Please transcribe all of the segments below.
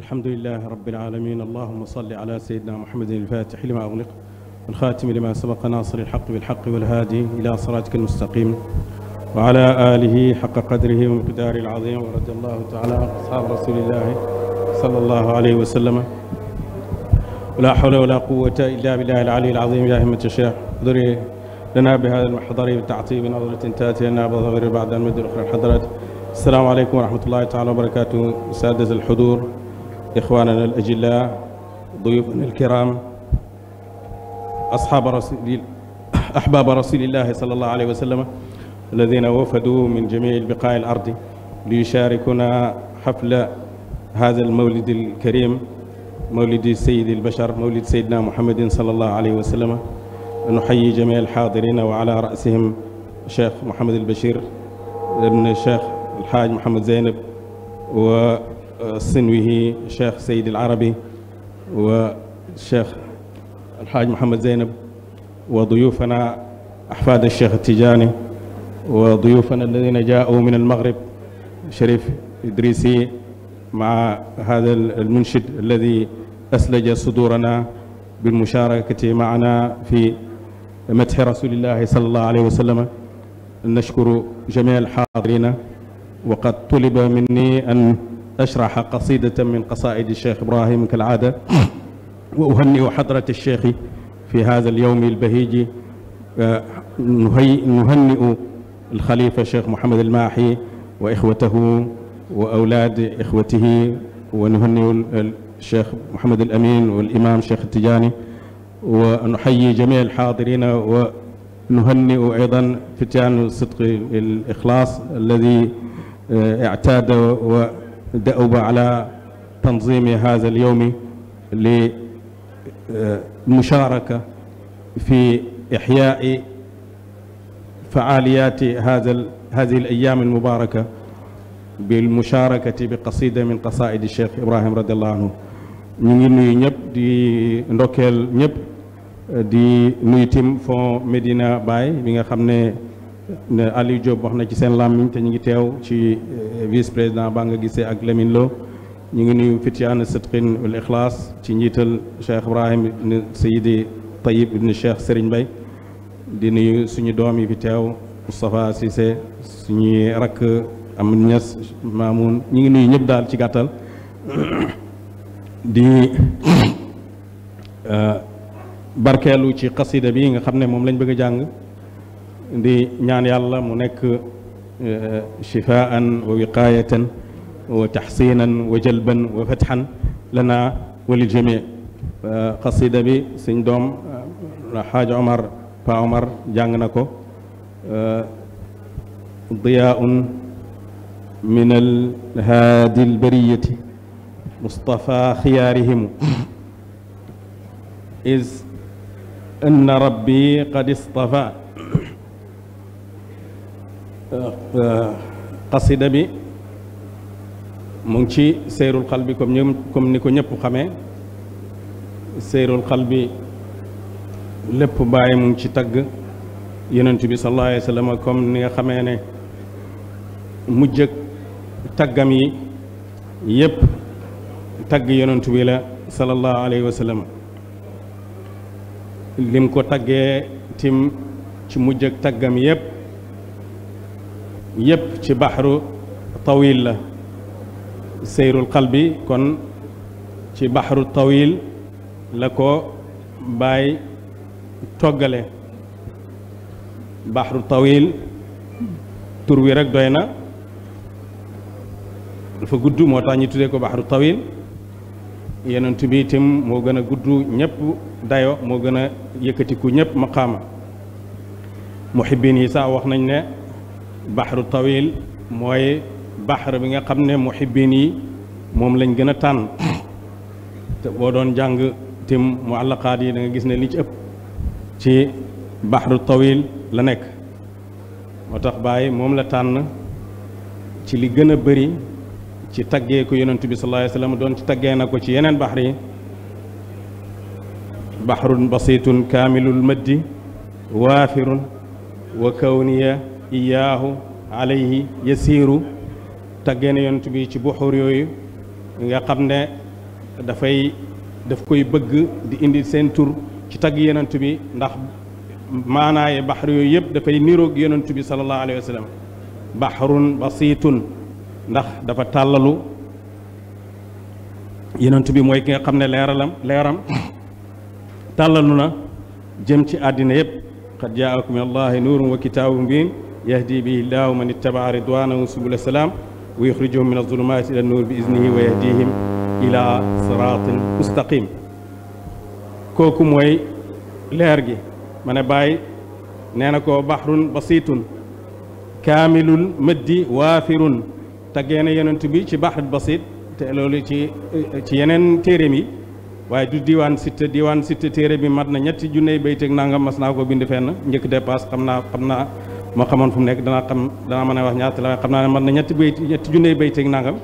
alhamdulilah rabbil alamin allahuma salli ala sayidina muhammadin alfatixi lima ugliq alxaatimi lima sabaqa nasiri alxaq bilxaq walhaadi ila siraatika almustaqim wa ala alihi xaqa qadrihi wa miqdaari alazim wa radi allahu taala an asxaab rasulillahi sal allahu alayhi wa sallama ولا حول ولا قوة إلا بالله العلي العظيم يا همة الشيخ احضري لنا بهذا المحضر بالتعطيب بنظرة تأتي لنا بظهر بعد المد الأخرى الحضرات السلام عليكم ورحمة الله تعالى وبركاته سادة الحضور إخواننا الأجلاء ضيوفنا الكرام أصحاب رسول أحباب رسول الله صلى الله عليه وسلم الذين وفدوا من جميع بقاع الأرض ليشاركنا حفل هذا المولد الكريم مولد سيد البشر مولد سيدنا محمد صلى الله عليه وسلم نحيي جميع الحاضرين وعلى رأسهم الشيخ محمد البشير ابن الشيخ الحاج محمد زينب و sinwihi cheikh Seyd al Arabi wa cheikh alxaaj Mouhamed Zeynab wa duyufana ahfaad cheikh Tijaani wa duyufana alladina jaau min almaghrib Cherif Idrisi maa hada almunshid alladi aslaja sudurana bilmusharakati maana fi madhi rasulillahi sallallahu alayhi wa sallam nashkuru jamia alxaadirina wa qad tuliba minni an أشرح قصيدة من قصائد الشيخ إبراهيم كالعادة وأهنئ حضرة الشيخ في هذا اليوم البهيج نهنئ الخليفة الشيخ محمد الماحي وإخوته وأولاد إخوته ونهنئ الشيخ محمد الأمين والإمام شيخ التجاني ونحيي جميع الحاضرين ونهنئ أيضا فتيان صدق الإخلاص الذي اعتاد و دأب على تنظيم هذا اليوم للمشاركة في إحياء فعاليات هذا هذه الأيام المباركة بالمشاركة بقصيدة من قصائد الشيخ إبراهيم رضي الله عنه ñu ngi nuyu ñëpp di ndokkeel ñëpp di nuyu tim fond Medina Baye bi nga xam ne ne Aliou Diop wax na ci seen làmmiñ te ñu ngi teew ci eh, vice président baa nga gisee ak Lamine ñu ngi nuyu fitiyaan sidqin wal ixlaas ci njiital Cheikh Ibrahim ibn Sayidi Tayyib ibn Cheikh Serigne Bay di nuyu suñu doom yi fi teew Moustapha Cissé suñuy rakk Amadou Niass Mamoun ñu ngi nuyu ñëpp daal ci gàttal di eh, barkeelu ci xasida bi nga xam ne moom lañ bëgg a jàng di ñaan yàlla mu nekk e, shifaan wa wiqaayatan wa taxsinan wa jalban wa fatxan lana wa lil jamii xasida bi suñ doom e, xaaj omar pa omar jàng na ko ضياء من الهادي البرية مصطفى خيارهم إذ أن ربي قد اصطفى xasida euh, euh, bi mu ngi ci seyrul xal bi comme ñoom comme ni ko ñëpp xame seyrul xal bi lépp bàyyi mu ci tagg yonent bi sallallahu alayhi wa sallam comme ni nga xamee ne mujjëg taggam yi yëpp tagg yonent bi la sallallahu wa sallam lim ko taggee tim ci mujjëg taggam yëpp yépp ci baxru tawil la seyrul qalbi kon ci baxru tawil la ko baay toggale baxru tawil tur wi rek doy na dafa gudd moo tax ñu tuddee ko baxru tawil yenentu bi itam moo gën a gudd ñëpp dayo moo gën a yëkkatiku ñëpp maqaama muhibbin yi sax wax nañ ne baxru tawil mooy baxar bi nga xam ne muhibbin yi moom lañ gën a tànn te boo doon jàng tim muallaqaat yi da gis ne li ci ëpp ci baxru tawil la nekk moo tax bàyyi moom la tànn ci li gën a bari ci taggee ko yonent bi sallallahu doon ci taggee na ko ci yeneen baxar yi baxrun basitun kaamilul maddi waafirun wa kawniya iyaahu alayhi yasiiru taggee na yonent bi ci buxur yooyu nga xam ne dafay daf koy bëgg di indi seen tur ci tag yonent bi ndax maanaaye baxar yooyu yëpp dafay niroog yonent bi sallallahu alayhi wa sallam basiitun ndax dafa tàllalu yonent bi mooy ki nga xam ne leeralam leeram tàllalu na jëm ci àddina yëpp qad jaakum min allahi nuurun wa kitaabun mubiin yahdi bihi llaahu man ittabaa ridwaanahu subula salaam wa yuxrijuhum min azulumaati ila nuur bi iznihi wa yahdihim ila siraatin mustaqim kooku mooy leer gi mane ne bàyyi nee na ko bahrun basiitun kaamilul mëddi waafirun taggee na yonent bi ci bahrul basiit te loolu ci ci yeneen téeréem yi waaye du diiwaan sitta diiwaan sitta téere bi mat na ñetti junney bayteeg nangam mas naa ko bind fenn njëkk dépasse xam naa xam naa moo xamoon fu mu nekk danaa xam danaa mën a wax ñaata la xam naa ne mën na ñetti béy ñetti junney béy teeg nangam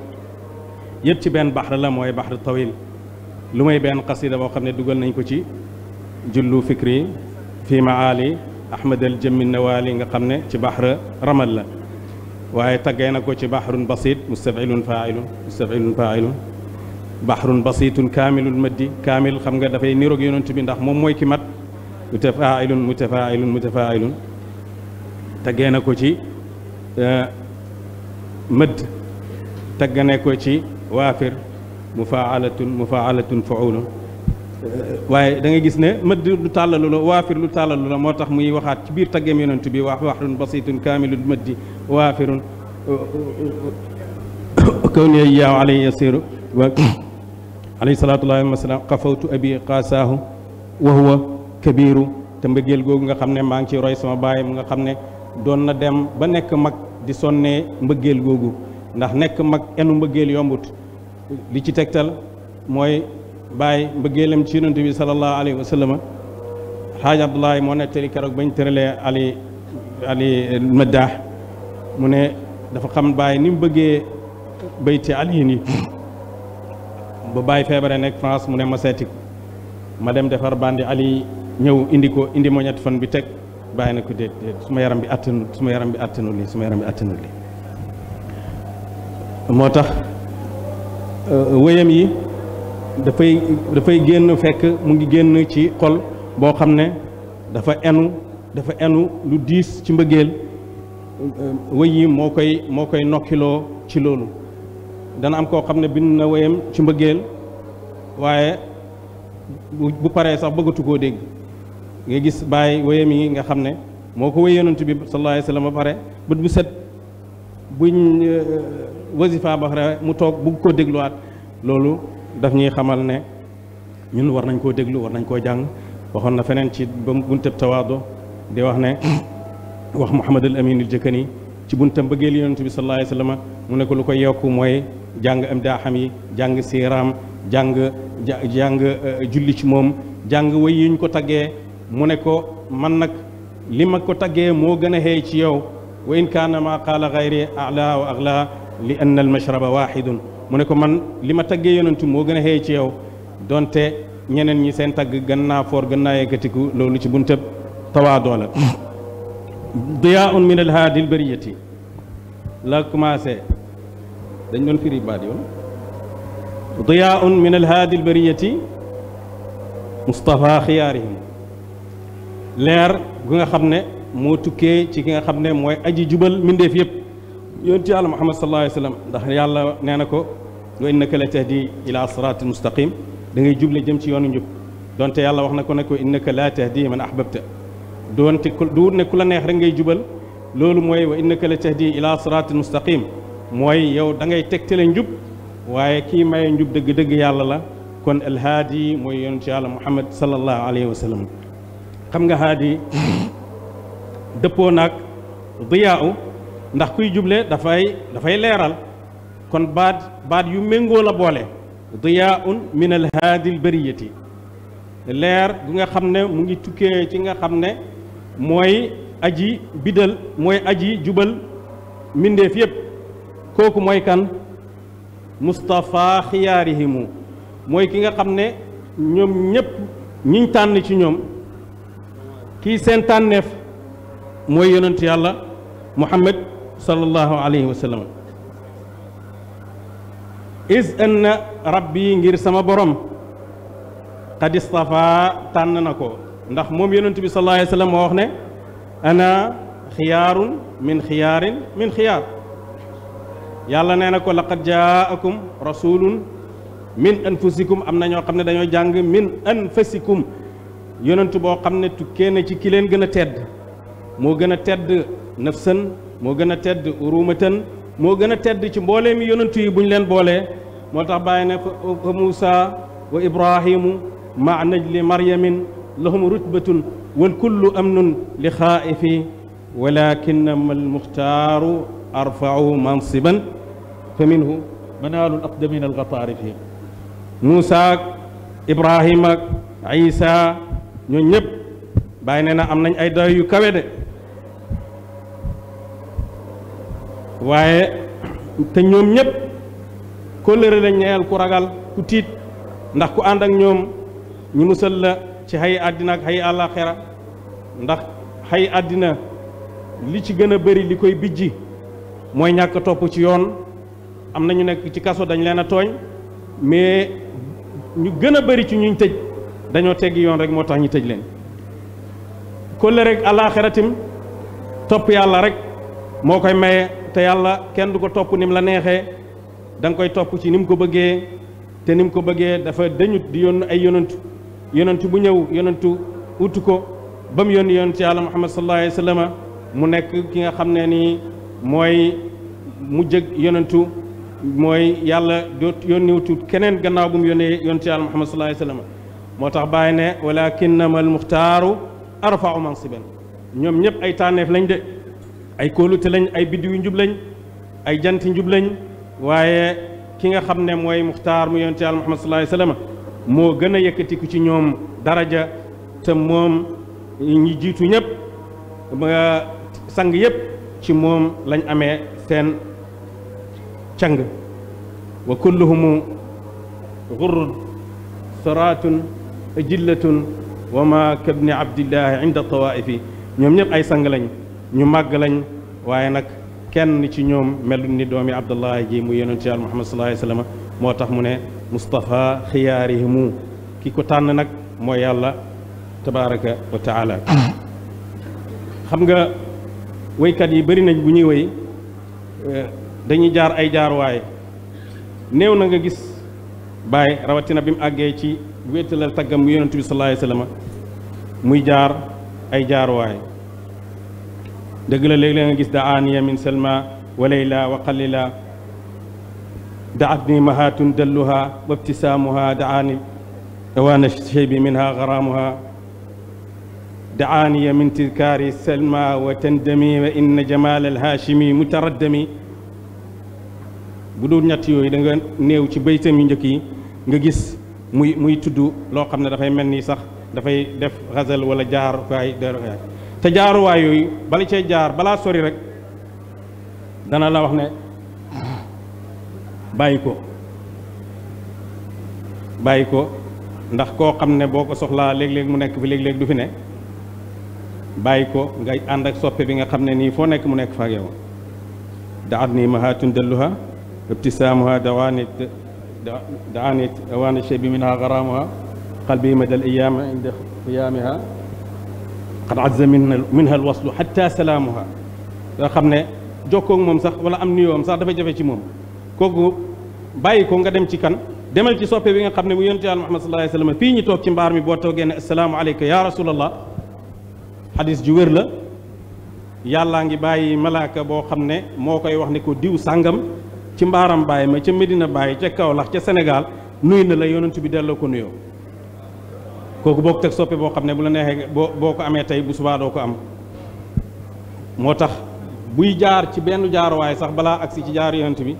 yëpp ci benn baxra la mooy baxra tawil lu may benn xasida boo xam ne dugal nañ ko ci jullu fikri fii maali ahmad al jëmmi nawaali nga xam ne ci baxra ramal la waaye taggee na ko ci baxrun basit mustafilun faailun mustafilun faailun baxrun basitun kaamilun maddi kaamil xam nga dafay niroog yonent bi ndax moom mooy ki mat mutafaailun mutafaailun mutafaailun taggee ko ci e, mëdd taggane ko ci waafir mufaalatun mufaalatun faulu waaye da gis ne mëdd lu tàllalu la waafir lu tàllalu la moo tax muy waxaat ci biir taggeem yonent bi wax waxrun basitun kaamilun mëddi waafirun kawni yaaw alay yasiru alayhi salaatullahi wa salaam abi qaasaahu wa huwa kabiru te mbëggeel googu nga xam ne maa ngi ci roy sama baayam nga xam ne doon na dem ba nekk mag di sonnee mbëggeel googu ndax nekk mag enu mbëggeel yombut li ci tegtal mooy bàyyi mbëggeelam ci yonent bi sallallahu alayhi wa sallam xaaj Abdoulaye moo nettali keroog bañ tëralee Ali Ali Maddah mu ne dafa xam bàyyi ni mu bëggee bayti Ali ni ba bàyyi feebaree nekk France mu ne ma seeti ma dem defar bandi Ali ñëw indi ko indi ma fan bi teg bàyyi na ko déet déet suma yaram bi àttanu suma yaram bi àttanu lii suma yaram bi àttanu lii moo tax euh, euh, wéyam yi dafay dafay génn fekk mu ngi génn ci xol boo xam ne dafa enu dafa enu lu diis ci mbëggeel euh, wéy yi moo koy moo koy nokkiloo ci loolu dana am koo xam ne bind na wéyam ci mbëggeel waaye bu paree sax bëggatu koo dégg nga gis bàyyi wéyam yi nga xam ne moo ko wéy yonent bi sallallahu alayhi wa sallam ba pare bët bu set buñ euh, wasifa ba mu toog bugg ko dégluwaat loolu daf ñuy xamal ne ñun war nañ koo déglu war nañ koo jàng waxoon na feneen ci ba buntab tawaado di wax ne wax Muhammadul Aminul Jëkkani ci buntam bëggee li yonent bi sallallahu alayhi wa sallam mu nekk lu ko yokk mooy jàng am daaxam yi jàng siiraam jàng jàng euh, julli ci moom jàng wéy yuñ ko taggee mu ne ko man nag li ma ko taggee moo gën a xëy ci yow wa in kaana maa qaala xayri alaa wa axlaa li ann almashraba waxidun mu ne ko man li ma taggee yonentu moo gën a xëy ci yow donte ñeneen ñi seen tagg gën naa foor gën naa yëkkatiku loolu ci buntëb tawaadoo la diyaaun min alhaadi albariyati la commencé dañ doon firi baat yoon diyaaun min alhaadi albariyati mustapha xiyaarihim leer gu nga xam ne moo tukkee ci ki nga xam ne mooy aji jubal mbindeef yëpp yonent yàlla muhammad sallallahu alayhi wa sallam ndax yàlla nee na ko wa innaka la tahdi ila siraatin mustaqim da ngay juble jëm ci yoonu njub donte yàlla wax na ko ne ko innaka la tahdi man ahbabta doonte duwut ne ku la neex rek ngay jubal loolu mooy wa innaka la tahdi ila siraatin mustaqim mooy yow da ngay tegtale njub waaye kii maye njub dëgg-dëgg yàlla la kon alhaadi mooy yonent yàlla muhammad sallallahu alayhi wa sallam xam nga haadi dëppoo nag diyaaw ndax kuy juble dafay dafay leeral kon baat baat yu méngoo la boole diyaaun min al haadil bariyati leer gu nga xam ne mu ngi tukkee ci nga xam ne mooy aji bidal mooy aji jubal mbindeef yépp kooku mooy kan Moustapha xiyaarihimu mooy ki nga xam ne ñoom ñépp ñiñ tànn ci ñoom kii seen tànneef mooy yonent yàlla muhammad sallallahu alayhi wa sallam is anna rabbi ngir sama borom qad istafaa tànn na ko ndax moom yonent bi sallallahu alayhi wa sallam moo wax ne ana xiyaarun min xiyaarin min xiyaar yàlla nee na ko laqad jaakum rasulun min anfusikum am na ñoo xam ne dañoo jàng min anfusikum yonent boo xam ne tukkee na ci ki leen gën a tedd moo gën a tedd nafsan moo gën a tedd urumatan moo gën a tedd ci mbooleem yonent yi bu ñu leen boolee moo tax bàyyi ne fa Muusa wa Ibrahimu ma najli maryamin lahum rutbatun wal kullu amnun li xaaifi walakinama almuxtaaru arfau mansiban fa minhu manaalu aqdamin algataari fii Muusa ak Ibrahima ñoo ñëpp bàyyi nee na am nañ ay dayo yu kawe de waaye te ñoom ñëpp kóllëre lañ ñeel ku ragal ku tiit ndax ku ànd ak ñoom ñu musal la ci xay àddina ak xay àllaaxira ndax xay àddina li ci gën a bëri li koy bijji mooy ñàkk topp ci yoon am nañu nekk ci kaso dañ leen a tooñ mais ñu gën a bëri ci ñuñ tëj dañoo teggi yoon rek moo tax ñu tëj leen kóllëre rek alaaxiratim topp yàlla rek moo koy maye te yàlla kenn du ko topp nim la neexee danga koy topp ci nim ko bëggee te nim ko bëggee dafa dañut di yónn ay yonantu yonantu bu ñëw yonantu utu ko ba mu yónni yonantu yàlla muhammad sallallahu alayhi wa sallam mu nekk ki nga xam ne nii mooy mu jëg yonantu mooy yàlla doot yónniwutu keneen gannaaw bu mu yónnee yonantu yàlla muhammad sallallahu alayhi moo tax bàyyi ne walakinnama almuxtaaru arfau mansiban ñoom ñëpp ay tànneef lañ de ay kóolute lañ ay bidd njub lañ ay janti njublañ waaye ki nga xam ne mooy muxtaar mu yonte yàlla muhammad sallallahu alayhi moo gën a yëkkatiku ci ñoom daraja te moom ñi jiitu ñëpp sang yëpp ci moom lañ amee seen cang wa kulluhumu gurrun saratun jillatun wa ma kabni abdillahi inda tawaifi ñoom ñëpp ay sang lañ ñu màgg lañ waaye nag kenn ci ñoom melu ni doomi abdullahi ji mu yonent yàlla muhammad sallallahu alayhi moo tax mu ne mustafa xiyaarihimu ki ko tànn nag moo yàlla tabaraka wa taala xam nga wéykat yi bari nañ bu ñuy wéy eh, dañuy jaar ay jaar waaye néew na nga gis bàyyi rawatina bi mu àggee ci wéetalal taggam mu yonent bi sallallahu alayhi wasallam muy jaar ay jaaruwaay dëgg la léeg nga gis da aaniya min selma wa layla wa qalila daat ni mahaatun dalluha wa ibtisaamuha daani awaana shaybi minha garaamuha min tizkaari selma wa tandami wa jamaal alhaashimi mutaraddami bu dul ñett yooyu da ci baytam yu nga gis muy muy tudd loo xam ne dafay mel nii sax dafay def xasal wala jaarukaay deerukaay te jaaruwaay yooyu bala cee jaar balaa sori rek dana la wax ne bàyyi ko bàyyi ko ndax koo xam ne boo ko soxlaa léeg-léeg mu nekk fi léeg-léeg du fi ne bàyyi ko ngay ànd ak soppe bi nga xam ne nii foo nekk mu nekk fa ak yow daat nii mahatun delluha ibtisaamuha dawaanit دعاني أوان الشيب منها غرامها قلبي مدى الأيام عند قيامها قد عز منها الوصل حتى سلامها yoo xam ne jokkoo moom sax wala am nuyoom sax dafa jafe ci moom kooku bàyyi ko nga dem ci kan demal ci soppe bi nga xam ne mu yonent Yàlla Muhammad sallallahu alayhi fii ñu toog ci mbaar mi boo toogee ne assalaamu aleyka yaa rasulallah xadis ju wér la yàllaa ngi bàyyi malaaka boo xam ne moo koy wax ne ko diw sàngam ci mbaaram baay ma ca Medina Baay ca kaw Kaolack ca Sénégal nuyu na la yonent bi delloo ko nuyoo kooku boo ko teg soppe boo xam ne bu la neexee boo boo ko amee tey bu subaa doo ko am moo tax buy jaar ci benn jaaruwaay sax balaa agsi ci jaar yonent bi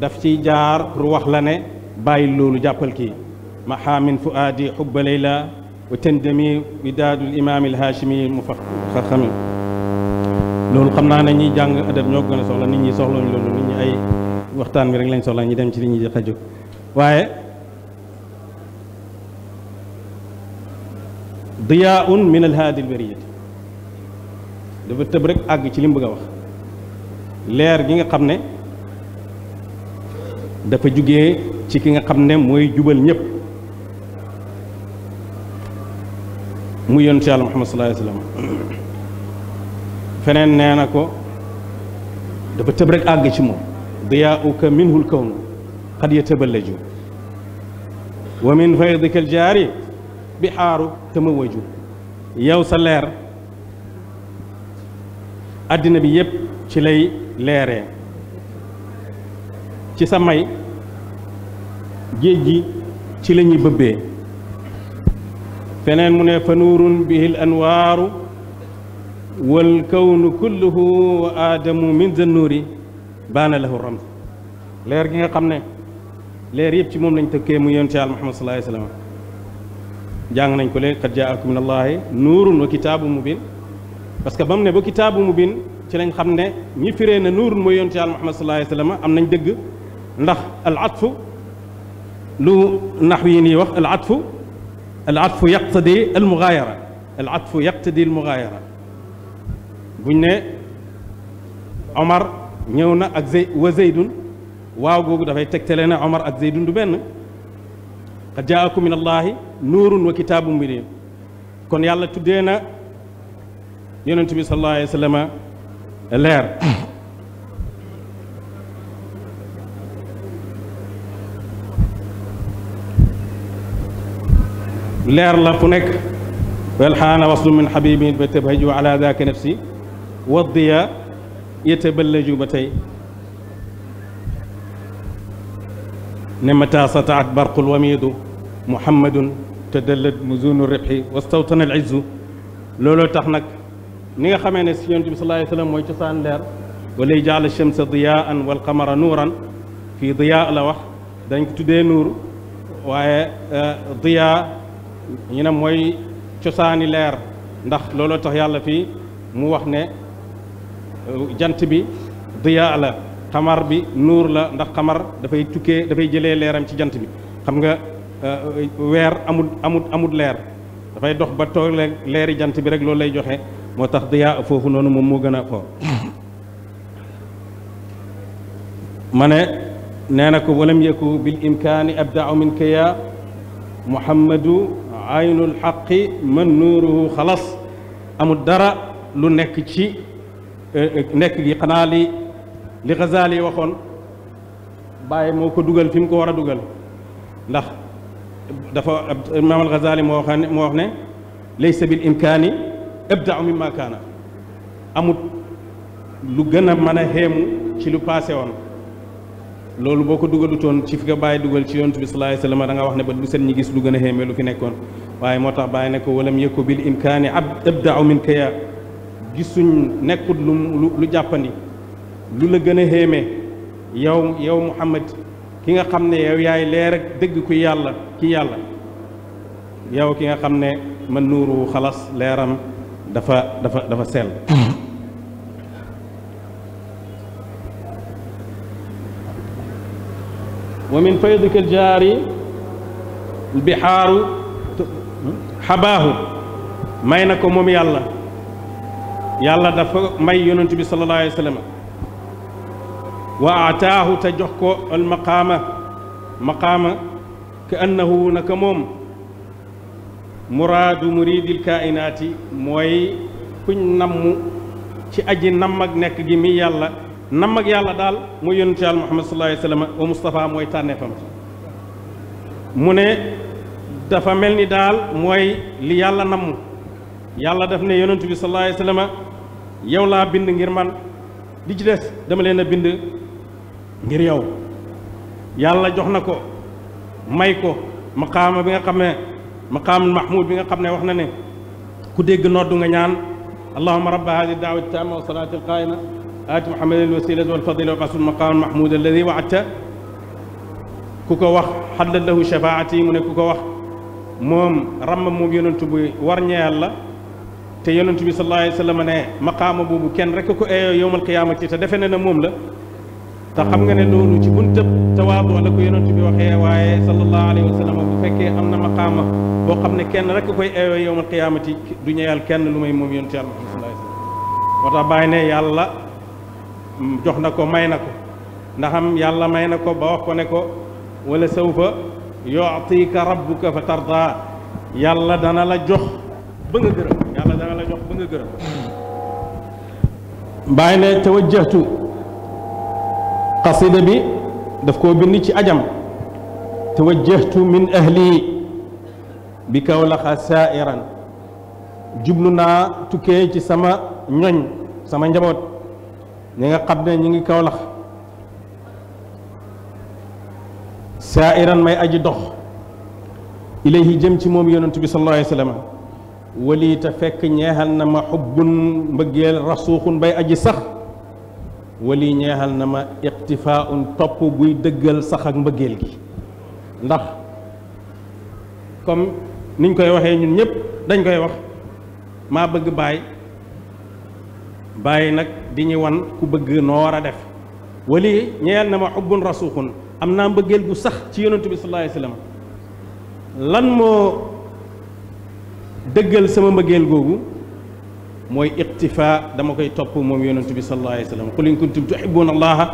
daf ciy jaar pour wax la ne bàyyi loolu jàppal kii mahaamin fuaadi xubba leyla wa tendemi widaadul imaamil haashimi mu fa xami loolu xam naa ne ñuy jàng adab ñoo gën a soxla nit ñi soxla ñu loolu nit waxtaan bi rek lañ soxla ñu dem ci li ñuy xaju waaye diyaaun min alhaadi albariyati dafa tëb rek àgg ci lim mu bëgg wax leer gi nga xam ne dafa jóge ci ki nga xam ne mooy jubal ñépp mu yoon Yàlla Muhammad sallallahu feneen nee na ko dafa tëb rek àgg ci moom diyaa'uka minhu lkawnu qad yataballaju wa min faydika aljaari bihaaru tamawaju yow sa leer àddina bi yépp ci lay leeree ci sa may géej gi ci la ñuy bëbbee feneen mu ne fa nuurun bihi l anwaaru wal kawnu kulluhu wa aadamu min zannuuri baana lahu ramz leer gi nga xam ne leer yëpp ci moom lañ tëkkee mu yonent Yàlla Muhammad sallallahu alayhi wa sallam jàng nañ ko léegi qad jaakum min allahi nuurun wa kitaabu mubin parce que ba mu ne ba kitaabu mubin ci lañ xam ne ñi firee na nuurun mooy yonent Yàlla Muhammad sallallahu alayhi wa sallam am nañ dëgg ndax al atfu lu nax yi nii wax al atfu al atfu yaqtadi al mugaayara al atfu yaqtadi al mugaayara buñ ne Omar ñëw na ak zey wa zeydun waaw googu dafay tegtale na omar ak zeydun du benn qad jaakum min allaahi nuurun wa kitaabun mubin kon yàlla tuddee na yonent bi sallallahu wa sallam leer leer la fu nekk welxaana waslu min xabibi ba tabhaju ala daka nafsi wa diya yetaballaju ba tey ne mata sataat barqul wamiidu muhammadun tadallat muzunu ribxi wastawtana al izzu looloo tax nag ni nga xamee ne si yonent bi sallallaahu alayhi wa sallam mooy cosaan leer walay jaala shamsa diyaan wal qamara nuuran fii diyaa la wax dañ ko tuddee nuur waaye euh, diyaa ñu ne mooy cosaani leer ndax looloo tax yàlla fii mu wax ne jant bi diyaa la xamar bi nuur la ndax xamar dafay tukkee dafay jëlee leeram ci jant bi xam nga euh, weer amut amut amut leer dafay dox ba toog leeri jant bi rek loolu lay joxe moo tax diyaa foofu noonu moom moo gën a foofu ma ne nee na ko walam yeku bil imkaani abdau min kaya muhammadu aynul xaqi man nuuruhu xalas amul dara lu nekk ci Eh, eh, nekk gi xanaa li li Ghazali waxoon bàyyi moo ko dugal fi mu ko war a dugal ndax dafa imaam al moo wax ne moo wax ne laysa bil imkaani ibda'u mimma amut lu gën a mën a xéemu ci lu passé woon loolu boo ko dugalutoon ci fi nga bàyyi dugal ci yontu bi sallallahu alayhi wasallam wax ne ba du set ñi gis lu gën a lu fi nekkoon waaye moo tax bàyyi ne ko walam yëkku bil imkaani ab ibda'u min kaya gisuñ nekkut lu lu jàppandi lu la gën a xéeme yow yow Muhammad ki nga xam ne yow yaay leer ak dëgg ku yàlla ki yàlla yow ki nga xam ne man nuuru xalas leeram dafa dafa dafa sell wa min faydika jaari bihaaru hmm? xabaahu may na ko moom yàlla yàlla dafa may yonent bi sallallahu wa aataahu te jox ko al maqaama maqaama annahu naka moom muraadu muridil kainaati mooy kuñ namm ci aji namm nekk gi mii yàlla namm ak yàlla daal mooy yonent muhammad sallallahu alayhi wa sallam mooy tànneefam mu ne dafa mel ni daal mooy li yàlla namm yàlla daf ne yonent bi sallallahu yow laa bind ngir man li ci des dama leen a bind ngir yow yàlla jox na ko may ko maqaama bi nga xam ne maqaamul mahmud bi nga xam ne wax na ne ku dégg noddu nga ñaan allahuma rabba hadi daawati taama wa salaati alqaayima aati muhammadan alwasilata walfadila wa basul maqaamul mahmud alladi waadta ku ko wax xaddat lahu shafaati mu ne ku ko wax moom ràmm moom yonentu bi war ñeyal la te yonent bi sallallahu alayhi wa sallam ne maqaama boobu kenn rek ko eeyoo yowmal qiyaamati te defe ne na moom la te xam nga ne loolu ci buntëb tawaadoo la ko yonent bi waxee waaye sallallahu alayhi wa sallam bu fekkee am na maqaama boo xam ne kenn rekk koy eeyoo yowmal qiyaamati du ñëyal kenn lu may moom yonent yàlla sallallahu alayhi wa sallam moo tax bàyyi ne yàlla jox na ko may na ko ndaxam yàlla may na ko ba wax ko ne ko wala sawfa fa tarda yàlla la jox yàlla dana la jox ba bi daf koo bind ci ajam tawajjahtu min ahli bi kaw laxa saairan jublu naa tukkee ci sama ñoñ sama njaboot ñi nga xam ne ñi ngi kaw lax saairan may aji dox ilayhi jëm ci moom yonentu bi sallallahu wa sallam wali te fekk ñeexal na ma xubbun mbëggeel rasuuxun bay aji sax wali ñeexal na ma iqtifaaun topp buy dëggal sax ak mbëggeel gi ndax comme niñ koy waxee ñun ñëpp dañ koy wax maa bëgg baay baay nag di ñu wan ku bëgg noo war a def wali ñeexal na ma xubbun rasuuxun am naa mbëggeel gu sax ci yonentu bi sallallahu lan moo dëggal sama mbëggeel googu mooy iqtifa dama koy topp moom yonent bi sallallahu alayhi wa sallam qul in kuntum tuhibbuna allaha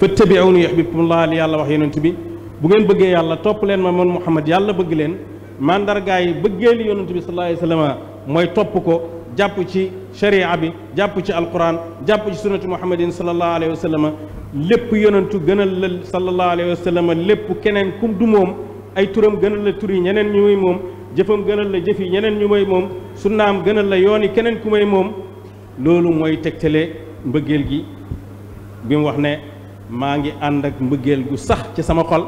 fattabi'uni yuhibbukum allah yàlla wax yonent bi bu ngeen bëggee topp leen ma man muhammad yàlla bëgg leen mandargaay bëggee li yonent bi sallallahu alayhi mooy topp ko jàpp ci sharia bi jàpp ci alquran jàpp ci sunnati muhammadin sallallahu alayhi wa sallam lépp yonentu gënal la sallallahu alayhi wa sallam lépp keneen kum du moom ay turam gënal la turi ñeneen ñuy moom jëfam gënal la jëfi ñeneen ñu may moom sunnaam gënal la yoon yi keneen ku may moom loolu mooy tegtale mbëggeel gi bi mu wax ne maa ngi ànd ak mbëggeel gu sax ci sama xol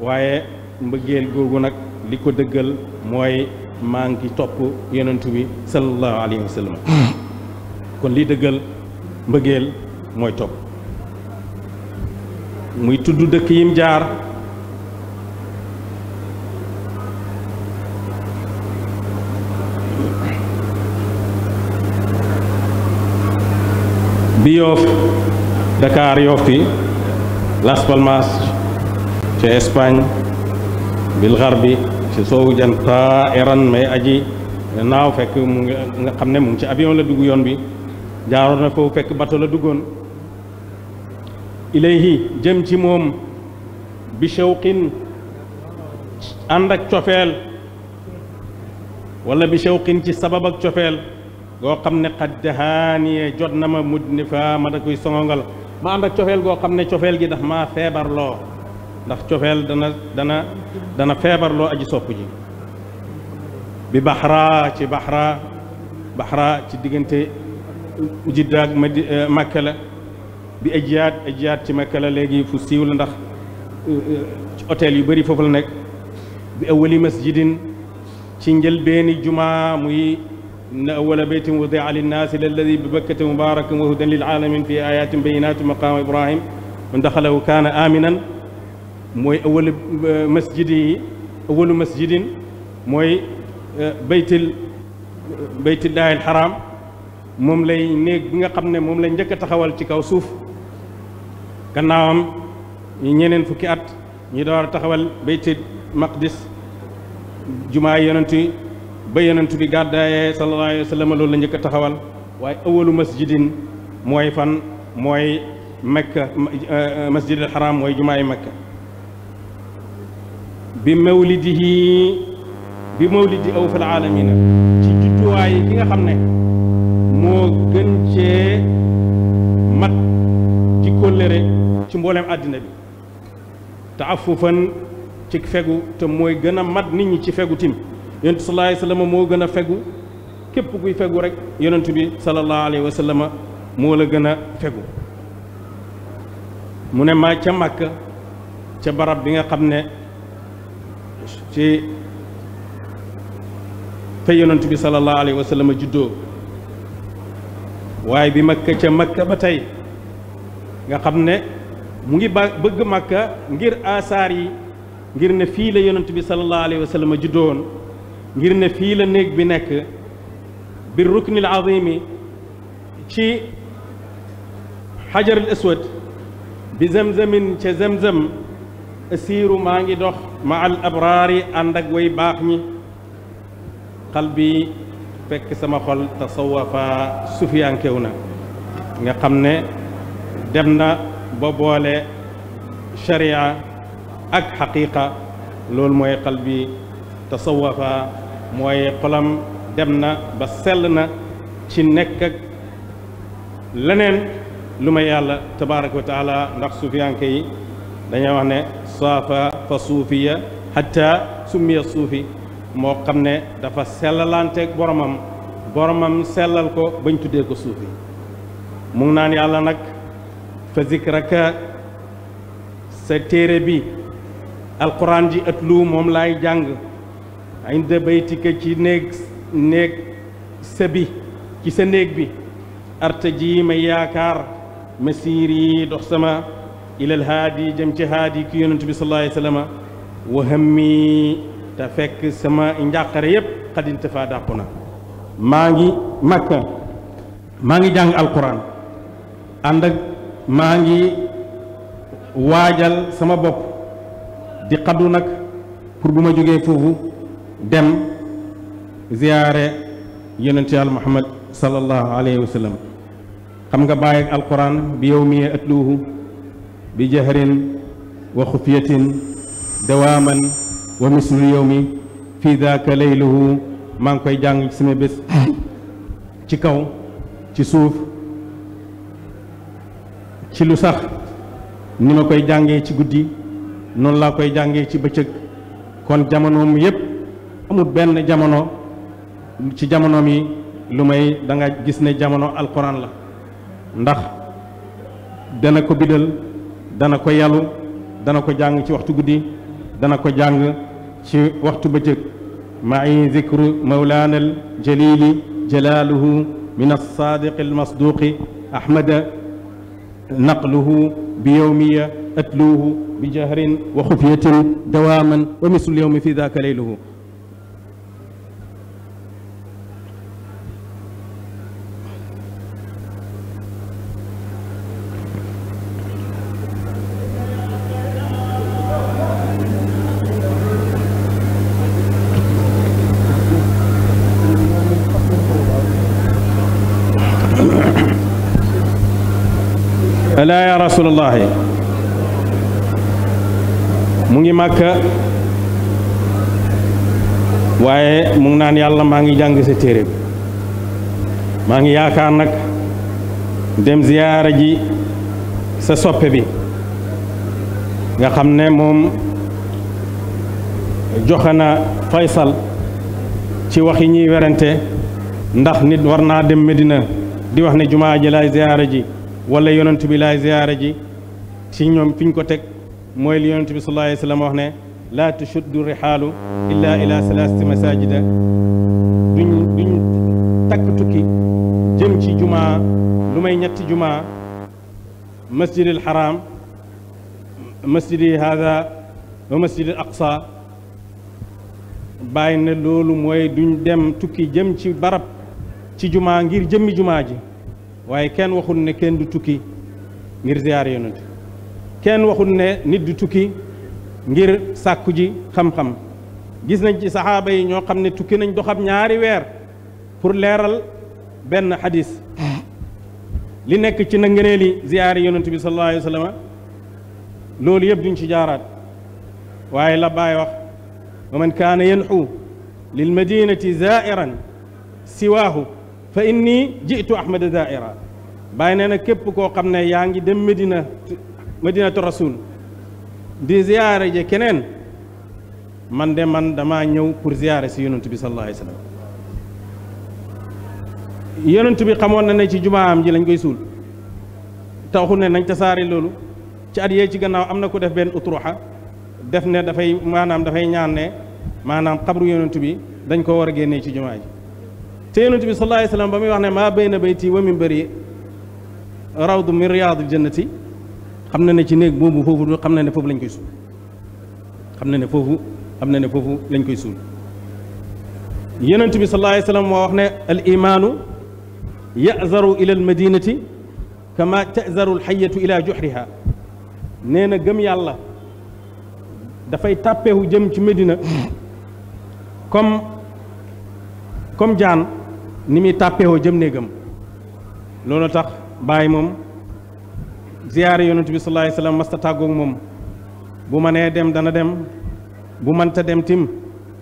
waaye mbëggeel googu nag li ko dëggal mooy maa ngi topp yonentu bi sallallahu alayhi wa sallam kon li dëggal mbëggeel mooy topp muy tudd dëkk yim jaar bi Yoff Dakar bi Las Palmas ci Espagne bil xarbi ci soowu jant Iran may aji naaw fekk mu nga xam ne mu ngi ci avion la dugg yoon bi jaaroon na foofu fekk bato la duggoon ilayhi jëm ci moom bi shawqin ànd ak cofeel wala bi shawqin ci sabab ak cofeel goo xam ne xaj dahaaniye jot na ma mujj ni fa ma da koy songongal ma ànd cofeel goo xam ne cofeel gi ndax maa feebarloo ndax cofeel dana dana feebarloo aji sopp ji bi baxra ci baxra baxra ci diggante jidda ak madi eh, la bi ajiyaat ajiyaat ci makka la léegi fu siiw la ndax eh, eh, ci yu bari foofu la nekk bi awali masjidin ci njëlbeeni juma muy إن أول بيت وضع للناس للذي ببكة مبارك وهدى للعالمين في آيات بينات مقام إبراهيم من دخله كان آمنا mooy awal masjid yi awalu masjidin mooy baytil baytillaahil xaraam moom lay néeg bi nga xam ne moom lay njëkk a taxawal ci kaw suuf gannaawam ñeneen fukki at ñu door a taxawal baytil maqdis jumaa yonent ba yonent bi gàddaayee sallallahu la njëkk taxawal waaye awalu masjidin mooy fan mooy Makka euh, masjidil haram mooy jumaay Makka bi mawlidihi bi mawlidi aw fil aalamina ci judduwaay ki nga xam ne moo gën cee mat ci kóllëre ci mbooleem àddina bi te afufan ci fegu te mooy gën mat nit ñi ci fegu tim yonent sallallahu alayhi wa sallam moo gën a fegu képp kuy fegu rek yonent bi sallallahu alayhi wa moo la gën a fegu mu ne maa ca Màkka ca barab bi nga xam ne ci fa yonent bi sallallahu alayhi wa sallam juddoo waaye bi Màkka ca makk ba tey nga xam ne mu ngi ba bëgg Màkka ngir asaar yi ngir ne fii la yonent bi sallallahu alayhi wa sallam juddoo woon ngir ne fii la néeg bi nekk bi ruknil azimi ci xajarul aswad bi zamzamin ca zamzam asiiru maa ngi dox ma al abraari ànd ak way baax ñi xal bi fekk sama xol tasawafa sufiyankew na nga xam ne dem na ba boole sharia ak xaqiqa loolu mooy xal bi tasawafa mooy xolam dem na ba sell na ci nekk ak leneen lu ma yàlla tabaaraka wa taala ndax suufiyanke yi dañoo wax ne saafa fa suufiya hatta summiya suufi moo xam ne dafa sellalanteeg boromam boromam sellal ko bañ tuddee ko suufi mu ngi naan yàlla nag fa zikraka sa téere bi alquran ji ëtlu moom laay jàng inde baytika ci néeg néeg sa bi ci sa néeg bi arta ji may yaakaar masiir yi dox sama ilal haadi jëm ci haadi ki yonent bi sallallahu alayhi wa sallam wa hammi te fekk sama njàqare yépp xadinte faa dàpp na maa ngi makka maa ngi jàng alquran ànd ak maa ngi waajal sama bopp di xaddu nag pour bu ma jógee foofu dem ziyaare yonent yàlla muhammad sallallahu alayhi wa xam nga bàyyi ak alquran bi yow miyee atluuhu bi jahrin wa xufiyatin dawaaman wa mislu yow mi fii daaka leyluhu maa ngi koy jàng ci sama bés ci kaw ci suuf ci lu sax ni ma koy jàngee ci guddi noonu laa koy jànge ci bëccëg kon jamonoom yépp amul benn jamono ci jamono mi lu may danga gis ne jamono alquran la ndax dana ko bidal dana ko yalu dana ko jàng ci waxtu guddi dana ko jàng ci waxtu bëccëg ma'i zikru mawlana al jalili jalaaluhu min alsaadiqi almasduqi ahmada naqluhu bi yowmiya atluuhu bi jahrin wa xufiyatin dawaaman wa mislu yowmi fi daaka leyluhu rasulullah mu ngi màkka waaye mu ngi naan yàlla maa ngi jàng sa téere bi maa ngi yaakaar nag dem ziyaara ji sa soppe bi nga xam ne moom joxe na faysal ci wax yi ñuy werante ndax nit war naa dem Medina di wax ne jumaa ji laay ziyaara ji wala yonent bi laay ziyaara ji ci ñoom fi ko teg mooy li yonent bi sallallahu alayhi wa sallam wax ne laa tushuddu rihaalu illa ila salaasati masajida duñ duñ takk tukki jëm ci jumaa lu may ñetti jumaa masjid al haram masjidi hada masjid al aqsa bàyyi na loolu mooy duñ dem tukki jëm ci barab ci jumaa ngir jëmmi jumaa ji waaye kenn waxul ne kenn du tukki ngir ziyaar yonent kenn waxul ne nit du tukki ngir sàkku ji xam-xam gis nañ ci saxaaba yi ñoo xam ne tukki nañ doxab ñaari weer pour leeral benn xadis li nekk ci na ngëneeli ziyaari yonent bi sallallahu alayhi loolu yëpp duñ ci jaaraat waaye la baay wax wa man kaana yanxu lil madinati zairan siwaahu fa inni jitu ahmada zaira bàyyi nee na képp koo xam ne yaa ngi dem Medina madinatu rasul di ziyaare ji keneen man de man damaa ñëw pour ziyaare si yonent bi sallallahu alayhi wa sallam bi xamoon na ne ci jumaam ji lañ koy suul taxu ne nañ tasaare loolu ci at yee ci gannaaw am na ku def benn utruxa def ne dafay maanaam dafay ñaan ne maanaam xabru yonent bi dañ koo war a génnee ci jumaa ji te yonent bi sallallahu alayhi wa sallam ba muy wax ne maa bayna bayti wa minbari rawdu min riyaadil jannati xam na ne ci néeg boobu foofu xam na ne foofu lañ koy suul xam na ne foofu xam na ne foofu lañ koy suul yonent bi sallallahu moo wax ne al imaanu yazaru ila al madinati kama tazaru al xayatu ila juxriha nee na gëm yàlla dafay tàppeewu jëm ci Medina comme comme jaan ni muy tàppeewoo jëm néegam loolu tax bàyyi moom ziyaare yonent bi sallallahu alayhi wasallam masta tàggoog moom bu ma nee dem dana dem bu mënta dem tim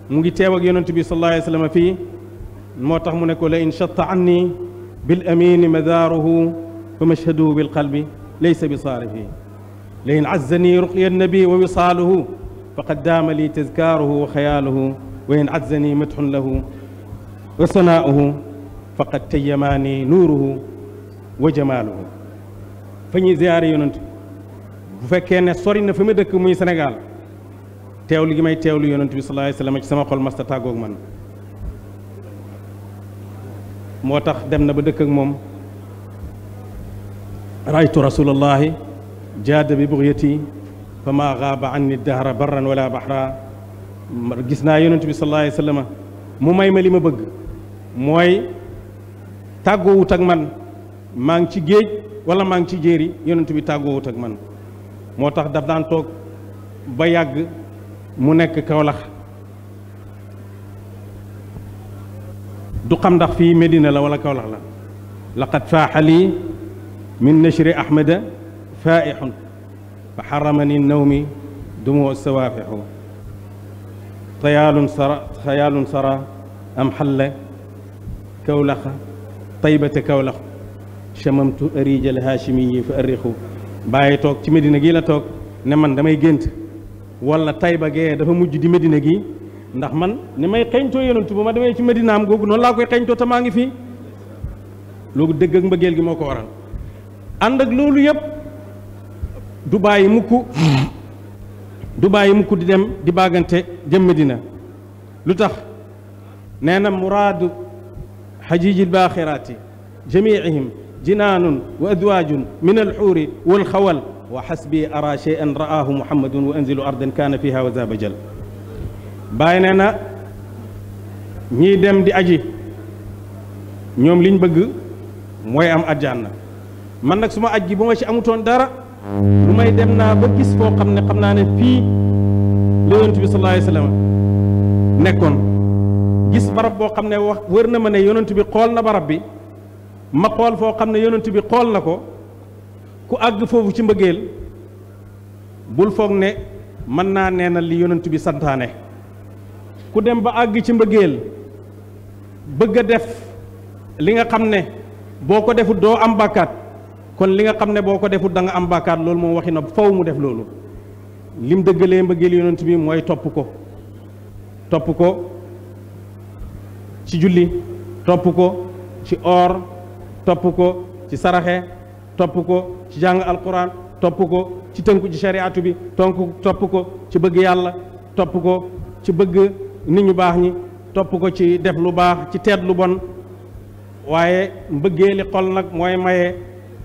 mu ngi teew ak yonent bi sallallahu alayhi wasallam fii moo tax mu ne ko la in shatta anni bil amini madaaruhu fa mashhaduhu bil qalbi laysa bi saarifi la in azzani ruqya nabi wa wisaaluhu faqad daama li tazkaaruhu wa xayaaluhu wa in azzani madxun lahu wa sanaa'uhu faqad tayyamaani nuuruhu wa jamaaluhu fa ñuy ziyaare yonent bu fekkee ne sori na fi ma dëkk muy Sénégal teewlu gi may teewlu yonent bi sallallahu alayhi ci sama xol masta tàggoog man moo tax dem na ba dëkk ak moom raytu rasulallahi jaada bi bugyati fa maa gaaba anni dahra barran wala bahra gis naa yonent bi sallallahu mu may ma li ma bëgg mooy tàggoowut ak man maa ci géej wala maa ngi ci jéeri yonent bi tàggoowut ak man moo tax daf daan toog ba yàgg mu nekk Kawlax du xam ndax fii Medina la wala Kawlax la laqad faaxalii min nashri ahmada faaixun fa xaramani nawmi dumu sawaafixu tayaalun sara tayaalun sara am xalla kawlaxa taybate kawlax chamamtu arijal haashimi yi fa arriqu bàyyi toog ci medina gi la toog ne man damay gént wala tayba dafa mujj di medina gi ndax man ni may xeñtoo yonentu bu ma demee ci medinaam googu noonu laa koy xeñtoo te maa ngi fii loolu dëgg ak mbëggeel gi moo ko waral ànd ak loolu yëpp du bàyyi mukk du bàyyi di dem di bàggante jëm medina lu tax nee na muraadu xajiijil baaxiraati jamiihim جنان وأزواج من الحور والخول وحسبي أرى شيئا رآه محمد وأنزل أرضا كان فيها وذاب جل bàyyi nee na ñiy dem di aji ñoom liñ bëgg mooy am àjjana man nag suma aj gi bu ma ci amutoon dara lu may dem naa ba gis foo xam ne xam naa ne fii la bi sallallahu alayhi wa sallam gis barab boo xam ne wax wër na ma ne yonent bi xool na barab bi ma xool foo xam ne yonent bi xool na ko ku àgg foofu ci mbëggeel bul foog ne mën naa neenal li yonent bi santaane ku dem ba àgg ci mbëggeel bëgg a def li nga xam ne boo ko defut doo am bàkkaat kon li nga xam ne boo ko defut danga am bàkkaat loolu moom waxi na faw mu def loolu lim dëggalee mbëggeel yonent bi mooy topp ko topp ko ci julli topp ko ci or topp ko ci saraxe topp ko ci jàng alquran topp ko ci tënku ci shariatu bi tonk topp ko ci bëgg yàlla topp ko ci bëgg nit ñu baax ñi topp ko ci def lu baax ci teet lu bon waaye mbëggee li xol nag mooy maye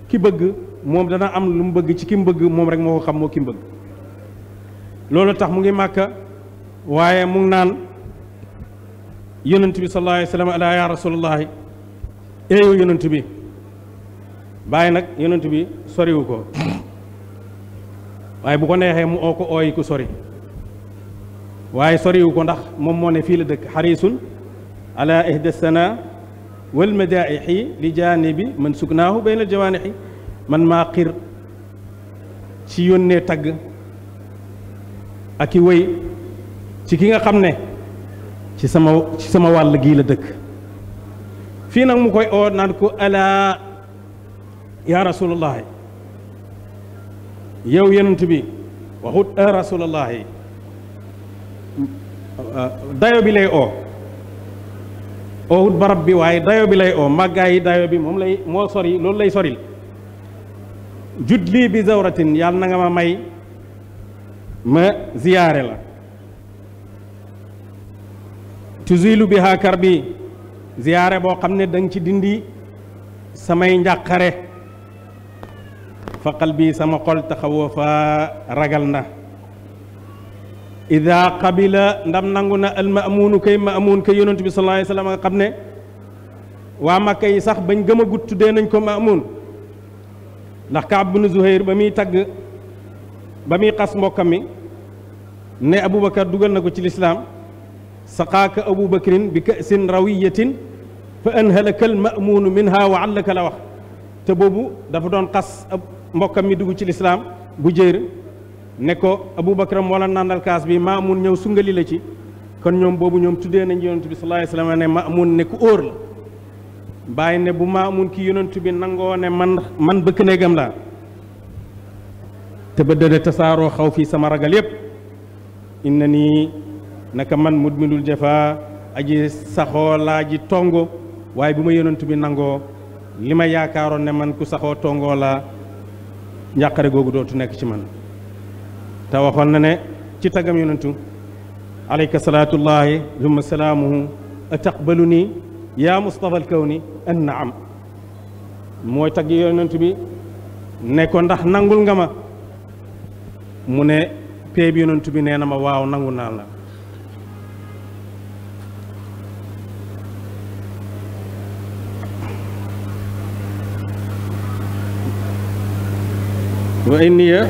ki bëgg moom dana am lu mu bëgg ci ki mu bëgg moom rek moo ko xam moo ki bëgg loolu tax mu ngi màkka waaye mu naan yonent bi sallallahu alayhi wa sallam ala ya rasulullahi eeyu yonent bi bàyyi nag yonent bi soriwu ko waaye bu ko neexee mu oo ko ooyi ku sori waaye soriwu ko ndax moom moo ne fii la dëkk xarisun ala ihda sana wal madaixi li jaanibi man suknaahu bayna jawaanixi man maa xir ci yónnee tagg ak i wéy ci ki nga xam ne ci sama ci sama wàll gii la dëkk fii nag mu koy oo naan ko alaa yaa rasulallahi yow yenent bi waxut a rasulallahi dayo bi lay oo oowut barab bi waaye dayo bi lay oo màggaayi dayo bi moom lay moo sori loolu lay soril jut bi zawratin yàlla na ma may ma ziyaare la tuzilu biha bi ziyaare boo xam ne da ci dindi samay njàqare faqal bii sama xol taxawoo fa ragal na ida qabila ndam nangu na al maamuunu kay maamuun kay yonent bi xam ne waa makka yi sax bañ gëm a gut tuddee nañ ko maamuun ndax kaab bin zuhayr ba muy tagg ba muy xas mbokka mi ne abubakar dugal na ko ci lislaam saqaaka abubakrin bi ka'sin rawiyatin fa anhalaka al mamuunu minha wa allaka la wax te boobu dafa doon xas ab mbokkam mi dugg ci lislaam bu jéer ne ko abubakar moo la nàndal kaas bi maamun ñëw sungali la ci kon ñoom boobu ñoom tuddee nañ yonent bi sallallahu alayhi wasallam ne maamun ne ku óor la bàyyi ne bu maamun ki yonent bi nangoo ne man man bëkk néegam laa te ba dëdde tasaaroo xaw fii sama ragal yépp na nii naka man mudmilul jafa aji saxoo laa ji tongo waaye bi ma yonent bi nangoo li ma yaakaaroon ne man ku saxoo tongoo la njàqare googu dootu nekk ci man te waxoon na ne ci tagam yonentu alayka salaatullahi summa salaamuhu ataqbalu nii yaa mustafa alkawni an naam mooy tagg yonent bi ne ko ndax nangul nga ma mu ne peeb yonent bi nee na ma waaw nangu naa la wa inniya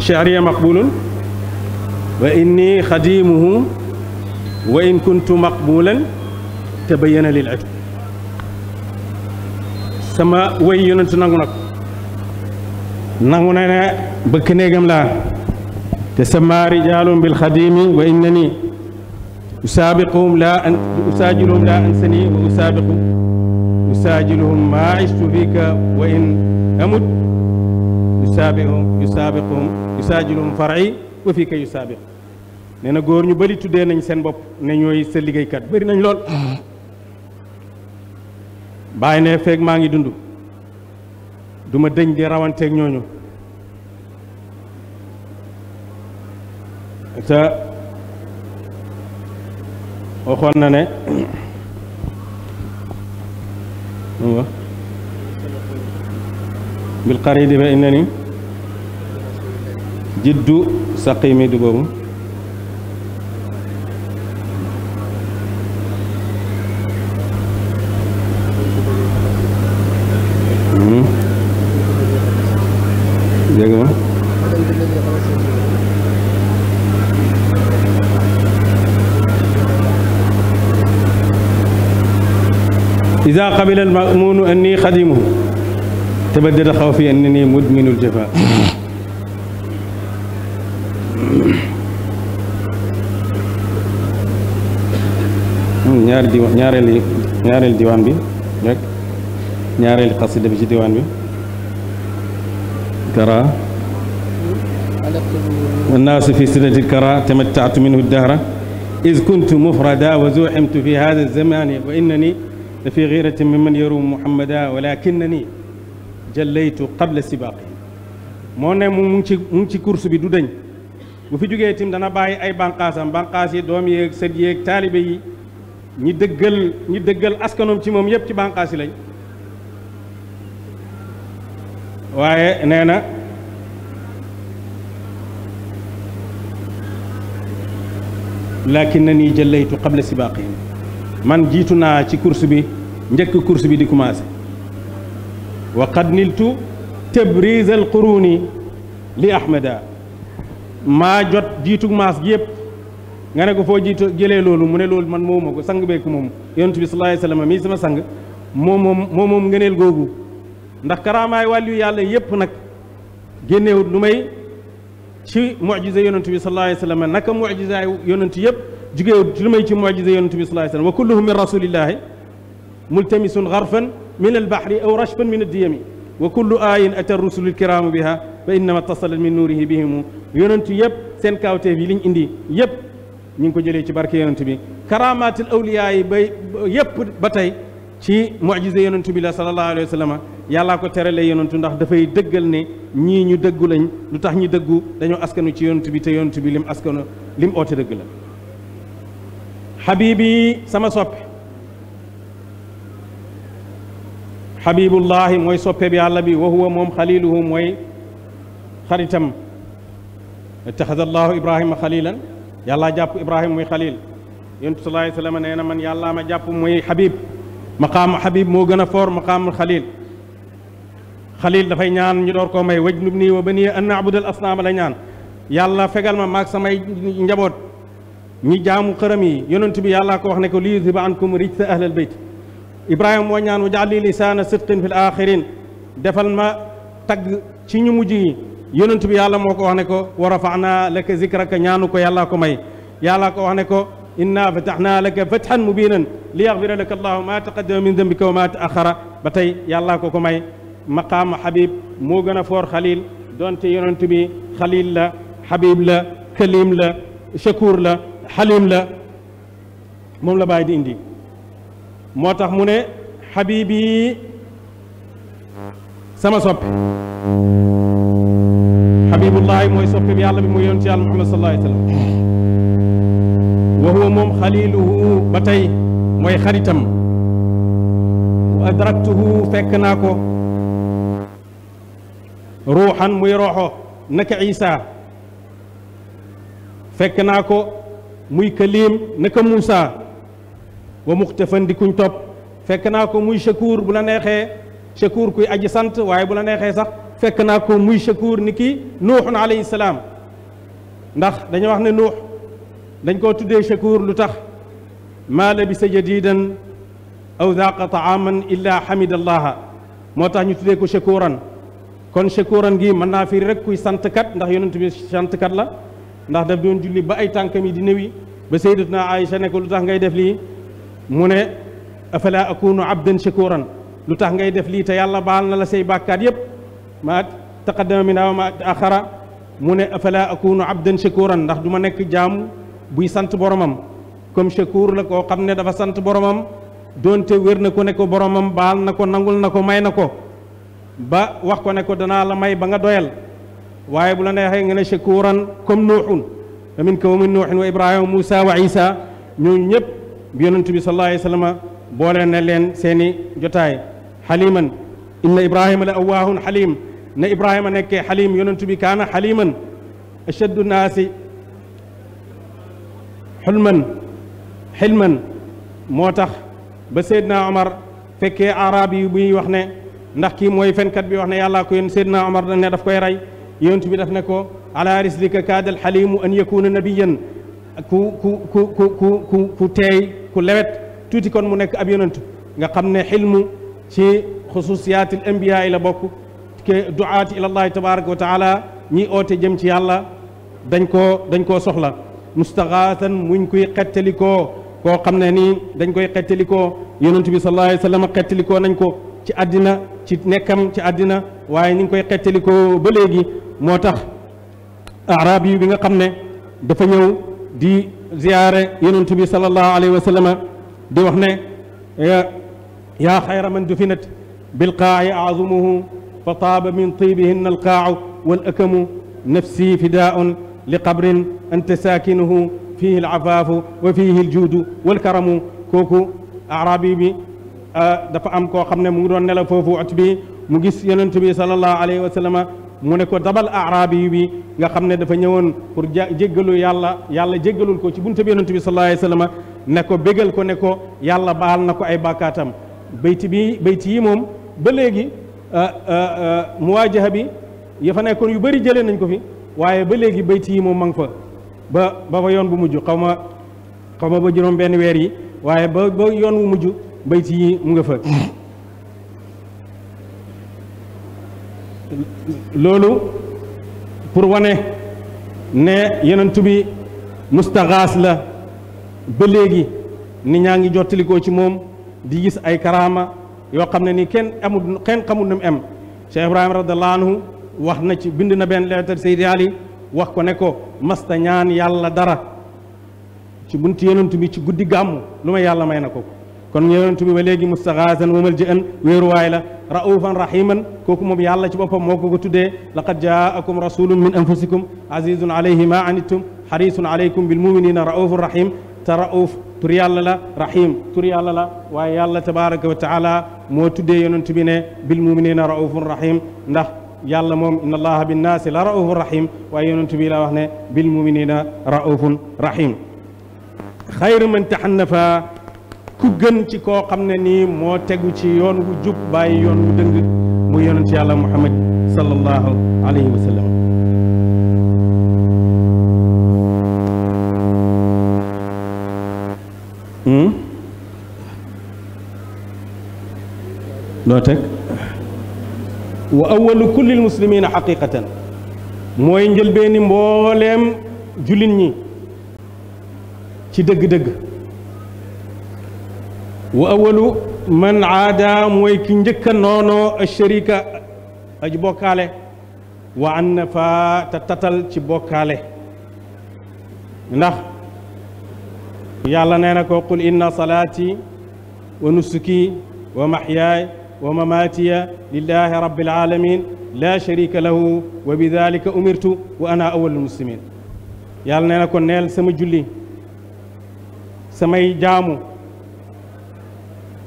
sha'riya maqbulun wa inni xadimuhu wa in kuntu maqbulan tabayyana lil ajab sama way yonentu nangu nag nangu na ne bëkk néegam laa te sama rijaalum bil xadimi wa innani usaabiquhum laa an usaajiluhum laa ansani wa usaabiqu usaajiluhum maa istu fiika wa in amut yusaabiuhum yusaabiquhum yusaajiluhum farai wa fii ka yusaabiq nee na góor ñu bari tuddee nañ seen bopp ne ñooy sa liggéeykat bari nañ lool bàyyi ne feeg maa ngi dund duma ma dëñ di rawanteeg ñooñu te waxoon na ne bil qaridi ba inna ni jiddu saqimi du boobu hmm. dégg ma iza qabila al ma'munu anni xadimuhu tabaddala xawfi annani mudminul jafa ñaari diwaan ñaareeli ñaareeli diwaan bi rek ñaareeli xasida bi ci diwaan bi kara والناس في سلة الكرى تمتعت منه الدهر إذ كنت مفردا وزعمت في هذا الزمان وإنني لفي غيرة ممن يروم محمدا ولكنني جليت قبل سباقه moo ne mu ngi ci mu ngi ci course bi du dañ bu fi jógee tim dana bàyyi ay bànqaasam bànqaas yi doom yeeg sët yeeg taalibe yi ñi dëggal ñi dëggal askanoom ci moom yépp ci bànqaas yi lañ waaye nee na laakin na nii jëllaytu xable sibaaqihim man jiitu naa ci course bi njëkk course bi di commencé wa qad niltu tabriz al quruni li ahmada maa jot jiitu maas gi yépp nga ne ko foo jiite jëlee loolu mu ne loolu man mooma ko sang beeku moom yonent bi sallallahu alayhi wasallam mii sama sang moom moom moom moom ngëneel googu ndax karaamaay wàllu yàlla yépp nag génnewut lu may ci mucjisa yonent bi sallallahu alayhi wasallam naka mucjisaay yonent yépp jugewut lu may ci mucjisa yonent bi sallallahu alayhi wasallam wa kulluhum min rasulillahi multamisun xarfan min albahri aw rashfan min addiyami wa kullu ayin ata rusulil kiraamu biha fa innama tasalat min nuurihi bihimu yonent yépp seen kaawteef yi liñ indi yépp ñu ngi ko jëlee ci barke yonent bi karamaatil awliyaa yi bay yépp ba tey ci mujise yonentu bi la sallallahu alayhi wa sallam yàllaa ko tere la yonentu ndax dafay dëggal ne ñii ñu dëggu lañ lu tax ñu dëggu dañoo askanu ci yonentu bi te yonentu bi lim askanu lim oote dëgg la xabibi sama soppe xabibullahi mooy soppe bi yàlla bi wa huwa moom xaliluhu mooy xaritam ittaxada allahu ibrahima yàllaa jàpp ibrahima muy xalil yontu salaay salaam nee na man yàllaa ma jàpp muy xabib maqaamu xabib moo gën a foor ma maqaamu xalil xalil dafay ñaan ñu door koo may waj nub wa ba nii an naabudal asnaama la ñaan yàlla fegal ma maag samay njaboot ñi jaamu xërëm yi yonent bi yàllaa ko wax ne ko li yudhiba ankum rijsa ahlal bayt ibrahima moo ñaan wa jaal li lisaana sidqin fi l defal ma tagg ci ñu mujj yi yonent bi yàlla moo ko wax ne ko wa rafaana laka zikraka ñaanu ko yàllaa ko may yàllaa ko wax ne ko inna fataxna laka fatxan mubinan li yaxfira laka allahu ma taqaddama min dambika wa ma taaxara ba tey yàllaa ko ko may maqaama xabib moo gën a foor xalil donte yonent bi la xabib la kalim la shakur la xalim la moom la bàyyi di indi moo tax mu ne xabib yi sama soppi xabibullahi mooy soppib yàlla bi muy yonent yàlla muhammad sallallahu alayhi wa huwa moom xaliluhu ba tey mooy xaritam wa adraktuhu fekk naa ko ruuxan muy roxo naka isa fekk naa ko muy kaliim naka muusa wa muxtafan di topp fekk naa ko muy shakuur bu la neexee shakuur kuy aji sant waaye bu la neexee sax fekk naa ko muy shakuur ni ki nuuxun alayhi salaam ndax dañu wax ne nuux dañ koo tuddee shakuur lu tax maa labisa jadidan aw daaqa taaman illa xamida allaha moo tax ñu tuddee ko shakuuran kon shakuuran gi mën naa firi rek kuy santkat ndax yonent bi santkat la ndax daf doon julli ba ay tànkam yi di néwi ba sayyidatuna Aïcha ne ko lu tax ngay def lii mu ne afala akunu abdan shakuuran lu tax ngay def lii te yàlla baal na la say bàkkaat yépp ma taqaddama minha wa ma axara mu ne afala akunu abdan shakuran ndax du ma nekk jaam buy sant boromam comme shakur la koo xam ne dafa sant boromam doonte wér na ko ne ko boromam baal na ko nangul na ko may na ko ba wax ko ne ko danaa la may ba nga doyal waaye bu la neexee nga ne shakuran comme nuuxun wa min ko wa min nuuxin wa ibrahima moussa wa isa ñooñu ñëpp yonent bi sallallahu alayhi wa sallam boole na leen seeni jotaay xaliman inna ibrahima na ibrahima nekkee xalim yonentu bi kaana xaliman ashaddu naasi xulman xilman moo tax ba seydna omar fekkee arab yi buy wax ne ndax kii mooy fenkat bi wax ne yàllaa ko yéen seydna omar da ne daf koy rey yonentu bi daf ne ko ala rislika kaadal xalimu an yakuna nabiyan ku ku ku ku ku ku teey ku lewet tuuti kon mu nekk ab yonent nga xam ne xilmu ci xususiyaat al anbiyaa la bokk ke duaati ilallahi tabaraka wa taala ñi oote jëm ci yàlla dañ koo dañ koo soxla mustaxaatan muñ koy xettalikoo koo xam ne nii dañ koy xettalikoo yonent bi sallallahu alayhi wa nañ ko ci àddina ci nekkam ci àddina waaye ni ngi koy xettalikoo ba léegi moo tax arab yi bi nga xam ne dafa ñëw di ziyaare yonent bi sallallahu wa sallam di wax ne yaa xayra man dufinat bilqaa'i azumuhu fa taaba min tiibihinna alqaacu wal akamu nafsi fidaaun li qabrin anta saakinuhu fiihi alcafaafu wa fiihi aljuudu walkaramu kooku arabi bi dafa am koo xam ne mu ngi doon nelaw foofu at bi mu gis yonent bi sallallahu alayhi wa sallama mu ne ko dabal arabi bi nga xam ne dafa ñëwoon pour jéggalu yàlla yàlla jéggalul ko ci bunte bi yonent bi sallallahu alayhi wa sallama ne ko bégal ko ne ko yàlla baal na ko ay bàkkaatam bayti bi bayti yi moom ba léegi Euh, euh, euh, muwaajaha bi ya fa nekkoon yu bëri jële nañ ko fi waaye ba léegi bayti yi moom ma ngi fa ba ba fa yoon bu mujj xawma ma ba juróom benn weer yi waaye ba ba yoon wu mujj bayti yi mu nga fa loolu pour wane ne yonent bi mustaxaas la ba léegi nit ñaa ngi jottalikoo ci moom di gis ay karaama yoo xam ne nii kenn amul kenn xamul nu mu am Cheikh Ibrahima wax na ci bind na benn leetar Seydi Ali wax ko ne ko masta ñaan yàlla dara ci bunti yonent bi ci guddi gàmmu lu ma yàlla may na ko kon yonent bi ba léegi mustaxaasan wa malja'an wéeruwaay la raufan rahiman kooku moom yàlla ci boppam moo ko ko tuddee laqad jaakum rasulun min anfusikum azizun alayhi ma anittum xarisun alaykum bilmuminina raufun rahim te rauf tur yàlla la rahim tur yàlla la waaye yàlla tabaraka wa taala moo tuddee yonent bi ne bil muminina raufun rahim ndax yàlla moom inna allaha binnaasi la raufun rahim waaye yonent la wax ne bil muminina raufun rahim xayru man taxannafa ku gën ci koo xam ne nii moo tegu ci yoon wu jub bàyyi yoon wu dëng muy yonent yàlla muhammad sallallahu alayhi wa sallam Hmm? loo teg wa awalu kullil muslimina xaqiqatan mooy njëlbeeni mbooleem jullit ñi ci dëgg-dëgg wa awalu man aada mooy ki njëkka noonoo asharika aji bokkaale wa an fa tatal ci bokkaale ndax yàlla nee na ko qul inna salaati wa nusuki wa mahyaay wa mamaatiya lillahi rabbil alamin la sharika lahu wa bi dalika umirtu wa ana awalul muslimin yàlla nee na ko neel sama julli samay jaamu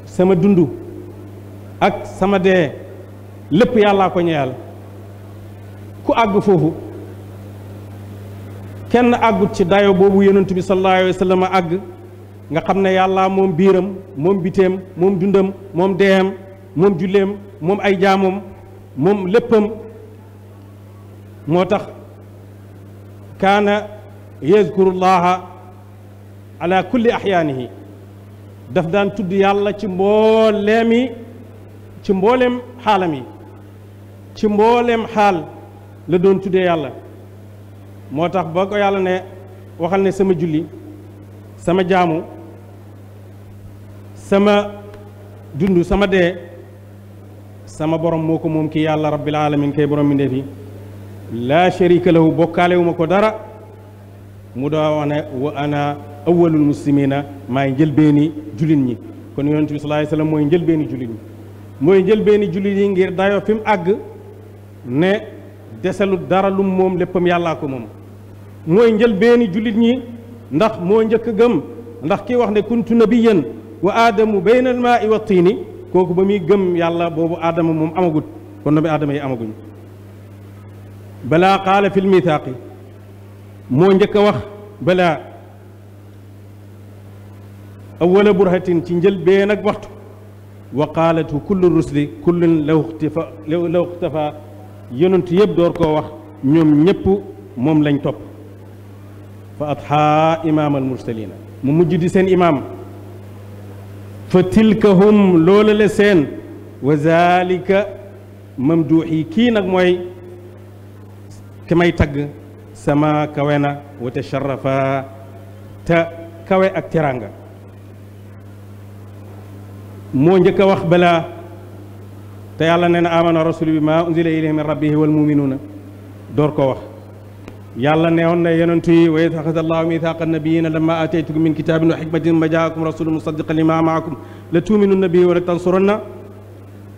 sama dund ak sama dee lépp yàllaa ko ñeyal ku àgg foofu kenn àggut ci dayo boobu yonent bi sallallahu alayhi wa sallam àgg nga xam ne yàlla moom biiram moom biteem moom dundam moom deem moom julleem moom ay jaamam moom léppam moo tax kaana yazkurullaha ala kulli axyaanihi daf daan tudd yàlla ci mbooleemi ci mbooleem xaalam yi ci mbooleem xaal la doon tuddee yàlla moo tax ba ko yàlla ne waxal ne sama julli sama jaamu sama dund sama dee sama borom moo ko moom kii yàlla rabbil alamin kay borom mi ndeefi laa sharika lahu bokkaale wu ma ko dara mu daa wax ne wa ana awwalul muslimina maay njëlbeeni jullit ñi kon yonent bi sallallahu alayhi wasallam mooy njëlbeeni jullit ñi mooy njëlbeeni jullit yi ngir dayoo fi mu àgg ne desalut dara lum moom léppam yàllaa ko moom mooy njëlbeeni jullit ñi ndax moo njëkk gëm ndax kii wax ne kuntu nabiyan wa aadamu bayna al maa i wa kooku ba muy gëm yàlla boobu aadama moom amagut kon nabi aadama yi amaguñ balaa qaala fi moo njëkk a wax balaa awala burhatin ci njëlbeen nag waxtu wa qaalatu kullu rusli kullun law ixtifa law ixtafa yonent yëpp door koo wax ñoom ñëpp moom lañ topp fa adxaa imaam al mu mujj di seen imaam fa tilka hum loola la seen wa zalika mamduux kii nag mooy ki may tagg sama kawe na wa tasharafa te kawe ak teraanga moo njëkk a wax balaa te yàlla nee na amana rasulu bi ma unzila ilayhi min rabbihi wal muminuuna door ko wax yàlla ne woon na yonentu yi wa id axada allahu mithaqa nabiyina lama ataytukum min kitabin wa xikmatin ma jaakum rasulu musaddiqan lima maakum la tuuminunna bihi wa la tansurunna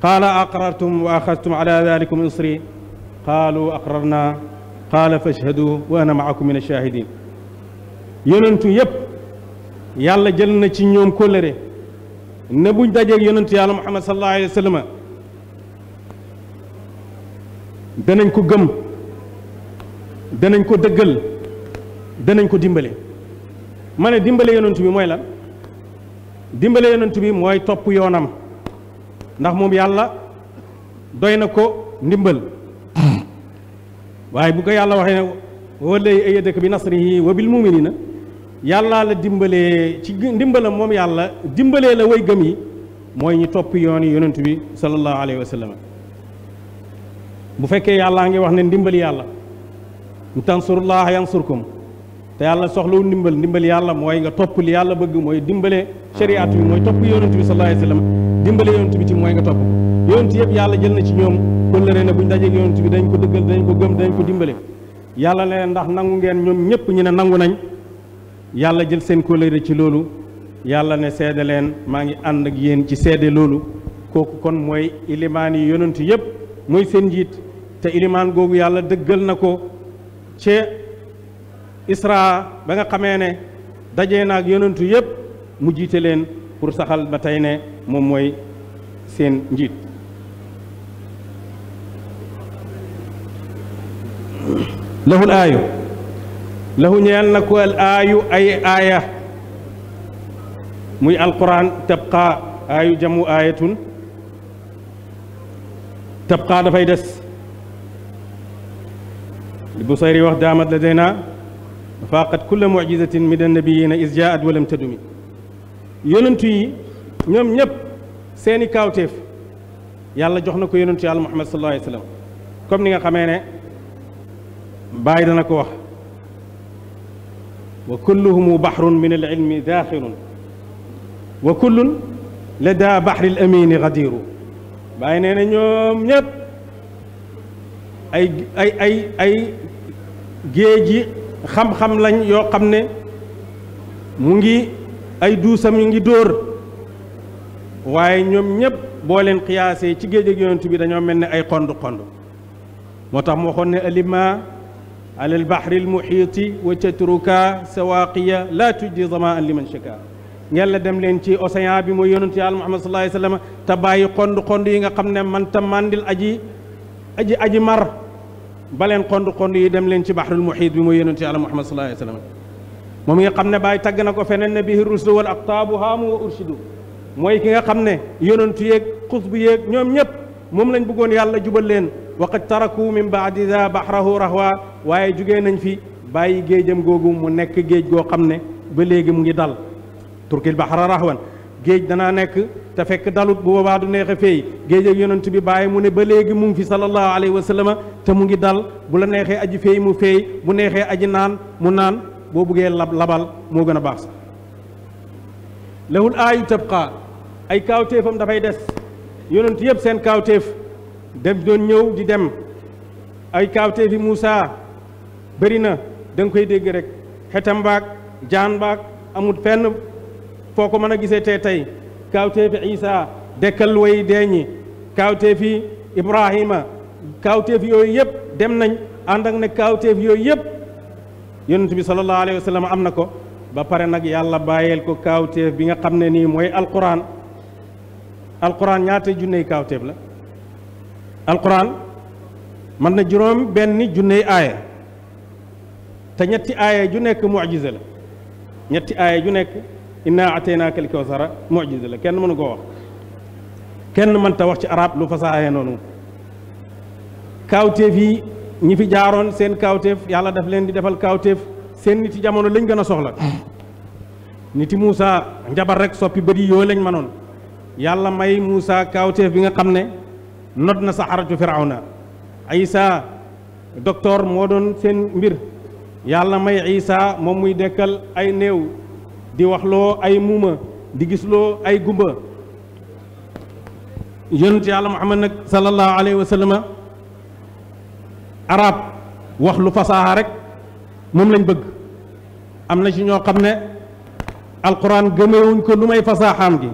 qaala aqrartum wa axadtum ala dalikum isri qaalu aqrarna qaala fashhadu wa ana maakum min ashahidin yonentu yépp yàlla jël na ci ñoom kóllëre ne buñ dajeeg yonentu yàlla muhammad sallallahu alayhi wa sallam danañ ko gëm danañ ko dëggal danañ ko dimbale mane ne dimbale bi mooy lan dimbale bi mooy topp yoonam ndax moom yàlla doy na ko ndimbal waaye bu ko yàlla waxee ne walay ayyadaka bi nasrihi wa nii muminina yàlla la dimbalee ci ndimbalam moom yàlla dimbalee la way gëm yi mooy ñu topp yooni yonent bi sallallahu alayhi wa sallam bu fekkee yàllaa ngi wax ne ndimbali yàlla in tansurullaha yansurkum te yàlla soxlawu ndimbal ndimbal yàlla mooy nga topp li yàlla bëgg mooy dimbale shariat yi mooy topp yonent bi sallallahu alayhi wa sallam dimbale yonent bi ci mooy nga topp yonent yëpp yàlla jël na ci ñoom kóllëre ne bu ñu dajeeg yonent bi dañ ko dëggal dañ ko gëm dañ ko dimbale yàlla ne ndax nangu ngeen ñoom ñëpp ñu ne nangu nañ yàlla jël seen kóllëre ci loolu yàlla ne seede leen maa ngi ànd ak yéen ci seede loolu kooku kon mooy ilimaan yi yonent yëpp mooy seen te ilimaan googu yàlla dëggal na ko ci isra ba nga xamee ne dajee naag yonentu yépp mu jiite leen pour saxal ba tey ne moom mooy seen njiit lahul aayu lahu ñeel na ko al aayu ay aaya muy alquran tabqa aayu jamu aayatun tabqa dafay des البصيري وخدامت لدينا فاقت كل معجزة من النبيين إذ جاءت ولم تدم yonentu yi ñoom ñëpp seeni kaawteef yàlla jox na ko yonentu yàlla muhammad sallallahu alayhi wa sallam comme ni nga xamee ne bàyyi dana ko wax wa kulluhumu bahrun min al ilmi daaxirun wa kullun la daa baxri al amini gadiru bàyyi nee na ñoom ñëpp ay ay ay ay géeji xam-xam lañ yoo xam ne mu ngi ay duusam yu ngi dóor waaye ñoom ñëpp boo leen xiyaasee ci géej ak yonent bi dañoo mel ne ay xond xond moo tax mu waxoon ne alima ala albahri almuhiiti wa tatruka sawaqiya laa tujdi zamaan liman shaka ngeen la dem leen ci océan bi mooy yonent yàlla muhammad sallallahu alayhi wa sallam te bàyyi yi nga xam ne manta màndil mandil aji aji aji mar baleen xond xond yi dem leen ci baxrul muhiit bi muy yonent yàlla muhammad sallallahu alayhi wa sallam moom nga xam ne bàyyi tagg na ko feneen ne bihi rusdu wal aqtaabu haamu wa urshidu mooy ki nga xam ne yonent yeeg xutbu yéeg ñoom ñëpp moom lañ bëggoon yàlla jubal leen waqad taraku min baadi da baxrahu rahwa waaye jugee nañ fi bàyyi géejam googu mu nekk géej goo xam ne ba léegi mu ngi dal turkil baxra rahwan géej danaa nekk te fekk dalu bu boobaa du neex a féey géej ak yonent bi bàyyi mu ne ba léegi mu ngi fi sallallahu alayhi wa sallama te mu ngi dal bu la neexee aji feey mu feey bu neexee aji naan mu naan boo buggee lab labal moo gën a baax sax lewul aayu tabqa ay kaawteefam dafay des yonent yëpp seen kaawteef dem doon ñëw di dem ay kaawteefi Muusa bëri na da koy dégg rek xetam baag jaan baag amul fenn foo ko mën a gisee tey tey kaawteefi Isa dekkal way deeñi kaawteefi Ibrahima kaawteef yooyu yëpp dem nañ ànd ak ne kaawteef yooyu yëpp yonent bi sallallahu alayhi wa am na ko ba pare nag yàlla bàyyeel ko kaawteef bi nga xam ne nii mooy alquran ñaate ñaata junney kaawteef la alquran mën na juróom benn junney aaya te ñetti aaya ju nekk mucjisa la ñetti aaya ju nekk naa ataynaaka al kawsara mucjisa la kenn mënu ko wax kenn mënta wax ci arab lu fasaaya noonu kaawteef yi ñi fi jaaroon seen kaawteef yàlla daf leen di defal kaawteef seen nit yi jamono lañ gën a soxla nit yi Moussa njabar rek soppi bët yi yooyu lañ mënoon yàlla may muusaa kaawteef bi nga xam ne not na saxaratu firawna Aïssa docteur moo doon seen mbir yàlla may Aïssa moom muy dekkal ay néew di waxloo ay muuma di gisloo ay gumba yonent yàlla mu nag nak alayhi wa sallam arab wax lu fasaaxa rek moom lañ bëgg am na ci ñoo xam ne alquran gëmewuñ ko lu may fasaaxaam gi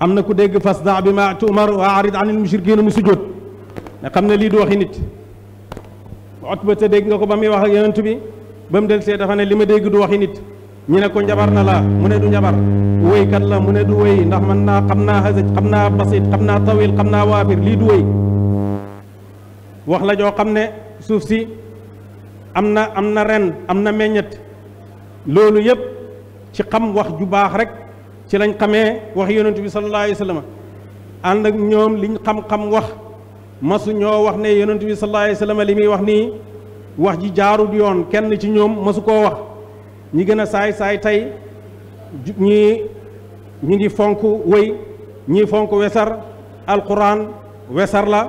am na ku dégg fasda bi ma tu'mar wa arid anil mushrikiin mu sujjóot ne xam ne lii du waxi nit Utba dégg nga ko ba muy wax ak yonent bi ba mu del see dafa ne li ma dégg du waxi nit ñu ne ko njabar na la mu ne du njabar wéykat la mu ne du wéy ndax man naa xam naa xasaj xam naa basit xam naa tawil xam naa waafir lii du wéy wax la xam ne suuf si am na am na ren am na meññet loolu yépp ci xam wax ju baax rek ci lañ xamee wax yonent bi sallallahu alayhi ànd ak ñoom liñ xam-xam wax masu ñoo wax ne yonent bi sa alayhi wa sallam li muy wax nii wax ji jaarut yoon kenn ci ñoom masu koo wax ñi gën a saay-saay tey ñi ñi ngi fonk wëy ñi fonk wesar alquran wesar la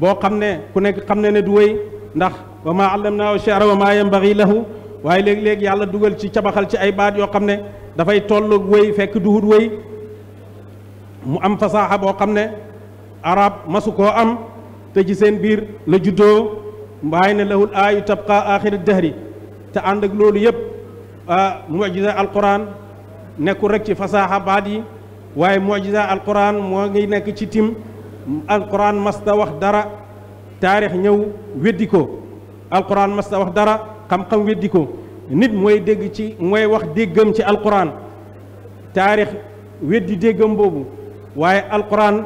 boo xam ne ku nekk xam ne ne du wëy ndax wa maa allamnaahu shi'ra wa maa yanbaghi lahu waaye léeg-léeg yàlla dugal ci cabaxal ci ay baat yoo xam ne dafay tollu wéy fekk duhut wéy mu am fasaaxa boo xam ne arab masu koo am te ci seen biir la juddoo waaye ne lahul aayu tabqa axiri dahri te ànd ak loolu yépp yëpp ah, mujisa alquran nekku rek ci fasaaxa baat yi waaye mujisa alquran moo ngi nekk ci tim alquran mas da wax dara taarix ñëw weddi ko alquran mas wax dara xam-xam weddi ko nit mooy dégg ci mooy wax déggam ci alquran taarix weddi déggam boobu waaye alquran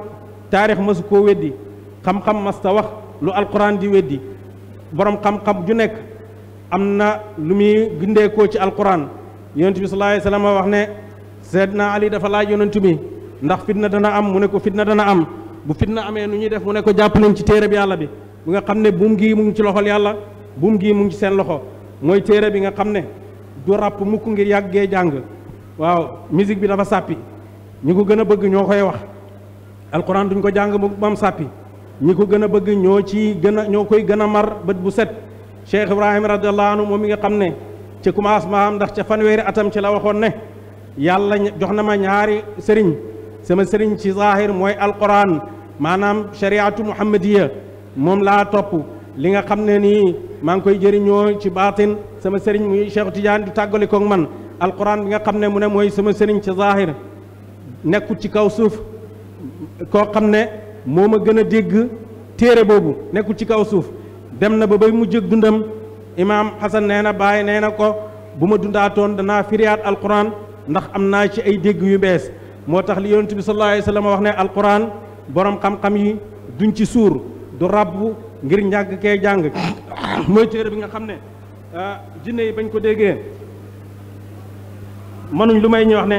taarix masu ko weddi xam-xam masta wax lu alxuraan di weddi borom xam-xam ju nekk am na lu muy gindeekoo ci alquran yonent bi sallallahu alayhi wax ne seydna ali dafa laaj yonent bi ndax na dana am mu ne ko na dana am bu fitna amee nu ñuy def mu nekk ko jàpp nañ ci téere bi yàlla bi bu nga xam ne buum gii mu ngi ci loxol yàlla buum gii mu ngi ci seen loxo mooy téere bi nga xam ne du ràpp mukk ngir yàggee jàng waaw musique bi dafa sàppi ñu ko gën a bëgg ñoo koy wax alxuraan duñ ko jàng ba mu sàppi ñi ko gën a bëgg ñoo ci gën a ñoo koy gën a mar bët bu set Cheikh Ibrahima radiallahu anhu moom mi nga xam ne ci commencement am ndax ca fanweeri atam ci la waxoon ne yàlla jox na ma ñaari sëriñ sama sëriñ ci zaahir mooy alxuraan maanaam shariatu muhammadiya moom laa topp li nga xam ne nii maa ngi koy jëriñoo ci baatin sama sëriñ muy Cheikh Tidiane du tàggale koog man alquran bi nga xam ne mu ne mooy sama sëriñ ci zaahir nekkul ci kaw suuf koo xam ne moo ma gën a dégg téere boobu nekkul ci kaw suuf dem na ba ba mu jëg dundam imaam Xasan nee na bàyyi nee na ko bu ma dundaatoon danaa firiyaat alquran ndax am naa ci ay dégg yu bees moo tax li yonent bi sallallahu alayhi wax ne alquran boroom xam-xam yi duñ ci suur du ràbb ngir njàng kee jàng mooy téere bi nga xam ne ah, jinne yi bañ ko déggee mënuñ lu may ñu wax ne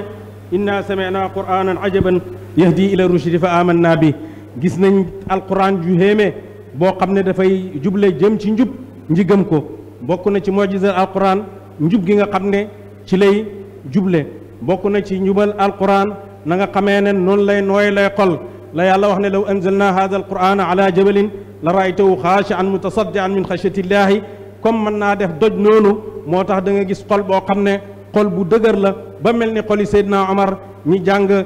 inna sami'na qur'anan ajaban yahdi ila rushdi fa amanna bi gis nañ alquran ju xéeme boo xam ne dafay juble jëm ci njub ñi ko bokk na ci mojisal alquran njub gi nga xam ne ci lay juble bokk na ci njubal alquran na nga xamee ne noonu lay nooy lay xol la yàlla wax ne law anzalna hada al a ala jabalin la an xaashian mutasaddian min xashyatillahi comme mën naa def doj noonu moo tax da nga gis xol boo xam ne xol bu dëgër la ba mel ni xoli Seydina Omar ñi jàng euh,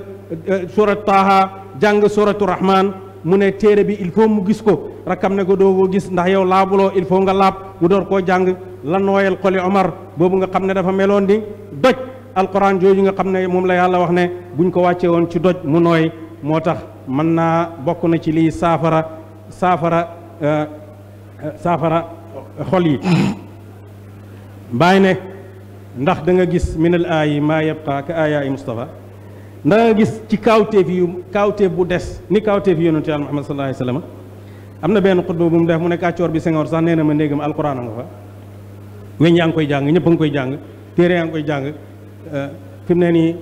surat Taaha jàng suratu Rahman mu ne téere bi il faut mu gis ko rakkam ne ko doo ko gis ndax yow laabuloo il faut nga laab mu door koo jàng la nooyal xoli Omar boobu nga xam ne dafa meloon alquran jooju nga xam ne moom la yàlla wax ne ñu ko wàccee woon ci doj mu nooy moo tax man naa bokk na ci lii saafara saafara euh, euh, saafara xol yi bàyyi ne ndax da nga gis minal aayi maa yabqa ka aayaayi Mustafa ndax nga gis ci kaawteef yu kaawteef bu des ni kaawteef yi yonentu yàlla Muhammad sallallahu alayhi wasallam am na benn xutba bu mu def mu ne kàccoor bi Senghor sax nee na ma néegam alquran a nga fa weñ yaa ngi koy jàng ñëpp a koy jàng téere yaa ngi koy jàng fi mu ne nii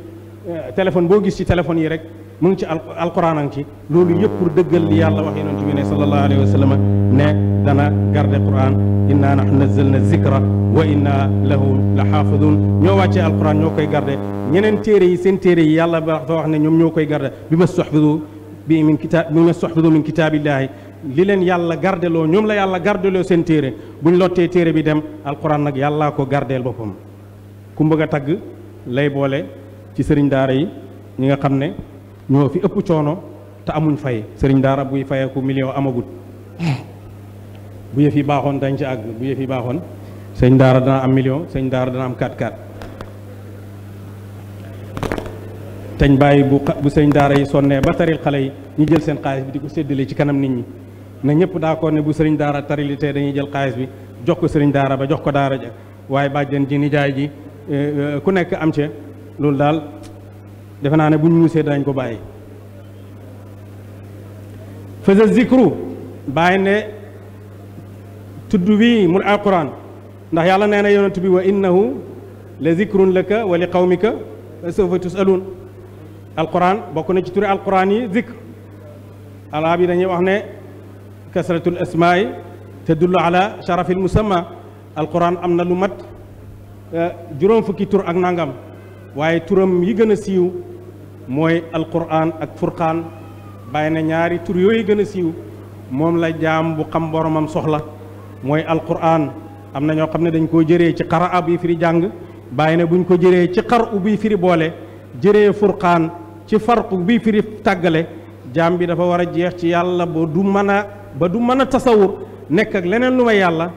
eh, téléphone boo gis ci téléphone yi rek mu ngi ci alquran a ngi ci loolu yëpp pour dëggal li yàlla wax yonent bi ne sallallahu alayhi wa sallam ne dana garder quran inna nahnu nazzalna zikra wa inna lahu la xaafidun ñoo wàccee alquran ñoo koy garder ñeneen téere yi seen téere yi yàlla ba wax ne ñoom ñoo koy garder bi ma soxbidu bi min kitaab bi ma soxbidu min kitaabillahi li leen yàlla loo ñoom la yàlla gardeloo seen téere bu buñ lottee téere bi dem alquran nag yàllaa ko gardeel boppam a lay boole ci sëriñ daara yi ñi nga xam ne ñoo fi ëpp coono te amuñ fay sëriñ daara buy fayeeku million amagut bu yëf yi baaxoon dañ ci àgg bu yëf yi baaxoon sëñ daara dana am million sëñ daara dana am 4 4 teñ bàyyi bu bu sëñ daara yi sonnee ba taril xale yi ñu jël seen xaalis bi di ko séddale ci kanam nit ñi ne ñëpp d'accord ne bu sëriñ daara tarilitee dañuy jël xaalis bi jox ko sëriñ daara ba jox ko daara ja waaye bàjjen ji nijaay ji Eh, eh, ku nekk am ca loolu daal defe naa ne bu ñu muusee ko bàyyi fasa zikru bàyyi ne tudd wii mu alquran ndax yàlla nee na yonent bi wa innahu la zikrun laka wa li qawmika sawfa tusaluun alquran bokk na ci turi alquran yi zikr alaab yi dañuy wax ne kasratul asmaa yi tadullu ala sharafil musamma alquran am na lu mat Euh, juróom fukki tur ak nangam waaye turam yi gën a siiw mooy alquran ak furqaan bàyyi na ñaari tur yooyu gën a siiw moom la jaam bu xam boromam soxla mooy alquran am na ñoo xam ne dañ koo jëree ci xara ab yi firi jàng bàyyi na buñ ko jëree ci xar u bi firi boole jëree furqaan ci farqu bi firi tàggale jaam bi dafa war a jeex ci yàlla ba du mën a ba du mën a tasawur nekk ak leneen lu may yàlla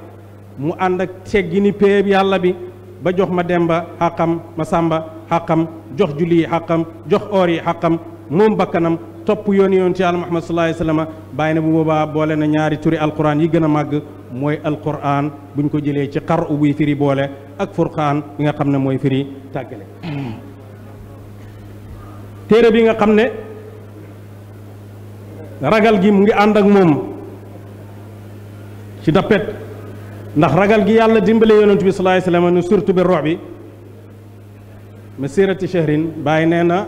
mu ànd ak teggini péeb yàlla bi ba jox ma demba xàqam ma sàmba xàqam jox julli yi jox oor yi xàqam moom bakkanam topp yoon yoon ci àlla muhammad sa alayhi wasallam bàyyi na bu boobaa boole na ñaari turi alquran yi gën a màgg mooy alquran bu ñu ko jëlee ci xar u firi boole ak furqaan bi nga xam ne mooy firi tàggale téere bi nga xam ne ragal gi mu ngi ànd ak moom ci dappet ndax ragal gi yàlla dimbale yonent bi salaay salaam nu surtout bi rox bi masirati shahrin bàyyi nee na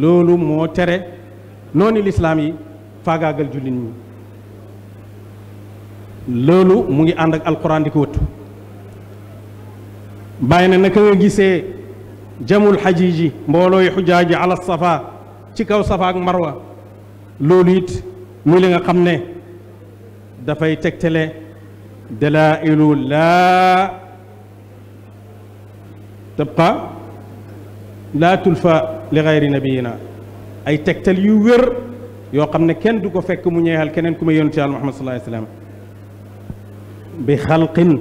loolu moo tere noonu lislaam yi faagaagal jullit ñi loolu mu ngi ànd ak alquran di ko wëttu bàyyi na naka nga gisee jamul xajiji mboolooy xujaaji ala safa ci kaw safa ak marwa loolu it muy li nga xam ne dafay tegtale dalailu laa tabqa laa tulfa li gayri nabiyina ay tegtal yu wér yoo xam ne kenn du ko fekk mu ñeexal keneen ku may yonent yàlla Muhammad sallallahu alayhi wa sallam bi xalqin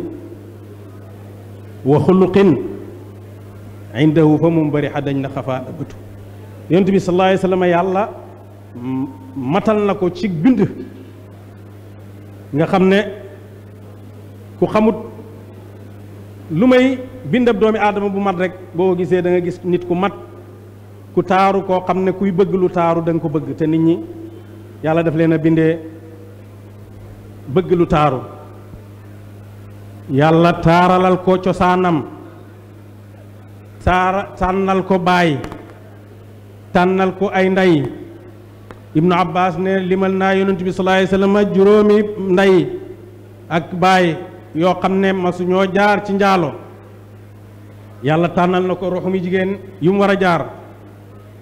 wa xuluqin indahu fa mu bari xadañ na xafaa ëbbatu yonent bi sallallahu yàlla matal na ko ci bind nga xam ne ku xamut lu may bindab doomi aadama bu mat rek boo gisee da gis nit ku mat ku taaru koo xam ne kuy bëgg lu taaru danga ko bëgg te nit ñi yàlla def leen a bindee bëgg lu taaru yàlla taaralal ko cosaanam saara sànnal ko baay tànnal ko ay ndey ibnu abbas ne limal naa yonent bi sallallahu alayhi wasallam juróomi ndey ak baay yoo xam ne masuñoo jaar ci njaaloo yàlla tànnal na ko roxumi jigéen yu mu war a jaar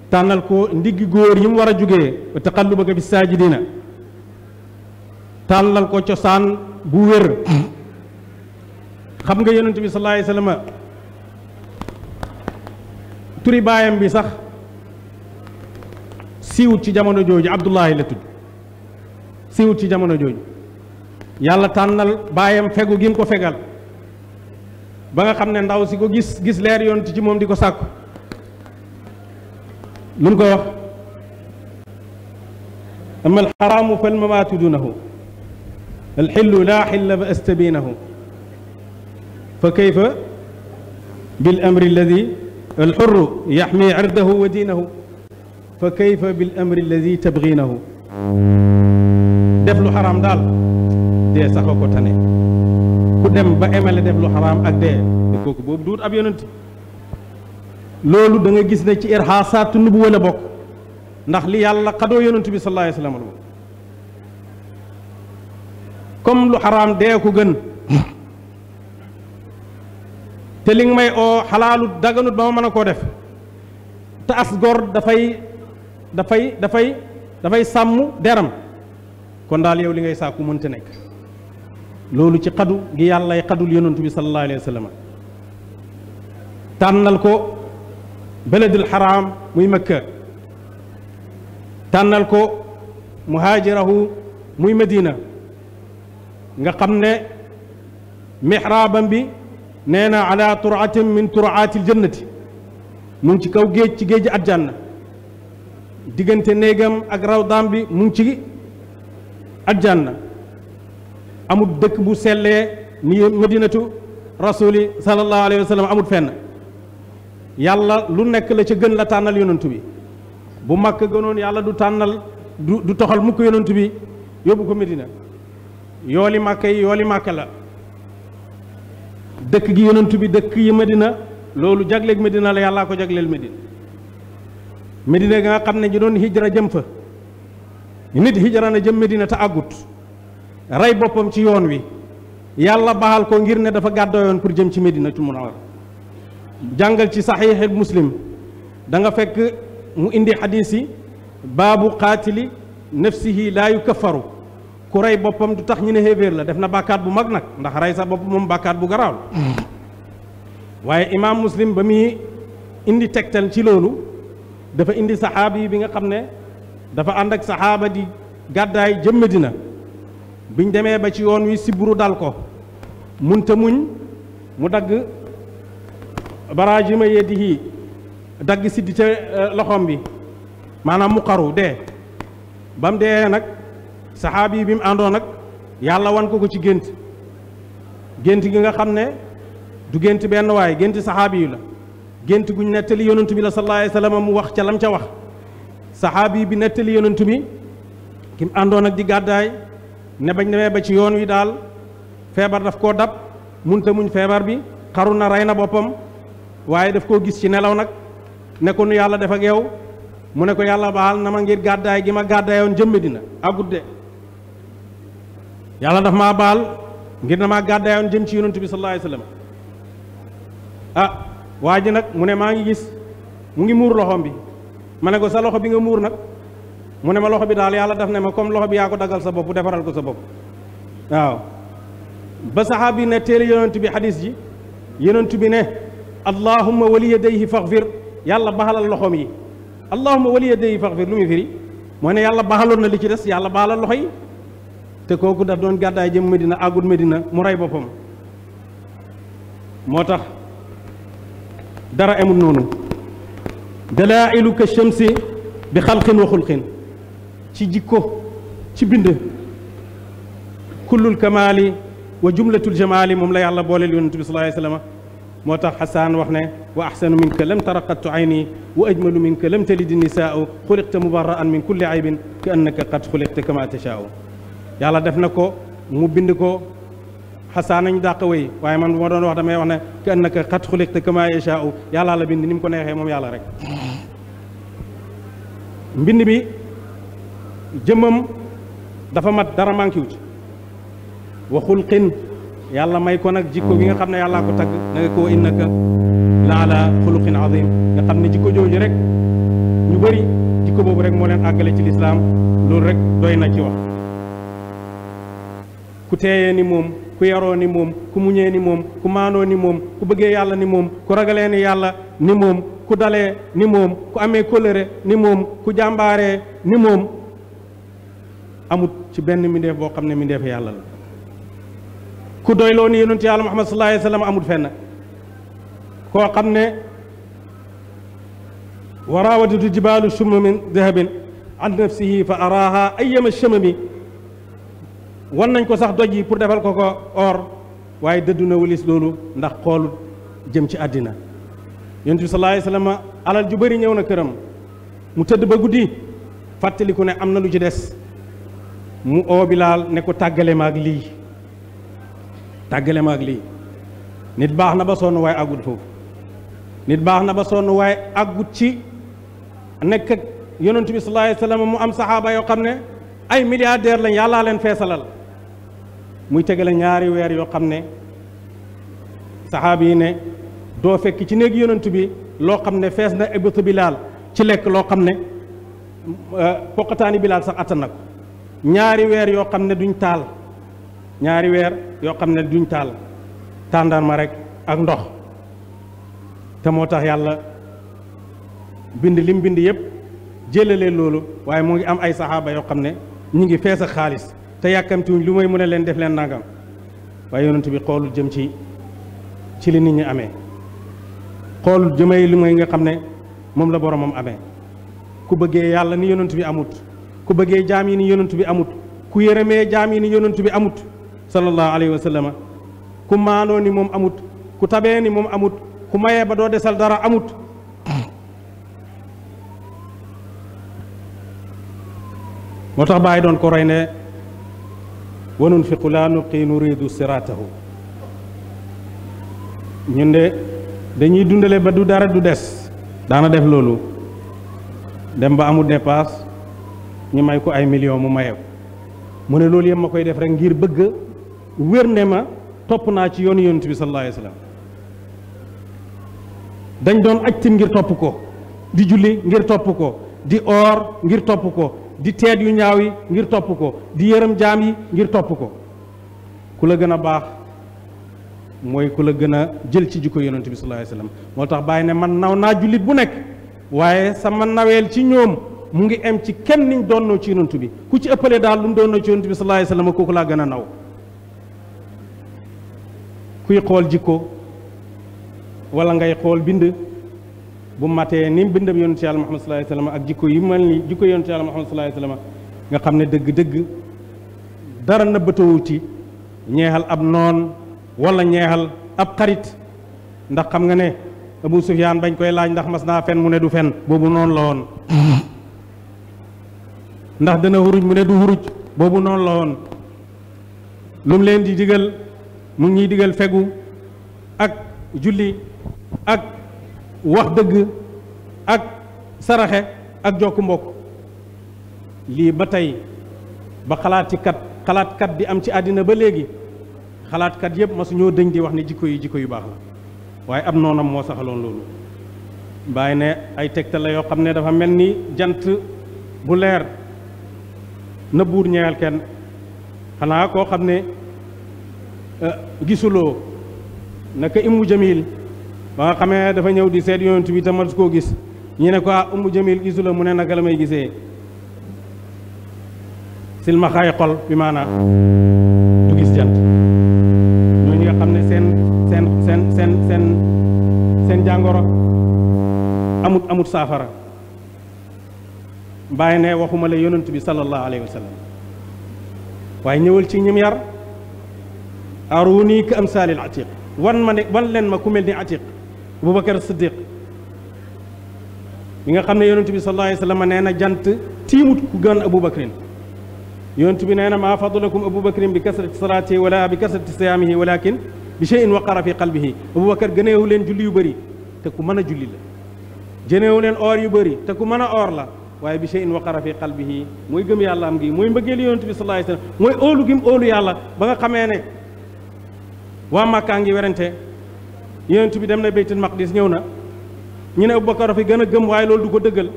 tànnal ko ndigg góor yi mu war a jugee wa taqallubaka fi saajidina tànnal ko cosaan bu wér xam nga yonent bi sallallahu alayhi wasallam turi baayam bi sax siiwut ci jamono jooju Abdullahi la tudd siiwut ci jamono jooju yàlla tànnal baayam fegu gi mu ko fegal ba nga xam ne ndaw si ko gis gis leer yoon ci moom di ko sàkku lu mu ko wax ama alxaraamu fal mamaatu dunahu alxillu laa xilla fa astabiinahu fa kayfa bil amri alladi alxurru yaxmi irdahu wa diinahu fa kayfa bil amri alladi tabgiinahu def lu xaraam daal dee sax ko tane ku dem ba emale def lu xaraam ak dee te kooku boobu duut ab yonent loolu da nga gis ne ci irxaasaatu nubuwa la bokk ndax li yàlla xadoo yonent bi sallallahu alayhi wasallam la comme lu xaraam dee ko gën te li nga may oo xalaalu daganut ba ma mën a koo def te as gor dafay dafay dafay dafay sàmm deram kon daal yow li ngay sàkku mënta nekk loolu ci xadu gi yàllay xadul yonantu bi sallallahu alayhi wa sallam tànnal ko beledul xaraam muy makka tànnal ko muhaajirahu muy madina nga xam ne mixraabam bi nee na ala turatin min turaati ljannati mu ngi ci kaw géej ci géeji jànn diggante néegam ak rawdaam bi mu ngi ci àjjana amul dëkk bu sellee ni madinatu rasuli sallallahu alayhi wa sallam fenn yàlla lu nekk la ca gën la tànnal yonantu bi bu makka gënoon yàlla du tànnal du du toxal mukk yonantu bi yóbbu ko medina yooli màkka yi yooli màkka la dëkk gi yonantu bi dëkk yi medina loolu jagleeg medina la yàllaa ko jagleel medina medina nga xam ne ñu doon hijra jëm fa nit hijra na jëm medina te àggut rey boppam ci yoon wi yàlla baxal ko ngir ne dafa gàddaayoon pour jëm ci Madinatul Munawwara jàngal ci saxiixul muslim da nga fekk mu indi xadiis yi baabu qaatili nafsihi laa yukaffaru ku rey boppam du tax ñu ne xéeféer la def na bakkaat bu mag nag ndax rey sa bopp moom bakkaat bu garaaw waaye imaam muslim ba muy indi tegtal ci loolu dafa indi saxaabi yi bi nga xam ne dafa ànd ak saxaaba di gàddaay jëm Madina biñ demee ba ci yoon wi sibru dal ko munta muñ mu dagg yee di yadihi dagg siddi ca eh, loxoom bi maanaam mu xaru dee ba mu dee nag saxaabi yi bi mu àndoon nag yàlla wan ko ko ci gént gént gi nga xam ne du gént benn waaye gént saxaabi yu la gént guñ nettali yonent bi la sallallahu alayhi wa mu wax ca lam ca wax saxaabi bi nettali yonent bi ki mu àndoon nag di gàddaay ne bañ demee ba ci yoon wi daal feebar daf koo dab munte muñ feebar bi xaru na rey na boppam waaye daf koo gis ci nelaw nag ne yàlla def ak yow mu ne ko yàlla baal na ma ngir gàddaay gi ma gàddaayoon jëm dina agut de yàlla daf maa baal ngir na maa gàddaayoon jëm ci yonent bi sallallahu alayhi wasallam ah waa ji nag mu ne maa ngi gis mu ngi muur loxoom bi ma ne ko sa loxo bi nga muur nag mu ne ma loxo bi daal yàlla daf ne ma comme loxo bi yaa ko daggal sa bopp defaral ko sa bopp waaw ba saxaab yi ne teel bi xadis ji yonent bi ne allahumma wali yadayhi faxfir yàlla baxalal loxoom yi allahumma wali yadayhi faxfir lu muy firi mooy ne yàlla baxaloon na li ci des yàlla baxalal loxo yi te kooku daf doon gàddaay jëm Medina àggul Medina mu rey boppam moo tax dara amul noonu dalailu ka shamsi bi xalqin wa xulqin ci jikko ci bind kullul kamaali wa jumlatul jamaali moom la yàlla booleel yonent bi sallallahu alayhi wa sallam moo tax xasaan wax ne wa axsanu minka lam tara qattu ayni wa ajmalu minka lam talidi nisaau xuliqta mubarraan min kulli aybin ka annaka qad xuliqta kama tashaau yàlla def na ko mu bind ko xasaan nañ dàq wéy waaye man bu ma doon wax damay wax ne ka annaka qad xuliqta kama yashaau yàlla la bind ni mu ko neexee moom yàlla rek mbind bi jëmmam dafa mat dara manqué wu ci wa xulqin yàlla may ko nag jikko bi nga xam ne yàllaa ko tagg na nga ko innaka la ala xuluqin nga xam ne jikko jooju rek ñu bëri jikko boobu rek moo leen àggale ci lislaam loolu rek doy na ci wax ni moom ku ni moom ku muñee ni moom ku ni moom ku bëggee yàlla ni moom ku ragalee ni yàlla ni moom ku dalee ni moom ku amee kóllëre ni moom ku jàmbaaree ni moom amut ci benn mindeef boo xam ne mindeef yàlla la ku doyloo ni yonent yàlla muhammad sallallahu alayhi wa sallam amut fenn koo xam ne wa raawadatu jibaalu shumma min dahabin an nafsihi fa araaha ayyama shamami wan nañ ko sax doj yi pour defal ko ko or waaye dëddu na walis loolu ndax xoolut jëm ci àddina yonent bi sallallahu alayhi wa alal ju bëri ñëw na këram mu tëdd ba guddi fàttaliku ne am na lu ci des mu oo Bilaal ne ko tàggale ma lii tàggale ma ak lii nit baax na ba sonn waaye àggut foofu nit baax na ba sonn waaye àggut ci nekk ak yonent bi sallallahu alayhi mu am saxaaba yoo xam ne ay milliardaire lañ yàllaa leen feesalal muy tegale ñaari weer yoo xam ne saxaaba yi ne doo fekk ci néeg yonent bi loo xam ne fees na ébétu bilaal ci lekk loo xam ne euh, poqataani bilaal sax attan na ñaari weer yoo xam ne duñ taal ñaari weer yoo xam ne duñ taal tàndarma rek ak ndox te moo tax yàlla bind lim bind yépp jëlalee loolu waaye mu ngi am ay saxaaba yoo xam ne ñu ngi fees ak xaalis te yàkkamtiwuñ lu may mën a leen def leen nangam waaye yonent bi xoolul jëm ci ci li nit ñi amee xoolul jëmay li mooy nga xam ne moom la boromam amee ku bëggee yàlla ni yonent bi amut ku bëggee jaam yi ni yonent bi amut ku yërëmee jaam yi ni yonent bi amut sallallahu alayhi wa ku maandoo ni moom amut ku tabee ni moom amut ku mayee ba doo desal dara amut moo tax bàyyi doon ko roy ne wa nunfiqu laa nulqi nuridu siratahu ñun de dañuy dundale ba du dara du des daana def loolu dem ba amul dépasse ñu may ko ay millions mu maye ko mu ne loolu yëpp ma koy def rek ngir bëgg wér ne ma topp naa ci yoonu yonent bi sallallahu dañ doon aj tim ngir topp ko di julli ngir topp ko di oor ngir topp ko di teet yu ñaaw yi ngir topp ko di yërëm jaam yi ngir topp ko ku la gën a baax mooy ku la gën a jël ci jikko yonent bi sallallahu moo tax bàyyi ne man naw naa jullit bu nekk waaye sama naweel ci ñoom mu ngi em ci kenn niñ doonnoo ci yonent bi ku ci ëppale daal lu doon doonnoo ci yonent bi sallallahu alayhi wasallam kooku laa gën a naw kuy xool jikko wala ngay xool bind bu matee ni bindam yonent yàlla Muhammad sallallahu alayhi wasallam ak jikko mel ni jikko yonent yàlla Muhammad sallallahu alayhi nga xam ne dëgg-dëgg dara nëbbatawuti ñeexal ab noon walla ñeexal ab xarit ndax xam nga ne Abu Sufyaan bañ koy laaj ndax mas naa fen mu ne du fen boobu noon la woon ndax dana xuruj mu ne du xuruj boobu noon la woon lu mu leen di digal mu ngi ñuy digal fegu ak julli ak wax dëgg ak saraxe ak jokk mbokk lii ba tey ba xalaat ci xalaatkat bi am ci àddina ba léegi xalaatkat yëpp masu ñoo dëñ di wax ne jikko yi jikko yu baax la waaye am noonam moo saxaloon loolu bàyyi ne ay tegtal la yoo xam ne dafa mel ni jant bu leer na buur ñeexal kenn xanaa koo xam ne euh, gisuloo naka Ummu Jamil ba nga xamee dafa ñëw di seet yonent bi tamat koo gis ñu ne ko ah, Ummu jëmiil gisuloo mu ne naka la may gisee silmaxaay xol bi maanaa du jant ñooñu nga xam ne seen seen seen seen seen seen jàngoro amut amut saafara bàyyi ne waxuma la yonent bi sallallahu alayhi wa sallam waaye ñëwal ci ñim yar aruni ka amsaalil atiq wan ma ne wan leen ma ku mel ni atiq aboubacar siddiq bi nga xam ne yonent bi sallallahu alayhi wa sallam nee na jant tiimut ku gën aboubacrin yonent bi na maa fadlakum aboubacrin bi kasrati salaatihi wala bi kasrati siyaamihi walakin bi shay'in waqara fi qalbihi aboubacar gëneewu leen julli yu bëri te ku mën a julli la jëneewu leen or yu bëri te ku mën a or la waaye bi shay'in waqara fi qalbihi mooy gëm yàlla am gi mooy mbëggeel yonent bi sallallahu alayhi wasallam mooy óolu gim óolu yàlla ba nga xamee ne waa Màkkaa ngi werante yonent bi dem na Baytul Maqdis ñëw na ñu ne Abubakar fi gën a gëm waaye loolu du ko dëggal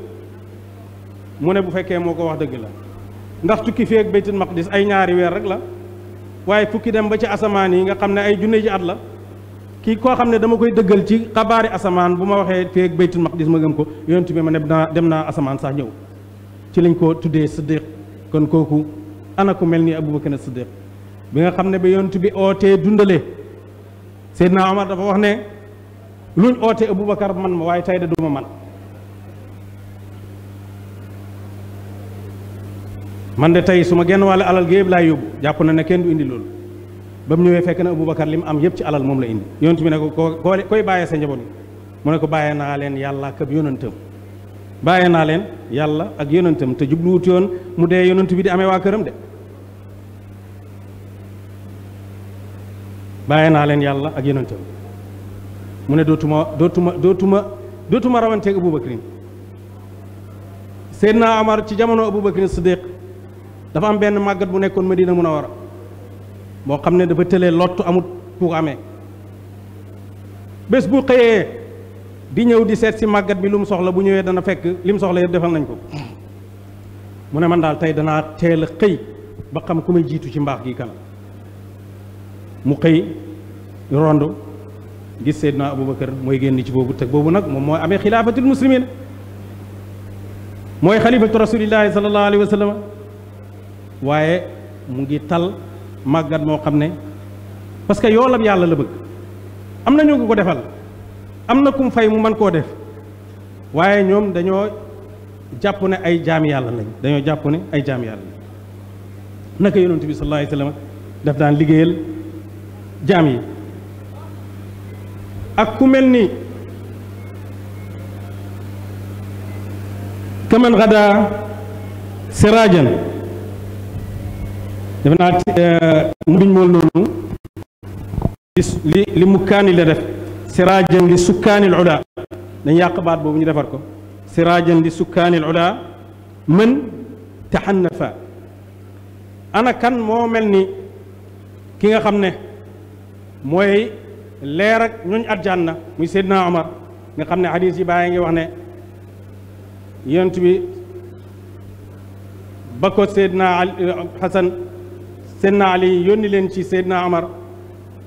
mu ne bu fekkee moo ko wax dëgg la ndax tukki feek Baytul Maqdis ay ñaari weer rek la waaye fukki dem ba ci asamaan yi nga xam ne ay junne ji at la kii koo xam ne dama koy dëggal ci xabaari asamaan bu ma waxee feeg baytul maqdis ma gëm ko yonent bi ma ne naa dem naa asamaan sax ñëw ci lañ ko tuddee siddiq kon kooku ana ku mel ni abubakar siddiq bi nga xam ne ba yonent bi ootee dundale seydna omar dafa wax ne luñ ootee abubakar man ma waaye tey de duma man man de tey su ma genn wàll alal gi laay yóbbu jàpp na ne kenn du indi loolu ba mu ñëwee fekk na Aboubacar li mu am yëpp ci alal moom la indi yonent bi ne ko koo koy bàyyee sa njaboot yi mu ne ko bàyyee naa leen yàlla ak yonentam bàyyee naa leen yàlla ak yonentam te jubluwut yoon mu dee yonent bi di amee waa de bàyyee naa leen yàlla ak yonentam mu ne dootuma dootuma dootuma dootuma rawanteeg Aboubacrine Seydina Omar ci jamono Aboubacrine Siddiq dafa am benn màggat bu nekkoon Madina war moo xam ne dafa tëlee lottu amut ku amee bés bu xëyee di ñëw di seet si màggat bi lu mu soxla bu ñëwee dana fekk li soxla yëpp defal nañ ko mu ne man daal tey danaa teel a xëy ba xam ku may jiitu ci mbaax gi kan mu xëy rond gis Seydina Aboubacar mooy génn ci boobu teg boobu nag moom mooy amee xilaafatul muslimin mooy xalifatu rasulillahi sallallahu alayhi waaye mu ngi tal màggat moo xam ne parce que yoolam yàlla la bëgg am na ñu ngi ko defal am na kum fay mu mën koo def waaye ñoom dañoo jàpp ne ay jaam yàlla lañ dañoo jàpp ne ay jaam yàlla lañ naka yonent bi sallallahu alayhi daf daan liggéeyal jaam yi ak ku mel ni kaman gada sirajan defe euh, mu biñ mool noonu li li mu la def siraajan li sukkaanil ula dañ yàq baat boobu ñu defar ko siraajan li sukkaanil ula mën taxannafa ana kan moo mel ni ki nga xam ne mooy leer ak ñooñ àjjana muy Seydina Omar nga xam ne xadiis yi bàyyi ngi wax ne yonent bi ba ko Seydina Xasan Seydina Ali yónni leen ci Seydina Omar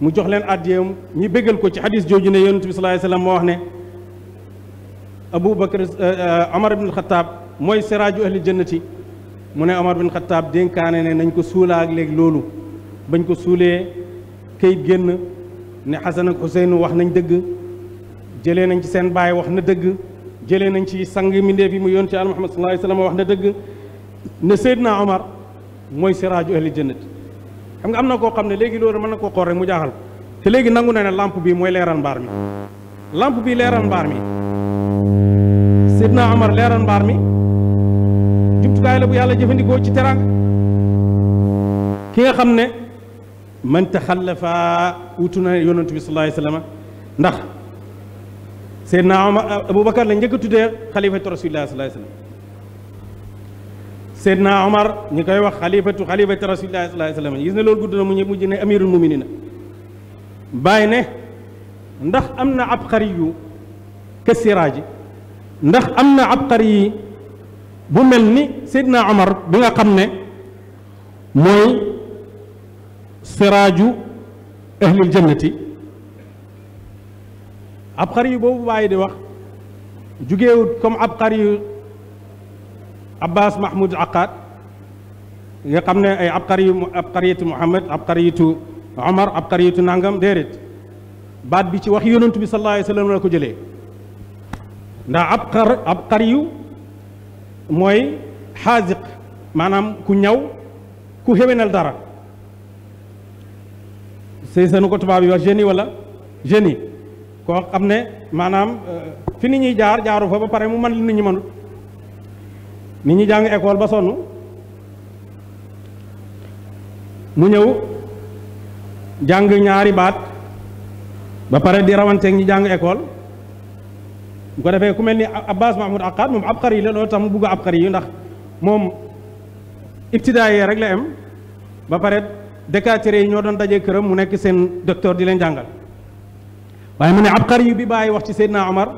mu jox leen àddiyeem ñi béggal ko ci xadis jooju ne yonent bi sallallaahu moo wax ne Abu Bakr eh, eh, Omar ibn Xattaab mooy siraaju ahli jannati mu ne Omar ibn Xattaab dénkaane ne nañ ko suulaa ak léegi loolu bañ ko suulee kayit génn ne Xasan ak Xuseyn wax nañ dëgg jëlee nañ ci seen baay wax na dëgg jëlee nañ ci sang mbindéef yi mu yonent Yàlla Muhammad sallallaahu alayhi wa wax na dëgg ne Seydina Omar mooy siraaju ahli jannati xam nga am na koo xam ne léegi loolu mën na koo xool rek mu jaaxal te léegi nangu na ne lampe bi mooy leeral mbaar mi lampe bi leeral mbaar mi Seydina Omar leeral mbaar mi jumtukaay la bu yàlla jëfandikoo ci teraanga ki nga xam ne man taxallafa wutu na yonantu bi sallallahu alayhi wa sallam ndax Seydina Omar Aboubacar la njëkk a tuddee xalifatu rasulillahi sallallahu Seydina Omar ñi koy wax xalifatu xalifatu rasulillahi sallallahu alayhi wasallam gis ne loolu gudd na mu ñu mujj ne amirul muminina bàyyi ne ndax am na ab abqari yu kasiraaji ndax am na ab abqari yi bu mel ni Seydina Omar bi nga xam ne mooy siraaju ahlil ab abqari yu boobu bàyyi di wax jugeewut comme abqari yu Abbas Mahmoud Aqad nga xam ne ay abqari abqariyatu Muhammad abqariyatu Omar abqariyatu Nangam déedéet baat bi ci wax yonent bi sallallahu alayhi wa sallam la ko jëlee mooy xaasiq maanaam ku ñaw ku xéwénal dara sëy sanu ko tubaab yi wax génie wala génie koo xam ne maanaam euh, fi ni ñuy jaar jaaru fa ba pare mu man li nit ñi mënut nit ñi jàng école ba sonn mu ñëw jàng ñaari baat ba pare di rawanteeg ñi jàng école bu ko defee ku mel ni Abbas Mahmoud Aqad moom abqar yi la loolu tax mu bugg abqar yi ndax moom ibtidaayee rek la am ba pare décatéré yi ñoo doon dajee këram mu nekk seen docteur di leen jàngal waaye mu ne abqar yi bi bàyyi wax ci Seydina Omar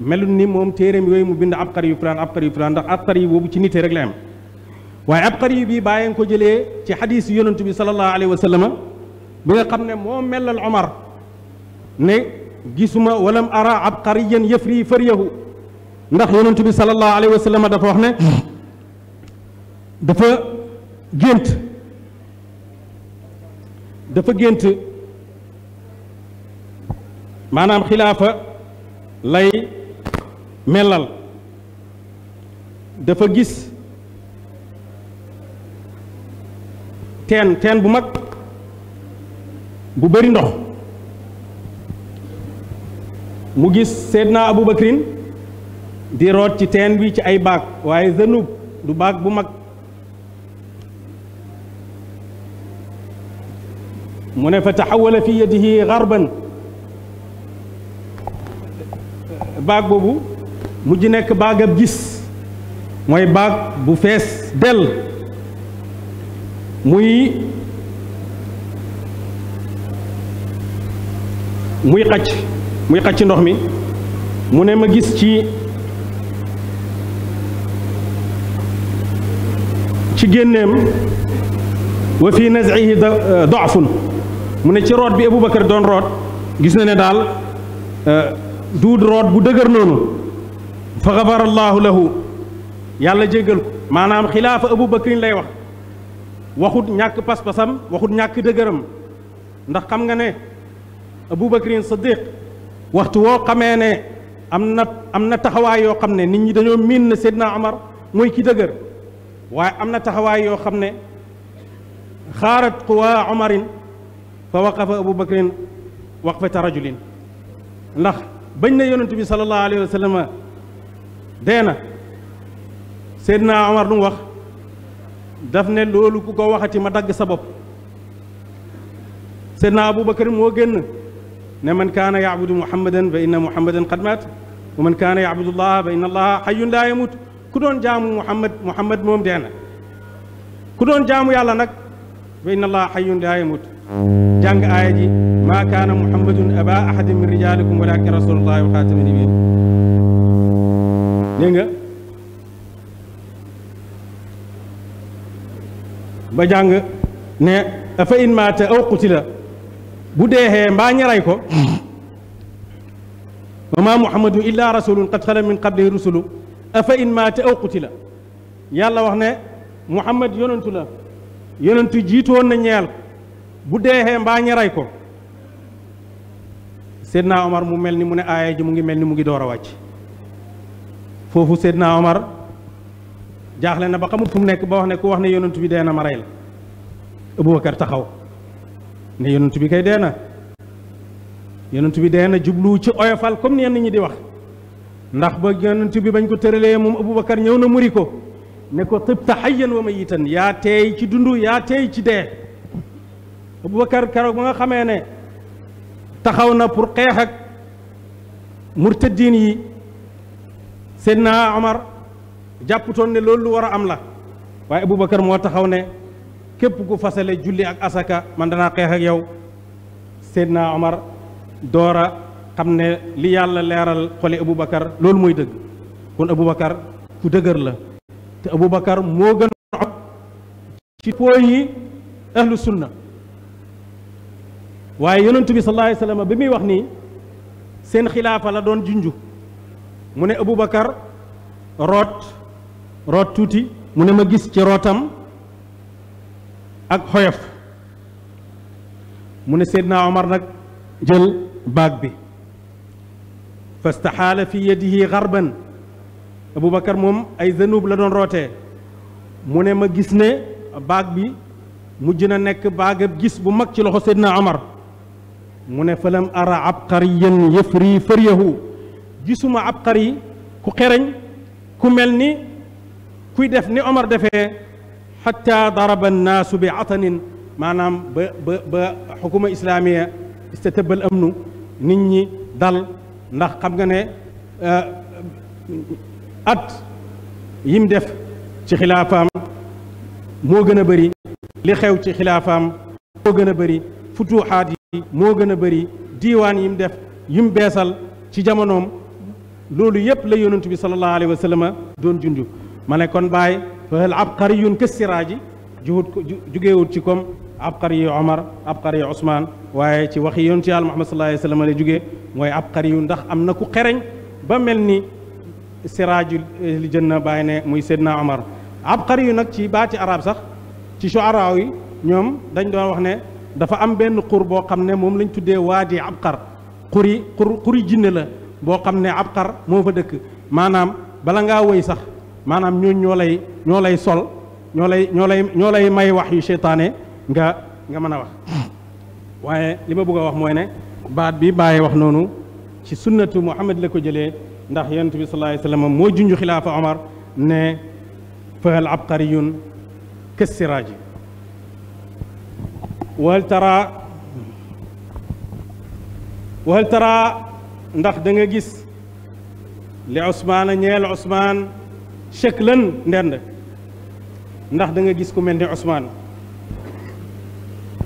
melut ni moom téeréem yooyu mu bind abqari yu fulaan abqari yu fulaan ndax abqari yi boobu ci nite rek la am waaye abqari yu bii bàyyi nga ko jëlee ci xadiis yu yonantu bi sallallahu alayhi wa sallama bi nga xam ne moo melal Omar ne gisuma walam ara abqariyan yëfri fariyahu ndax yonantu bi sallallahu alayhi wa sallama dafa wax ne dafa gént dafa gént maanaam xilaafa lay melal dafa gis teen teen bu mag bu bari ndox mu gis Seydina Aboubacrin di root ci teen bi ci ay baag waaye zanub du baag bu mag mu ne fa taxawala fi yadihi garban baag boobu mu mujj nekk baag gis mooy baag bu fees dell muy muy xacc muy xacc ndox mi mu ne ma gis ci ci génneem wa fi nazihi doafun mu ne ci root bi Abubakar doon root gis na ne daal euh, duud root bu dëgër noonu fa xafara allaahu lahu yàlla jéggal ko maanaam xilaafa abu bakrin lay wax waxut ñàkk pas-pasam waxut ñàkk dëgëram ndax xam nga ne abu bakrin saddiq waxtu woo xamee ne am na am na taxawaay yoo xam ne nit ñi dañoo miin na seydna omar mooy ki dëgër waaye am na taxawaay yoo xam ne xaarat quwaa omarin fa waqafa abu bakrin waqfata rajulin ndax bañ na yonent bi sallallahu alayhi dee na Seydina Omar lu wax daf ne loolu ku ko waxati ma dagg sa bopp Seydina Aboubacar moo génn ne man kaana yaabudu muhammadan fa inna muhammadan qad maat wa man kaana yaabudu llaha fa inna allaha xayun laa yamut ku doon jaamu muhammad muhammad moom dee ku doon jaamu yàlla nag fa inna allaha xayun laa yamut jàng aaya ji maa kaana muhammadun aba ahadin min rijaalikum walakin rasulullahi wa xaatama nabiyin dégg nga ba jàng ne fa in maata aw qutila bu deexee mbaa ñu rey ko wa ma muhammadun illa rasulun qad xala min qablihi rusulu afa in maata aw qutila yàlla wax ne muhammad yonentu la yonentu jiitoon na ñeel bu deexee mbaa ñu rey ko seydna omar mu mel ni mu ne aaya ji mu ngi mel ni mu ngi door a wàcc foofu naa Omar jaaxle na ba xamul fu mu nekk ba wax ne ku wax ne yonent bi dee na ma la Abubakar taxaw ne yonent bi kay dee na yonent bi dee na jublu ci oyofal comme ni yenn ñu di wax ndax ba yonent bi bañ ko tëralee moom Abubakar ñëw na muri ko ne ko tibta hayyan wa mayitan yaa teey ci dund yaa teey ci dee Abubakar keroog ba nga xamee ne taxaw na pour xeex ak murtaddiin yi Seydina Omar jàpputoon ne loolu war a am la waaye Aboubacar moo taxaw ne képp ku fasale julli ak asaka man danaa xeex ak yow Seydina Omar door xam ne li yàlla leeral xoli Aboubacar loolu mooy dëgg kon Aboubacar ku dëgër la te Aboubacar moo gën a ci pooy ahlu sunna waaye yonentu bi sallallahu bi muy wax nii seen xilaafa la doon junju mu ne Aboubacar root root tuuti mu ne ma gis ci rootam ak xoyof mu ne na Omar nag jël baag bi fastaxaala fi yadihi garban Aboubacar moom ay zanub la doon rootee mu ne ma gis ne baag bi mujj na nekk baagab gis bu mag ci loxo na Omar mu ne falam ara abqariyan yafri faryahu gisuma ab xar ku xereñ ku mel ni kuy def ni Omar defee xatta daraba annaasu bi atanin maanaam ba ba ba xukuma islaamiya istatabal amnu nit ñi dal ndax xam nga ne eh, at yim def ci xilaafaam moo gën a bëri li xew ci xilaafam moo gën a bëri futuuxaat moo gën a bëri diwaan yim def yim beesal ci jamonom loolu yëpp la yonent bi sallallahu alayhi wa sallam doon junju ma ne kon bàyyi fahal abqariyun kasiraaji juwut jugeewut ci comme abqari yu omar abqari yu ousmane waaye ci waxi yonent yàlla muhammad sallallahu alayhi wa sallam la jugee mooy abqari yu ndax am na ku xereñ ba mel ni siraaju li jën na bàyyi ne muy seydna omar abqari yu nag ci baati arab sax ci shuaraa yi ñoom dañ doon wax ne dafa am benn xur boo xam ne moom lañ tuddee waadi abqar xuri xur xuri jinne la boo xam ne ab xar moo fa dëkk maanaam bala ngaa woy sax maanaam ñooñ ñoo lay ñoo lay sol ñoo lay ñoo lay lay may wax yu seytaane nga nga mën a wax waaye li ma bëgg a wax mooy ne baat bi bàyyi wax noonu ci sunnatu muhammad la ko jëlee ndax yonent bi sallallahu alayhi wasallam moo junj xilaafa omar ne fahal abqariyun kassiraaji wal tara wal tara ndax danga gis li Ousmane ñeel Ousmane shaklan ndend ndax da nga gis ku mel ni Ousmane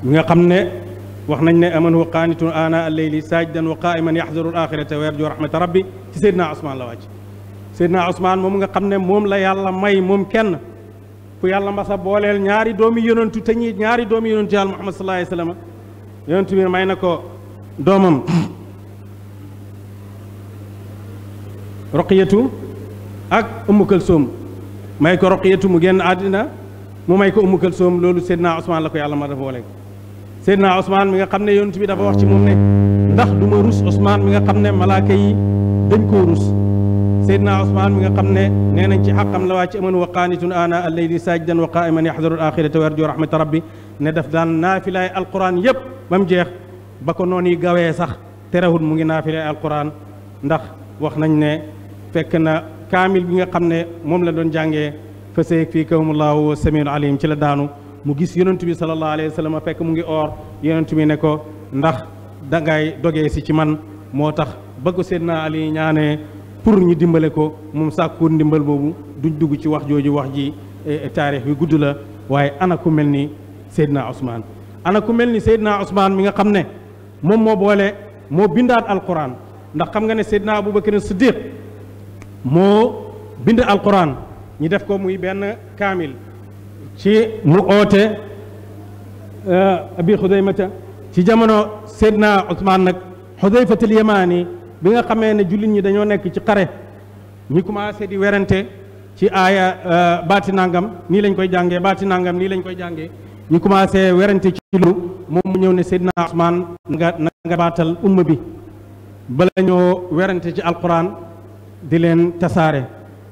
mi nga xam ne wax nañ ne aman wa qaanitun ana alleyli saajidan wa qaaiman yaxdaru alaxirata wa yarju rahmata rabbi ci Seydina Ousmane la wàcc Seydina Ousmane moom nga xam ne moom la yàlla may moom kenn ku yàlla masa booleel ñaari doomi yonentu te ñi ñaari doomi yonentu yàlla Muhammad sallallahu alayhi wa sallam yonentu may na ko doomam roqiyatu ak Umm Kalsoom may ko roqiyatu mu génn àddina mu may ko Umm Kalsoom loolu Seydina Ousmane la ko yàlla ma dafa waleeg Seydina Ousmane mi nga xam ne yonent bi dafa wax ci moom ne ndax du ma rus Ousmane mi nga xam ne malaaka yi dañ koo rus Seydina Ousmane mi nga xam ne nee nañ ci xaqam la waa ci aman wa qaanitun ana alleyli saajidan wa qaaiman yaxdaru alaxirata wa yarju rahmata rabbi ne daf daan naafilaay alquran yëpp ba mu jeex ba ko noonu yi gawee sax terewul mu ngi naafilaay alquran ndax wax nañ ne fekk na kaamil bi nga xam ne moom la doon jàngee fa seeg fii kawmullahu samiun alim ci la daanu mu gis yonent bi sallallahu alayhi wa sallam fekk mu ngi oor yonent bi ne ko ndax dangay dogee si ci man moo tax bëgg naa Ali ñaanee pour ñu dimbale ko moom sàkkuur ndimbal boobu duñ dugg ci wax jooju wax ji e, e, taarix bi gudd la waaye ana ku mel ni Seydina Ousmane ana ku mel ni naa Ousmane mi nga xam ne moom moo boole moo bindaat alquran ndax xam nga ne Seydina Aboubacar Siddiq moo bind alquran ñi def ko muy benn kaamil ci mu oote euh, abi xudaymata ci jamono na Ousmane nag xudayfatul yamaani bi nga xamee ne jullit ñi dañoo nekk ci xare ñi commencé di werante ci aaya euh, baati nangam nii lañ koy jàngee baati nangam nii lañ koy jàngee ñu commencé werante ci lu moom mu ñëw ne na Ousmane nga nga baatal umma bi bala ñoo werante ci alquran di leen tasaare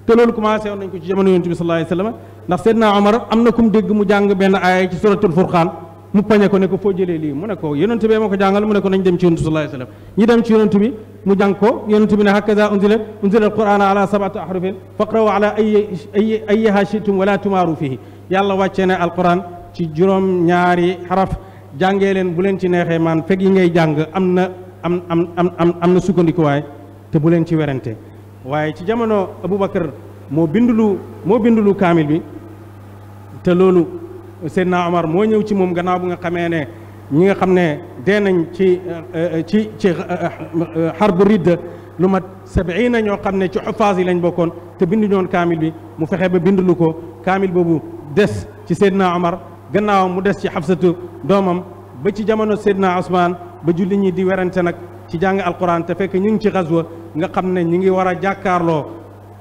te loolu commencé woon nañ ko ci jamono yonent bi sallallahu alayhi wasallam ndax Seydina Omar am na ku mu dégg mu jàng benn aaya ci suratul furqaan mu pañe ko ne ko foo jëlee lii mu ne ko yonent ko jàngal mu ne ko nañ dem ci yonent bi sallallahu alayhi wasallam ñi dem ci yonent bi mu jàng ko yonent bi ne hakaza unzila unzila alqur'ana ala sab'ati ahrufin faqra'u ala ayyi ayyiha shi'tum wala tumaaru fihi yàlla wàccee ne alquran ci juróom ñaari xaraf jàngee leen bu leen ci neexee maan fekk yi ngay jàng am na am am am am na sukkandikuwaay te bu leen ci werante waaye ci jamono Aboubacar moo bindulu moo bindulu kaamil bi te loolu Seydina Omar moo ñëw ci moom gannaaw bu nga xamee ne ñi nga xam ne dee nañ ci euh, ci ci xarbu euh, euh, ridda lu mat sabiina ñoo xam ne ci xufaas yi lañ bokkoon te bindu ñoon kaamil bi mu fexe ba bindulu ko kaamil boobu des ci Seydina Omar gannaaw mu des ci xabsatu doomam ba ci jamono Seydina Ousmane ba julli ñi di werante nag ci jàng alquran te fekk ñu ngi ci xaswa nga xam ne ñi ngi war a jàkkaarloo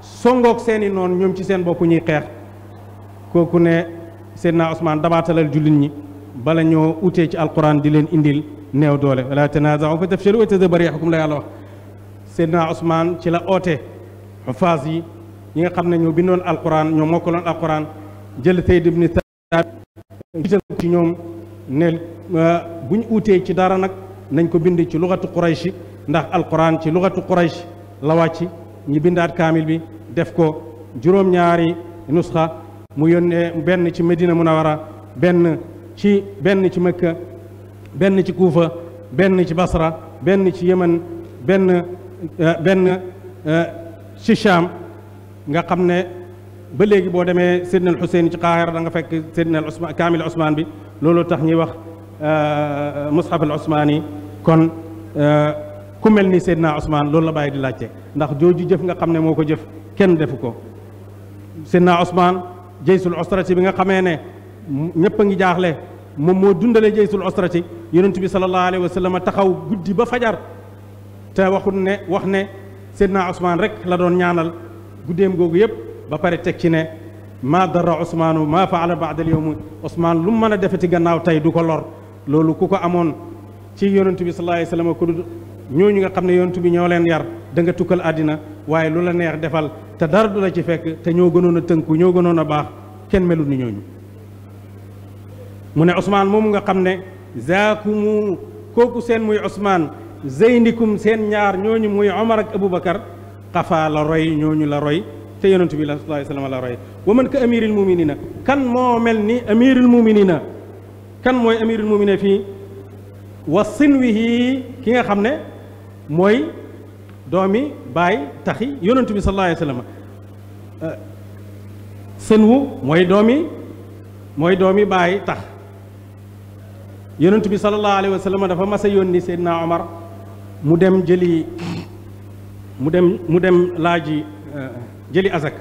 songoog seeni noonu ñoom ci seen bopp ñuy xeex kooku ne Seydina Ousmane dabaatalal jullit ñi bala ñoo utee ci alquran di leen indil néew doole wala tanaaza'u fa tafshalu wa tadhhaba riihukum la yàlla wax Seydina Ousmane ci la oote xufaas yi ñi nga xam ne ñoo bindoon alquran ñoo mokkaloon alquran jël Zayd ibn Thaabit jiital ci ñoom ne euh, buñ ñu ci dara nag nañ ko bind ci luxatu Quraysh ndax alquran ci luxatu quraysh la wàcc ñi bindaat kaamil bi def ko juróom-ñaari nusxa mu yónnee benn ci Medina Munawara benn ci benn ci Makka benn ci Kuufa benn ci Basra benn ci Yemen benn euh, benn euh, ci Sham nga xam ne ba léegi boo demee Seydina al Xuseyn ci Qaahira da nga fekk Seydina al Usmaan kaamil Usmaan bi loolu tax ñuy wax euh, mushaf al Usmaani kon ku mel ni Seydina Ousmane loolu la bàyyi di laajte ndax jooju jëf nga xam ne moo ko jëf kenn defu ko Seydina Ousmane jaysul ostrati bi nga xamee ne ñëpp a ngi jaaxle moom moo dundale jaysul ostrati yonent bi sallallahu alayhi wa sallam taxaw guddi ba fajar te waxul ne wax ne Seydina Ousmane rek la doon ñaanal guddeem googu yëpp ba pare teg ci ne maa dara Ousmane maa faala baadal yowmi Ousmane lu mu mën a defeti gannaaw tey du ko lor loolu ku ko amoon ci yonent ñooñu nga xam ne yonent bi ñoo leen yar da nga tukkal àddina waaye lu la neex defal te dara du la ci fekk te ñoo gënoon a tënku ñoo gënoon a baax kenn melu ni ñooñu mu ne Ousmane moomu nga xam ne zaakumu kooku seen muy Ousmane zeynikum seen ñaar ñooñu muy Omar ak Aboubacar xafaa la roy ñooñu la roy te yonent bi la sallallahu alayhi wa sallam la roy wa man ka amiril muminina kan moo mel ni amiril muminina kan mooy amiril muminina fii wa sinwihi ki nga xam ne mooy doomi baay taxi yonentu bi sallallahu alayhi wa euh, sën wu mooy doomi mooy doomi baay tax yonentu bi sallallahu alayhi wa sallam dafa mas a yónni Seydina Omar mu dem jëli mu dem mu dem laaji euh, jëli asak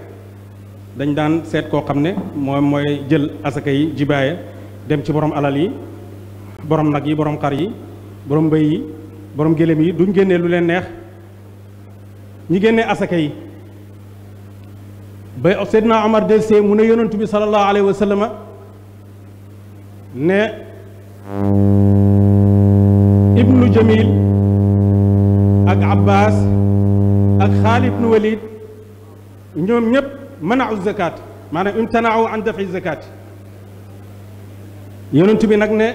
dañ daan seet koo xam ne moom mooy jël asaka yi jibaaye dem ci borom alal yi borom nag yi borom xar yi borom mbéy yi boroom gëléem yi duñ génnee lu leen neex ñi génnee asaka yi ba Seydina Omar delsee mu ne yonentu bi sallallahu alayhi wa ne ibnu jamil ak abbas ak xaalid ibnu walid ñoom ñëpp manau zakat maanaam imtanaaw an dafi zakat yonentu bi nag ne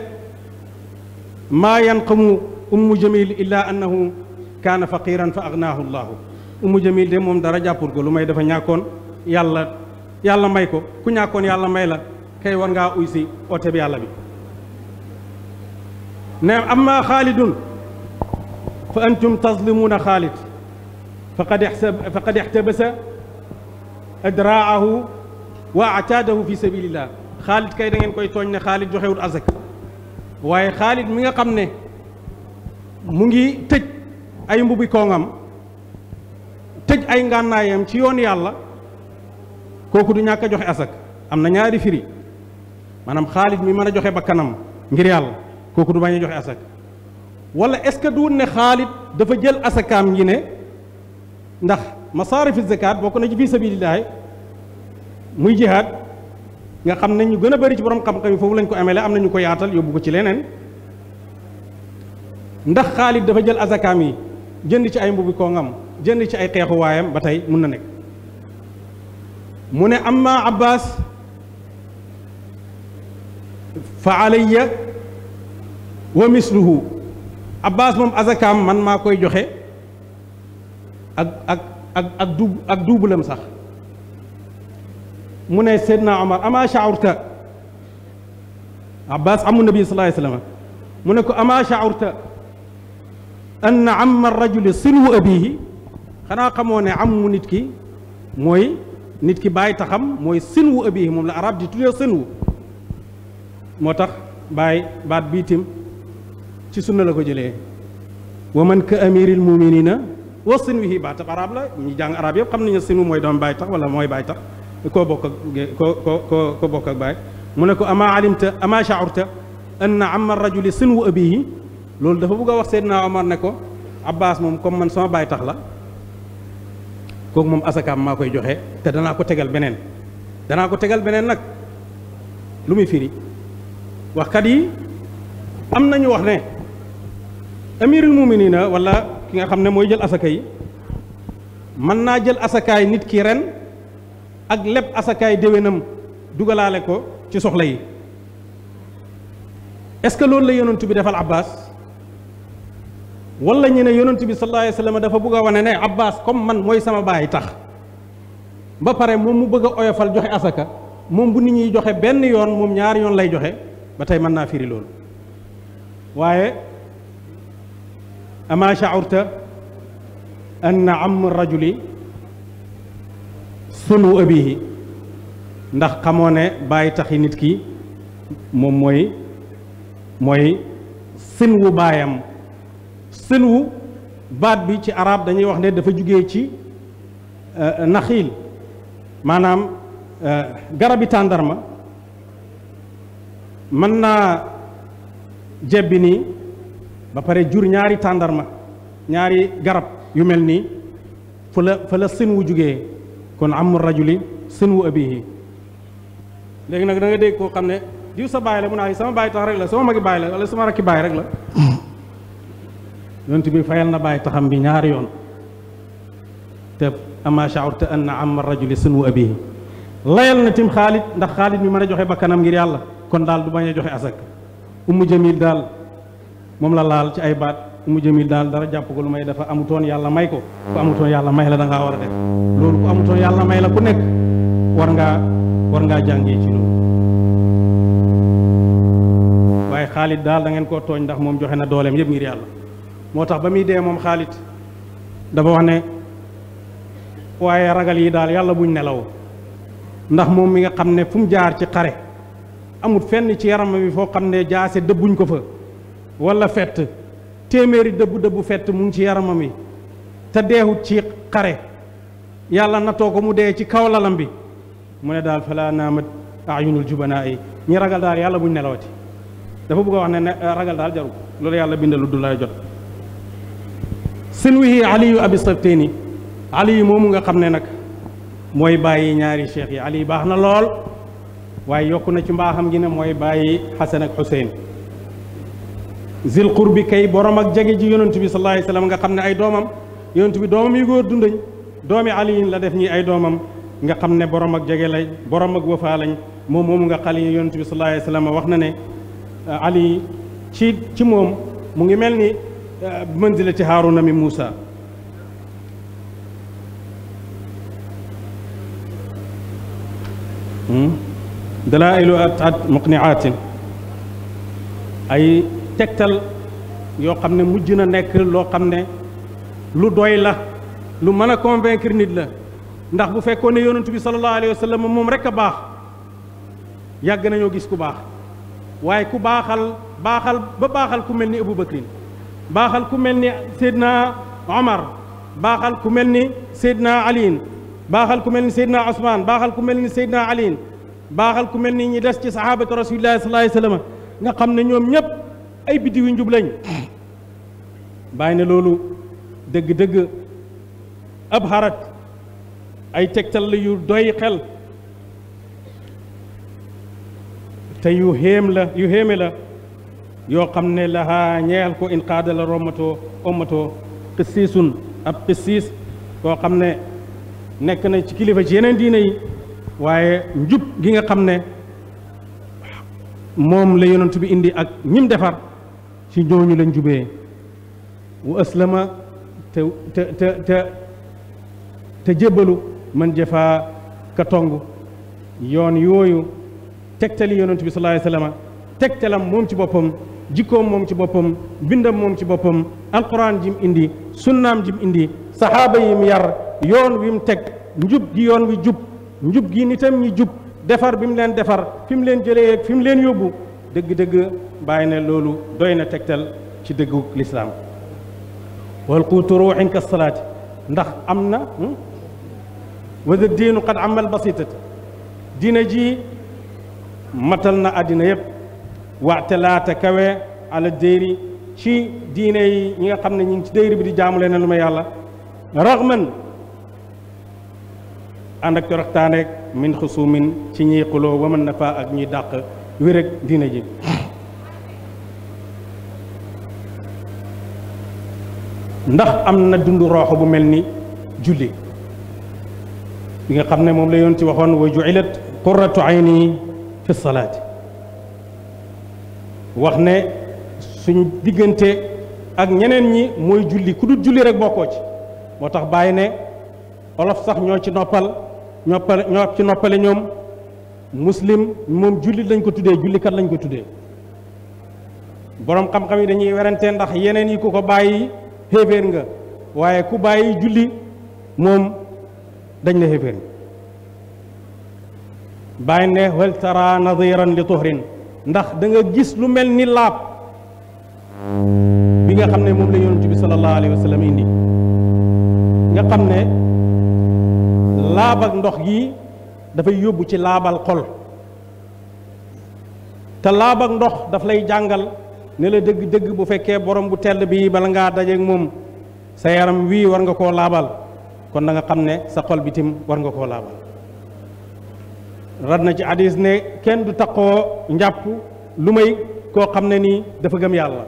maa yanqamu ummu jamil illa annahu kaana faqiran fa agnaahu llahu ummu jamil de moom dara jàppul ko lu may defa ñàkkoon yàlla yàlla may ko ku ñàkkoon yàlla may la kay war ngaa uy si oote yàlla bi ne amma xaalidun fa antum tazlimuuna xaalid faqad ixtabasa adraahu wa ataadahu fi sabilillah xaalid kay da ngeen koy tooñ ne xaalid joxewul azak waaye xaalid mi nga xam ne mu ngi tëj ay mbubi koongam tëj ay ngànnaayam ci yoon yàlla kooku du ñàkk a joxe asak am na ñaari firi maanaam xaalis mi mën a joxe ba kanam ngir yàlla kooku du bañ a joxe asak wala est-ce que duun ne Xaalid dafa jël asakaam yi ne ndax masaarifi zakat bokk na ci fii sabilillahi muy jihaad nga xam ne ñu gën a bëri ci borom xam-xam yi foofu lañ ko amele am na ko yaatal yóbbu ko ci leneen ndax Xaalid dafa jël azakaam yi jënd ci ay mbubi koo ngam jënd ci ay xeexu waayam ba tey mun na nekk mu ne amma Abbas fa alayya wa misluhu Abbas man maa koy joxe ak ak duubulam sax mu ne Seydina Omar ama shaurta Abbas amu nabi mu ne ko ama shaurta ann amma rajuli silhu abihi xanaa xamoo ne ammu nit ki mooy nit ki bàyyi taxam mooy sinwu abihi moom la arab di tuddee sinwu moo tax baay baat bii biitim ci sunna la ko jëlee wa man ka amiril muminina wa sinwihi baatab arab la ñu jàng arab yëpp xam nañu sinwu mooy doom bàyyi tax wala mooy bàyyi tax koo bokk ak ko ko bokk ak bàyyi mu ne ko ama alimta ama shaurta anna amma rajuli sinwu abihi loolu dafa bëgg a wax Seydina Omar ne ko Abbas moom comme man sama baay tax la kooku moom asakaam maa koy joxe te danaa ko tegal beneen danaa ko tegal beneen nag lu muy firi waxkat yi am nañu wax ne nii na walla ki nga xam ne mooy jël asaka yi mën naa jël asakaay nit ki ren ak lépp asakaay déwénam dugalaale ko ci soxla yi est-ce que loolu la yonent bi defal Abbas walla ñu ne yonent bi sallallahu alayhi wa sallam dafa bëgg a wane ne Abbas comme man mooy sama baay tax ba pare moom mu bëgg a oyofal joxe asaka moom bu nit ñuy joxe benn yoon moom ñaari yoon lay joxe ba tey mën naa firi loolu waaye ama shaurta anna am rajuli sunu abihi ndax xamoo ne bàyyi taxi nit ki moom mooy mooy sin wu baayam sën wu baat bi ci araab dañuy wax ne dafa jugee ci euh, naxiil maanaam euh, garabi tàndarma mën naa jebbi nii ba pare jur ñaari tàndarma ñaari garab yu mel nii fa la fa la sën wu jugee kon amul rajuli sën wu abihi léegi nag da nga dégg koo xam ne diw sa baay la mu naa ah, sama baay tax rek la sama magi baay la wala sama rakki baay rek la yoon bi fayal na bàyyi taxam bi ñaari yoon te ama sha'urta anna amma rajuli sunu abihi layal na tim xaalit ndax xaalit mi man a joxe ba kanam ngir yàlla kon daal du bañ a joxe asak ummu jamil daal moom la laal ci ay baat ummu jamil daal dara jàpp ko lu may dafa amutoon yàlla may ko ku amutoon yàlla may la da ngaa war a def loolu ku amutoon yàlla may la ku nekk war ngaa war ngaa jàngee ci loolu waaye xaalit daal da ngeen koo tooñ ndax moom joxe na dooleem yëpp ngir yàlla moo tax ba muy dee moom Xaalid dafa wax ne waaye ragal yi daal yàlla buñ nelaw ndax moom mi nga xam ne fu mu jaar ci xare amul fenn ci yaram bi foo xam ne jaase dëbbuñ ko fa walla fett téeméeri dëbbu dëbbu fett mu ngi ci yaramam yi te deexut ci xare yàlla natoo ko mu dee ci kaw lalam bi mu ne daal fala naamat ayunul naa yi ñi ragal daal yàlla buñ nelawati dafa bëgg a wax ne ragal daal jaru loolu yàlla bindalu du lay jot silwihi aliyu abi sabtini aliyu moomu nga xam ne nag mooy bàyyi ñaari cheikh yi aliyu baax na lool waaye yokk na ci mbaaxam gi ne mooy bàyyi xasan ak xuseyn zil qurbi kay borom ak jege ji yonent bi sallallahu alayhi wasallam nga xam ne ay doomam yonent bi doomam yi góor dundañ doomi aliyin la def ñi ay doomam nga xam ne borom ak jege lañ borom ak wafaa lañ moom moomu nga xali yonent bi sallallahu alayhi wasallam wax na ne ali ci ci moom mu ngi mel nii bimanzilati haaruna min muusa hmm? dalaa'ilu at muqniaatin ay tegtal yoo xam ne mujj na nekk loo xam ne lu doy la lu mën a convaincre nit la ndax bu fekkoon ne yonent bi sallallahu alayhi wa moom rek a baax yàgg nañoo gis ku baax waaye ku baaxal baaxal ba baaxal ku mel ni Abu Bakrin baaxal ku mel ni Seydina Omar baaxal ku mel ni Seydina Aliin baaxal ku mel ni Seydina Osmaan baaxal ku mel ni Seydina Aliin baaxal ku mel ni ñi des ci saxaabatu rasulillahi sallallahu alayhi wasallam nga xam ne ñoom ñëpp ay biddiwi njub lañ bàyyi ne loolu dëgg-dëgg ab xarat ay tegtal la yu doy xel te yu xéem la yu xéeme la yoo xam ne lahaa ñeel ko in qaada la romatoo omatoo qissiisun ab qissiis koo xam ne nekk nañ ci kilifa ci yeneen diina yi waaye njub gi nga xam ne moom la yonent bi indi ak ñim defar ci ñooñu lañ jubee wa aslama te te te jébbalu man jëfaa ka tong yoon yooyu tegtali yonent bi sallallahu alayhi wa sallam tegtalam moom ci boppam jikkoom moom ci boppam bindam moom ci boppam alquran jim indi sunnaam jim indi saxaaba yim yar yoon wi mu teg njub gi yoon wi jub njub gi nitam ñi jub defar bi mu leen defar fi mu leen jëlee ak fi mu leen yóbbu dëgg-dëgg bàyyi na loolu doy na tegtal ci dëggu lislaam wal quutu ruuxin salaati ndax am na hmm? wada diinu qad amal basitati diina ji matal na àddina yépp waxte laata kawe ala déyri ci diine yi ñi nga xam ne ñi ngi ci déyri bi di jaamu leneen lu ma yàlla raxman ànd ak coroxtaan rek min xusuumin ci ñiy xuloo mën na fa ak ñuy dàq wér ak diine ji ndax am na dund rooxo bu mel ni julli bi nga xam ne moom la yoon ci waxoon wa ju'ilat qurratu ayni fi salaati wax ne suñ diggante ak ñeneen ñi mooy julli ku julli rek bokkoo ci moo tax bàyyi ne olof sax ñoo ci noppal ñoppal ñoo ci noppale ñoom muslim moom julli lañ ko tuddee jullikat lañ ko tuddee boroom xam-xam yi dañuy werante ndax yeneen yi ku ko bàyyi xéeféer nga waaye ku bàyyi julli moom dañ la xéeféer nga bàyyi ne wal tara nadiran li ndax danga gis lu mel ni laab bi nga xam ne moom la yonent bi sallallahu alayhi wa sallam indi nga xam ne laabak ndox gi dafay yóbbu ci laabal xol te laabak ndox daf lay jàngal ne la dëgg-dëgg bu fekkee borom bu tell bi bala ngaa dajeek moom sa yaram wii war nga koo laabal kon danga xam ne sa xol bitim war nga koo laabal rat na ci hadis ne kenn du taqoo njàpp lu may koo xam ne nii dafa gëm yàlla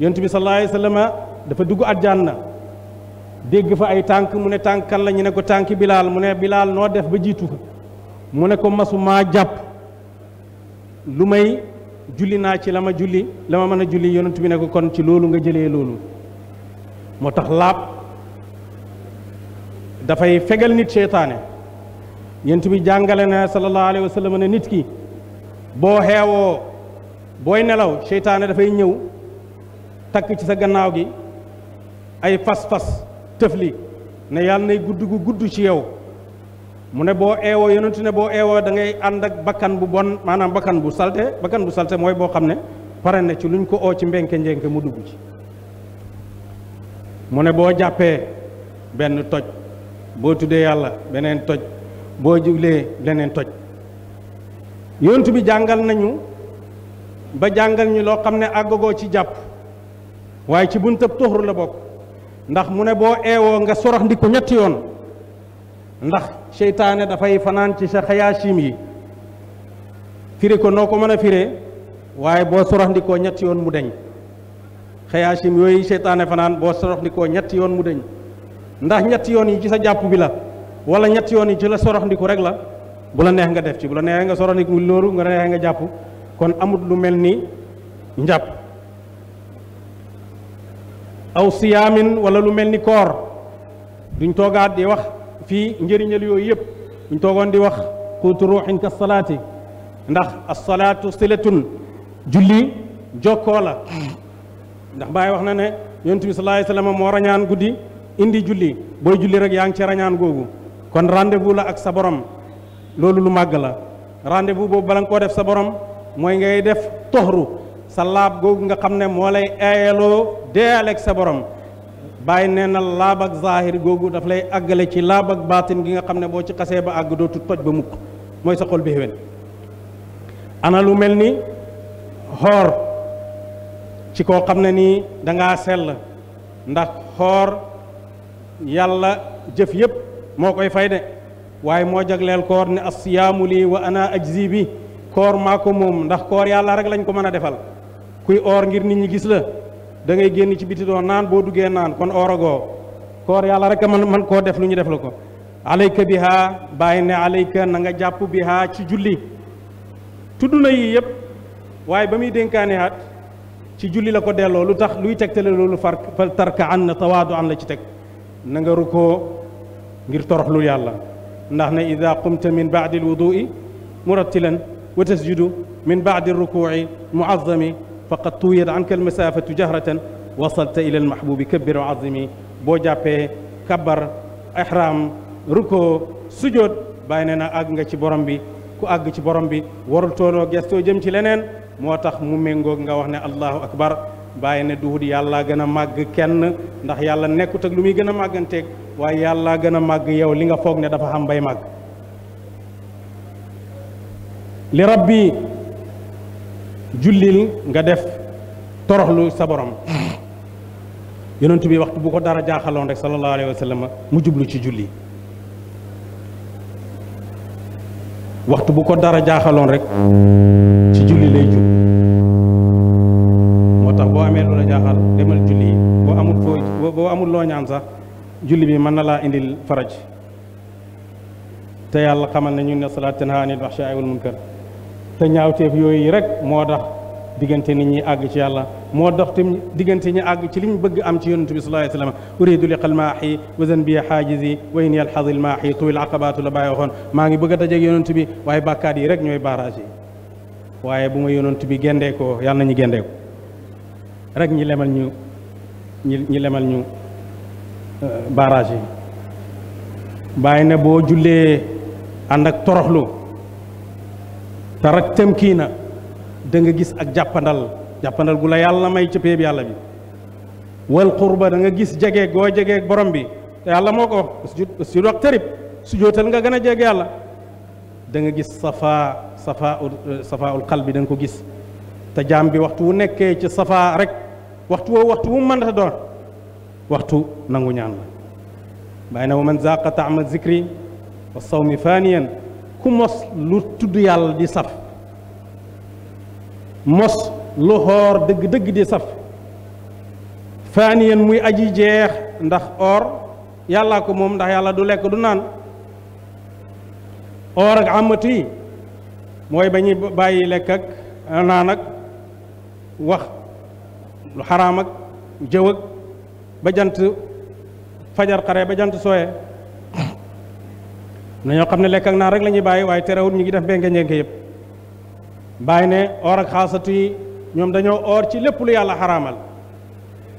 yontu bi sallallahu alayhi wasallam dafa dugg at àjjana dégg fa ay tànk mu ne tànkal kan la ñu ne ko tànki bilaal mu ne bilaal noo def ba jiitu mu ne ko masumaa jàpp lu may julli naa ci la ma julli la ma mën a julli yonent bi ne ko kon ci loolu nga jëlee loolu moo tax laab dafay fegal nit seytaane yent bi jàngale na sallallahu alayhi wa sallam ne nit ki boo xeewoo booy nelaw seytaane dafay ñëw takk ci sa gannaaw gi ay fas-fas tëfli ne yàlla nay gudd gu gudd ci yow mu ne boo eewoo yonentu ne boo eewoo da ngay ànd ak bakkan bu bon maanaam bakkan bu salte bakkan bu salte mooy boo xam ne pare na ci luñ ko oo ci mbenke njenke mu dugg ci mu ne boo jàppee benn toj boo tuddee yàlla beneen toj boo juglee leneen toj yontu bi jàngal nañu ba jàngal ñu loo xam ne àggagoo ci jàpp waaye ci buntab tuxur la bokk ndax mu ne boo eewoo nga sorox ndiku ñetti yoon ndax seytaane dafay fanaan ci sa xëyaasim yi firi ko noo ko mën a firee waaye boo sorox ndikoo ñetti yoon mu deñ xayaasim yooyu seytaane fanaan boo sorox ndikoo ñetti yoon mu deñ ndax ñetti yoon yi ci sa jàpp bi la wala ñett yoon yi ci la soroxndiku rek la bu la neex nga def ci bu la neexee nga soroxndiku loolu nga neexee nga jàpp kon amut lu mel ni njàpp aw siyaamin wala lu mel ni koor duñ toogaat di wax fii njëriñal yooyu yëpp duñ toogoon di wax xuutu ruuxin ka salaati ndax asalaatu silatun julli jokkoo la ndax Baay wax na ne yonent bi sallallahu alayhi wa moo rañaan guddi indi julli booy julli rek yaa ngi ci rañaan googu kon rendez-vous la ak sa borom loolu lu màgg la rendez-vous boobu bala nga koo def sa borom mooy ngay def toxru sa laab googu nga xam ne moo lay aayaloo deealeeg sa borom bàyyi nee na laabak ak googu daf lay àggale ci laabak ak baatin gi nga xam ne boo ci xasee ba àgg dootu toj ba mukk mooy sa xol bi xéwén ana lu mel ni xoor ci koo xam ne nii dangaa sell ndax xoor yàlla jëf yépp moo koy fay de waaye moo jagleel koor ne asiyaamu lii wa ana ajzi bi koor maa ko ndax koor yàlla rek lañ ko mën a defal kuy oor ngir nit ñi gis la da ngay génn ci biti doon naan boo duggee naan kon ooragoo koor yàlla rek man man koo def lu ñu def la ko alayka biha bàyyi ne alayka na nga jàpp biha ci julli tudd na yii yëpp waaye ba muy dénkaane at ci julli la ko delloo lu tax luy tegtale loolu far tarka an na tawaadu an la ci teg na nga ngir toroxlu yàlla ndax ne ida qumta min baadi alwudui murattilan wa tasjudu min baadi alrukuci muazami faqad tuwiyat anka almasafatu jahratan wasalta ila almahbubi kabbir wa azimi boo jàppee kabbar ihram rukoo sujood bàyyi ne na àgg nga ci borom bi ku àgg ci borom bi warul toonoo jëm ci leneen moo tax mu méngoog nga wax ne allahu akbar bàyyi ne duhut yàllaa gën a màgg kenn ndax yàlla nekkut ak lu muy gën a màgganteeg waaye yàllaa gën a màgg yow li nga foog ne dafa xam bay màgg li bi jullil nga def toroxlu sa borom yonentu bi waxtu bu ko dara jaaxaloon rek sallallahu alayhi wa mu jublu ci julli waxtu bu ko dara jaaxaloon rek ci julli lay jub julli boo amul foo boo loo ñaan sax julli bi man na laa indil faraj te yàlla xamal ne ñun ne salaat tanhaa anil fahshaa'i wal munkar te ñaawteef yooyu rek moo dax diggante nit ñi àgg ci yàlla moo dox tam diggante ñi àgg ci liñ bëgg am ci yonent bi sallallahu alayhi wa sallam uridu liqal maaxi wa zanbiya xaajizi wa in yal xadil maaxi tuwil aqabaatu la bàyyi waxoon maa ngi bëgg a dajeeg bi waaye bàkkaat yi rek ñooy barrage yi waaye bu ma yonent bi gendee ko yàlla nañu gendee ñi ñi lemal ñu euh, barrage yi bàyyi ne boo jullee ànd ak toroxlu te rak tëm kii na danga gis ak jàppandal jàppandal gu la yàlla may ca yàlla bi wal qurba da nga gis jege goo jege borom bi te yàlla moo ko wax sujud waqtarib sujootal nga gën a jege yàlla da nga gis safa safa euh, safaul qalbi da nga ko gis te jaam bi waxtu wu nekkee ci safa rek waxtu woowu waxtu wu mu mën a doon waxtu nangu ñaan la bàyyi na wa man zaqa taama zikri wa sawmi faniyan ku mos lu tudd yàlla di saf mos lu xoor dëgg-dëgg di saf faniyan muy aji jeex ndax or yàllaa ko moom ndax yàlla du lekk du naan or ak amatu yi mooy ba bàyyi lekk ak naan ak wax lu xaraam ak ba jant fajar xare ba jant sooyee nañoo xam ne lekk ak naan rek lañuy bàyyi waaye terewul ñu ngi def benn njënke yëpp bàyyi ne or ak yi ñoom dañoo or ci lépp lu yàlla xaraamal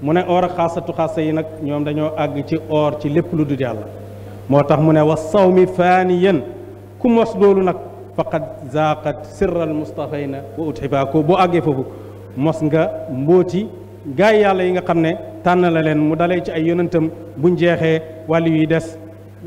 mu ne or ak xaasatu yi nag ñoom dañoo àgg ci oor ci lépp lu dul yàlla moo tax mu ne was sawmi faaniyan ku mos loolu nag faqad zaaqat sirral mustafayna wa utxibaako boo àggee foofu mos nga mbóoti gaay yàlla yi nga xam ne tànn la leen mu dalee ci ay yonentam buñ jeexee wàllu yuy des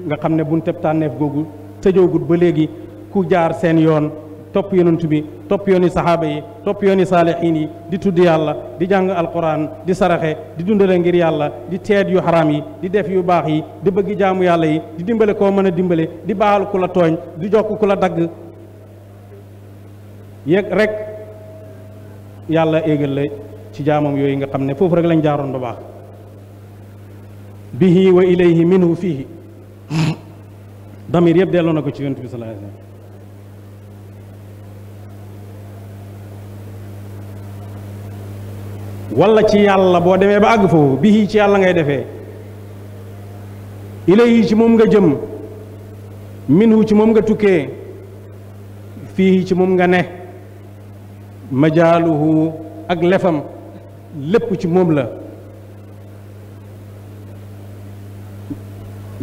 nga xam ne buñ tëb tànneef googu tëjoogut ba léegi ku jaar seen yoon topp yonent bi topp yooni saxaaba yi topp yooni saalixiin yi di tudd yàlla di jàng alquran di saraxe di dundale ngir yàlla di teet yu xaraam yi di def yu baax yi di bëgg jaamu yàlla yi di dimbale koo mën a dimbale di baal ku la tooñ di jokk ku la dagg yëg rek yàlla éegal la ci jaamam yooyu nga xam ne foofu rek lañ jaaroon ba baax bihi wa ilayhi minhu fihi damir yëpp delloo na ko ci yonent bi sallallahu alayhi wasallam wala ci yàlla boo demee ba àgg foofu bihi ci yàlla ngay defee ilayhi ci moom nga jëm minhu ci moom nga tukkee fii ci moom nga ne majaaluhu ak lefam lépp ci moom la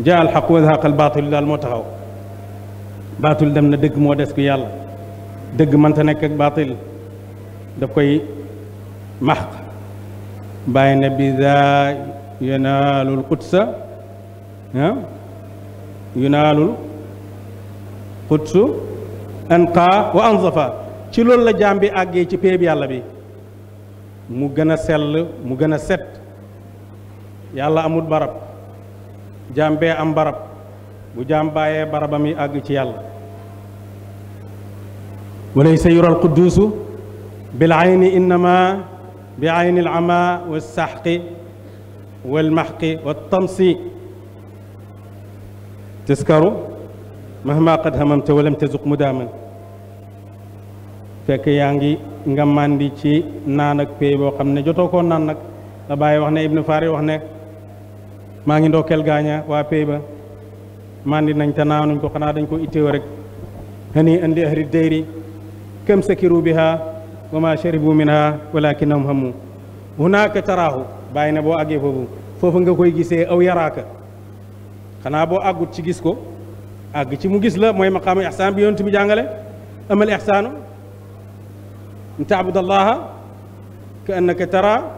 jaa alxaq wa zahaqa albaatil daal moo taxaw baatil dem na dëgg moo des ku yàlla dëgg mënta nekk ak baatil daf koy maxq bàyyi na bi daa yunaalul qudsa ah yunaalul qudsu anqa wa anzafa ci loolu la jaam bi àggee ci péeb yàlla bi mu gën a sell mu gën a set yàlla amul barab jaam bee am barab bu jaam bàyyee barabam yi àgg ci yàlla walaysa yural qudduusu bil ayni innama bi ayni al ama wa saxqi wal maxqi wa tamsi taskaru mahma qad hamamta walam tazuq mudaaman fekk yaa ngi nga màndi ci naan ak pay boo xam ne jotoo koo naan nag la wax ne ibnu faari wax ne maa ngi ndokkeel gaaña waa pay ba màndi nañ te naanuñ ko xanaa dañ ko itteew rek hani andi ahli dayri kam sakiru biha wa ma sharibu minha walakinahum hamu hunaka taraahu bàyyi ne boo àggee foofu foofu nga koy gisee aw yaraaka xanaa boo àggut ci gis ko àgg ci mu gis la mooy maqaamu ihsaan bi yonent bi jàngale amal ihsaanu an taabud allaha ka annaka taraa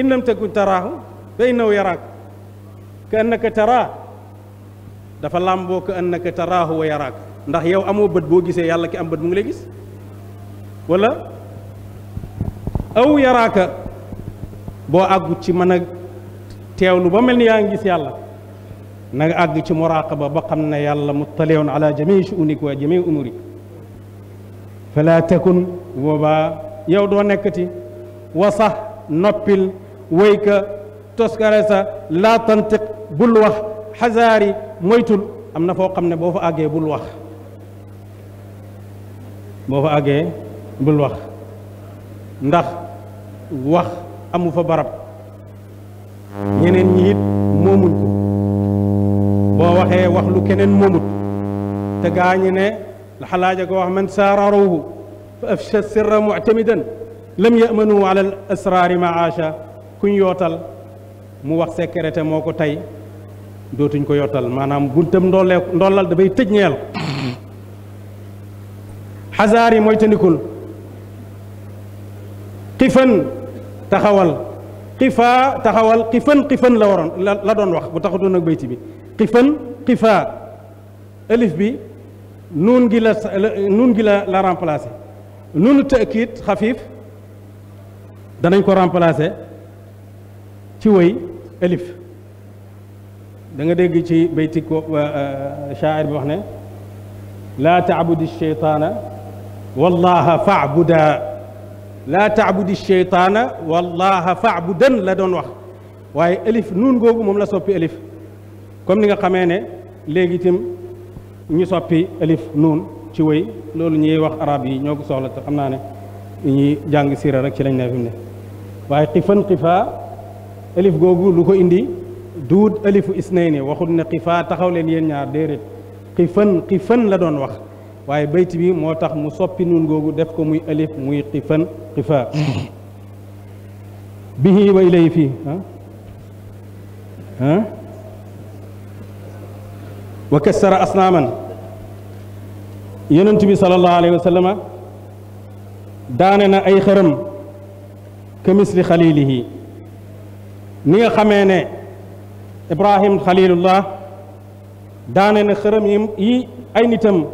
in lam takun taraahu fa innahu yaraak ka annaka taraa dafa làmboo ka annaka taraahu wa yaraak ndax yow amoo bët boo gisee yàlla ki am bët mu ngi lay gis walla aw yaraaka boo àggut ci mën a teewlu ba mel ni yaa ngi gis yàlla na àgg ci muraqaba ba xam ne yàlla muttaliun ala jamii shuunik wa jamii umurik fala takun booba yow doo nekkati wa sax noppil wéyka toskare sa laa bul wax xasaari moytul am na foo xam ne boo fa àggee bul wax boo fa àggee bul wax ndax wax amu fa barab ñeneen ñi moomuñ ko boo waxee waxlu keneen moomut te gaañu ne الحلاجة كواخ من سارروه فأفشى السر معتمدا lam yamanu ala al asraari maasha kuñ yootal mu wax secret moo ko tey dootuñ ko yootal maanaam buntam ndoolee ndollal dafay tëj ñeel ko xasaar yi mooy xifan taxawal xifaa taxawal xifan xifan la waroon la doon wax bu taxutoon ak bayti bi xifan xifaa alif bi nuun gi la nuun gi la la remplacer nuunu tëkkiit xafiif danañ ko remplacer ci woy alif da dégg ci bayti ko euh, shaa'ir bi wax ne laa taabudi sheytaana wallaha faabuda laa taabudi sheytaana wallaha faabudan la doon wax waaye alif nuun googu moom la soppi alif comme ni nga xamee ne léegi itam ñu soppi alif nuun ci wéy loolu ñuy wax arab yi ñoo ko soxla te xam naa ne ñuy jàng siira rek ci lañ ne fi ne waaye xifan xifaa alif googu lu ko indi duut alifu isnayni waxul ne xifaa taxaw leen yéen ñaar déedéet xifan xifan la doon wax waaye bayt bi moo tax mu soppi nuun googu def ko muy alif muy xifan xifaa bihi wa ilayhi fii ah, ah? wa kassara asnaaman yonent bi sallallahu alayhi wa sallama daane na ay xërëm ka misli xalilihi ni nga xamee ne ibrahim xalilullah daane na xërëm yi yi ay nitam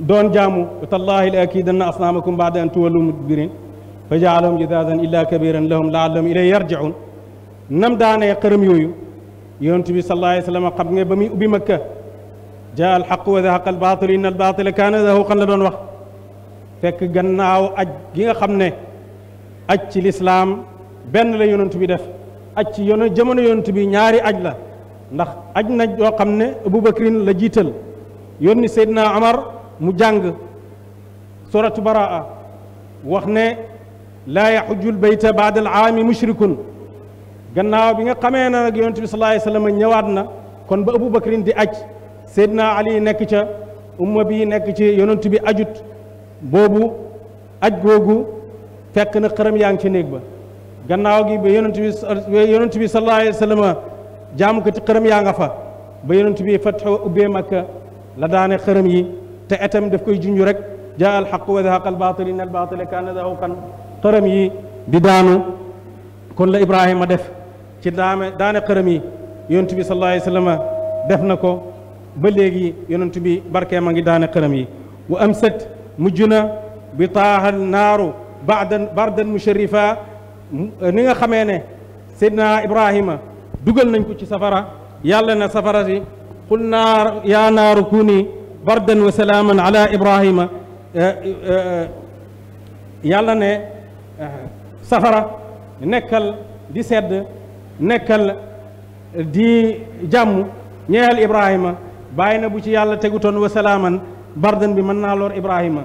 doon jaamu tallaahi la akidanna asnaamakum baada an tuwallu mudbirin fa jaalahum jidaadan illa kabiran lahum laallahum ilay yarjiun nam daanee xërëm yooyu yonent bi sallallahu alayhi xam nga ba mu ubbi makka jaa alxaq wa zahaqa albaatil inna albaatila kaana zahuqan la doon wax fekk gannaaw aj gi nga xam ne aj ci lislaam benn la yonent bi def aj ci yoon jamono yonent bi ñaari aj la ndax aj na yoo xam ne abubakrin la jiital yónni seydina amar mu jàng suratu baraa wax ne laa yaxujju albayta baada alaami mushrikun gannaaw bi nga xamee na nag yonent bi sallallahu alayhi wasallam ñëwaat na kon ba Abubakrin di aj Seydina Ali nekk ca umma bi nekk ci yonent bi ajut boobu aj googu fekk na xërëm yaa ngi ci néeg ba gannaaw gi ba yonent bi yonent bi sallallahu alayhi wasallam jaamu ko ci xërëm yaa nga fa ba yonent bi fatxu ubbee makka la daane xërëm yi te etam daf koy junju rek jaa al xaq wa zahaqa al baatil inna al baatila kaana zahuqan yi di daanu kon la Ibrahima def ci daame daane xërëm yi yonent bi sallallahu def na ko ba léegi yonent bi barkeem a ngi daane xërëm yi wa amsat mujj na bi taaxal naaru bardan bardan musharifa ni nga xamee ne seydna ibrahima dugal nañ ko ci safara yàlla na safara si qul naar yaa naaru kuuni bardan wa salaaman ala ibrahima eh, eh, eh, yàlla ne safara nekkal di sedd nekkal di jàmm ñeexal ibrahima bàyyi na bu ci yàlla tegutoon wa salaaman bardan bi mën naa loor ibrahima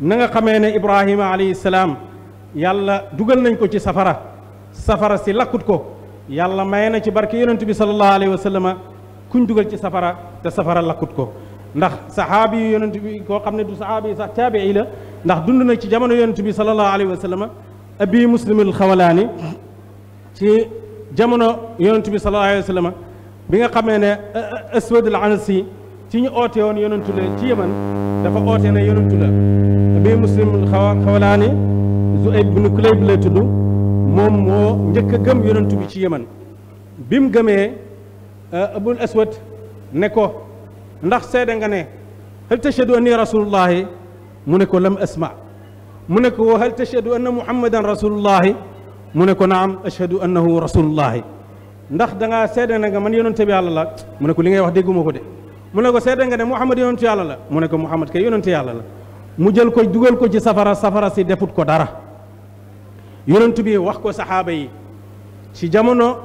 na nga xamee ne ibrahima alayhi salaam yàlla dugal nañ ko ci safara safara si lakkut ko yàlla may na ci barke yonent bi sallallahu alayhi wa sallama kuñ dugal ci safara te safara lakkut ko ndax saxaabi yu yonent bi koo xam ne du saxaabi yi sax taabii la ndax dund na ci jamono yonent bi sallallahu alayhi wa sallama abi muslimul xawalaani ci jamono yonentu bi sallallahu alayhi wa bi nga xamee ne eh, eh, aswadul ansi ci ñu oote woon yonentu la ci yaman dafa oote ne yonentu la bi muslim xawa xawalaani zuayb bin kulayb lay tudd moom moo njëkk a gëm yonentu bi ci yaman bi mu gëmee eh, abul aswad ne ko ndax seede nga ne hal tashhadu anni rasulullahi mu ne ko lam asma mu ne ko hal tashhadu anna muhammadan rasulullahi mu ne ko naam ashhadu annahu rasulullahi ndax da ngaa seede na nga man yonente bi yàlla la mu ne ko li ngay wax dégguma ko de mu ne ko seede nga ne muhammad yonente yàlla la mu ne ko muhammad kay yonente yàlla la mu jël ko dugal ko ci safara safara si defut ko dara yonent bi wax ko saxaaba yi ci jamono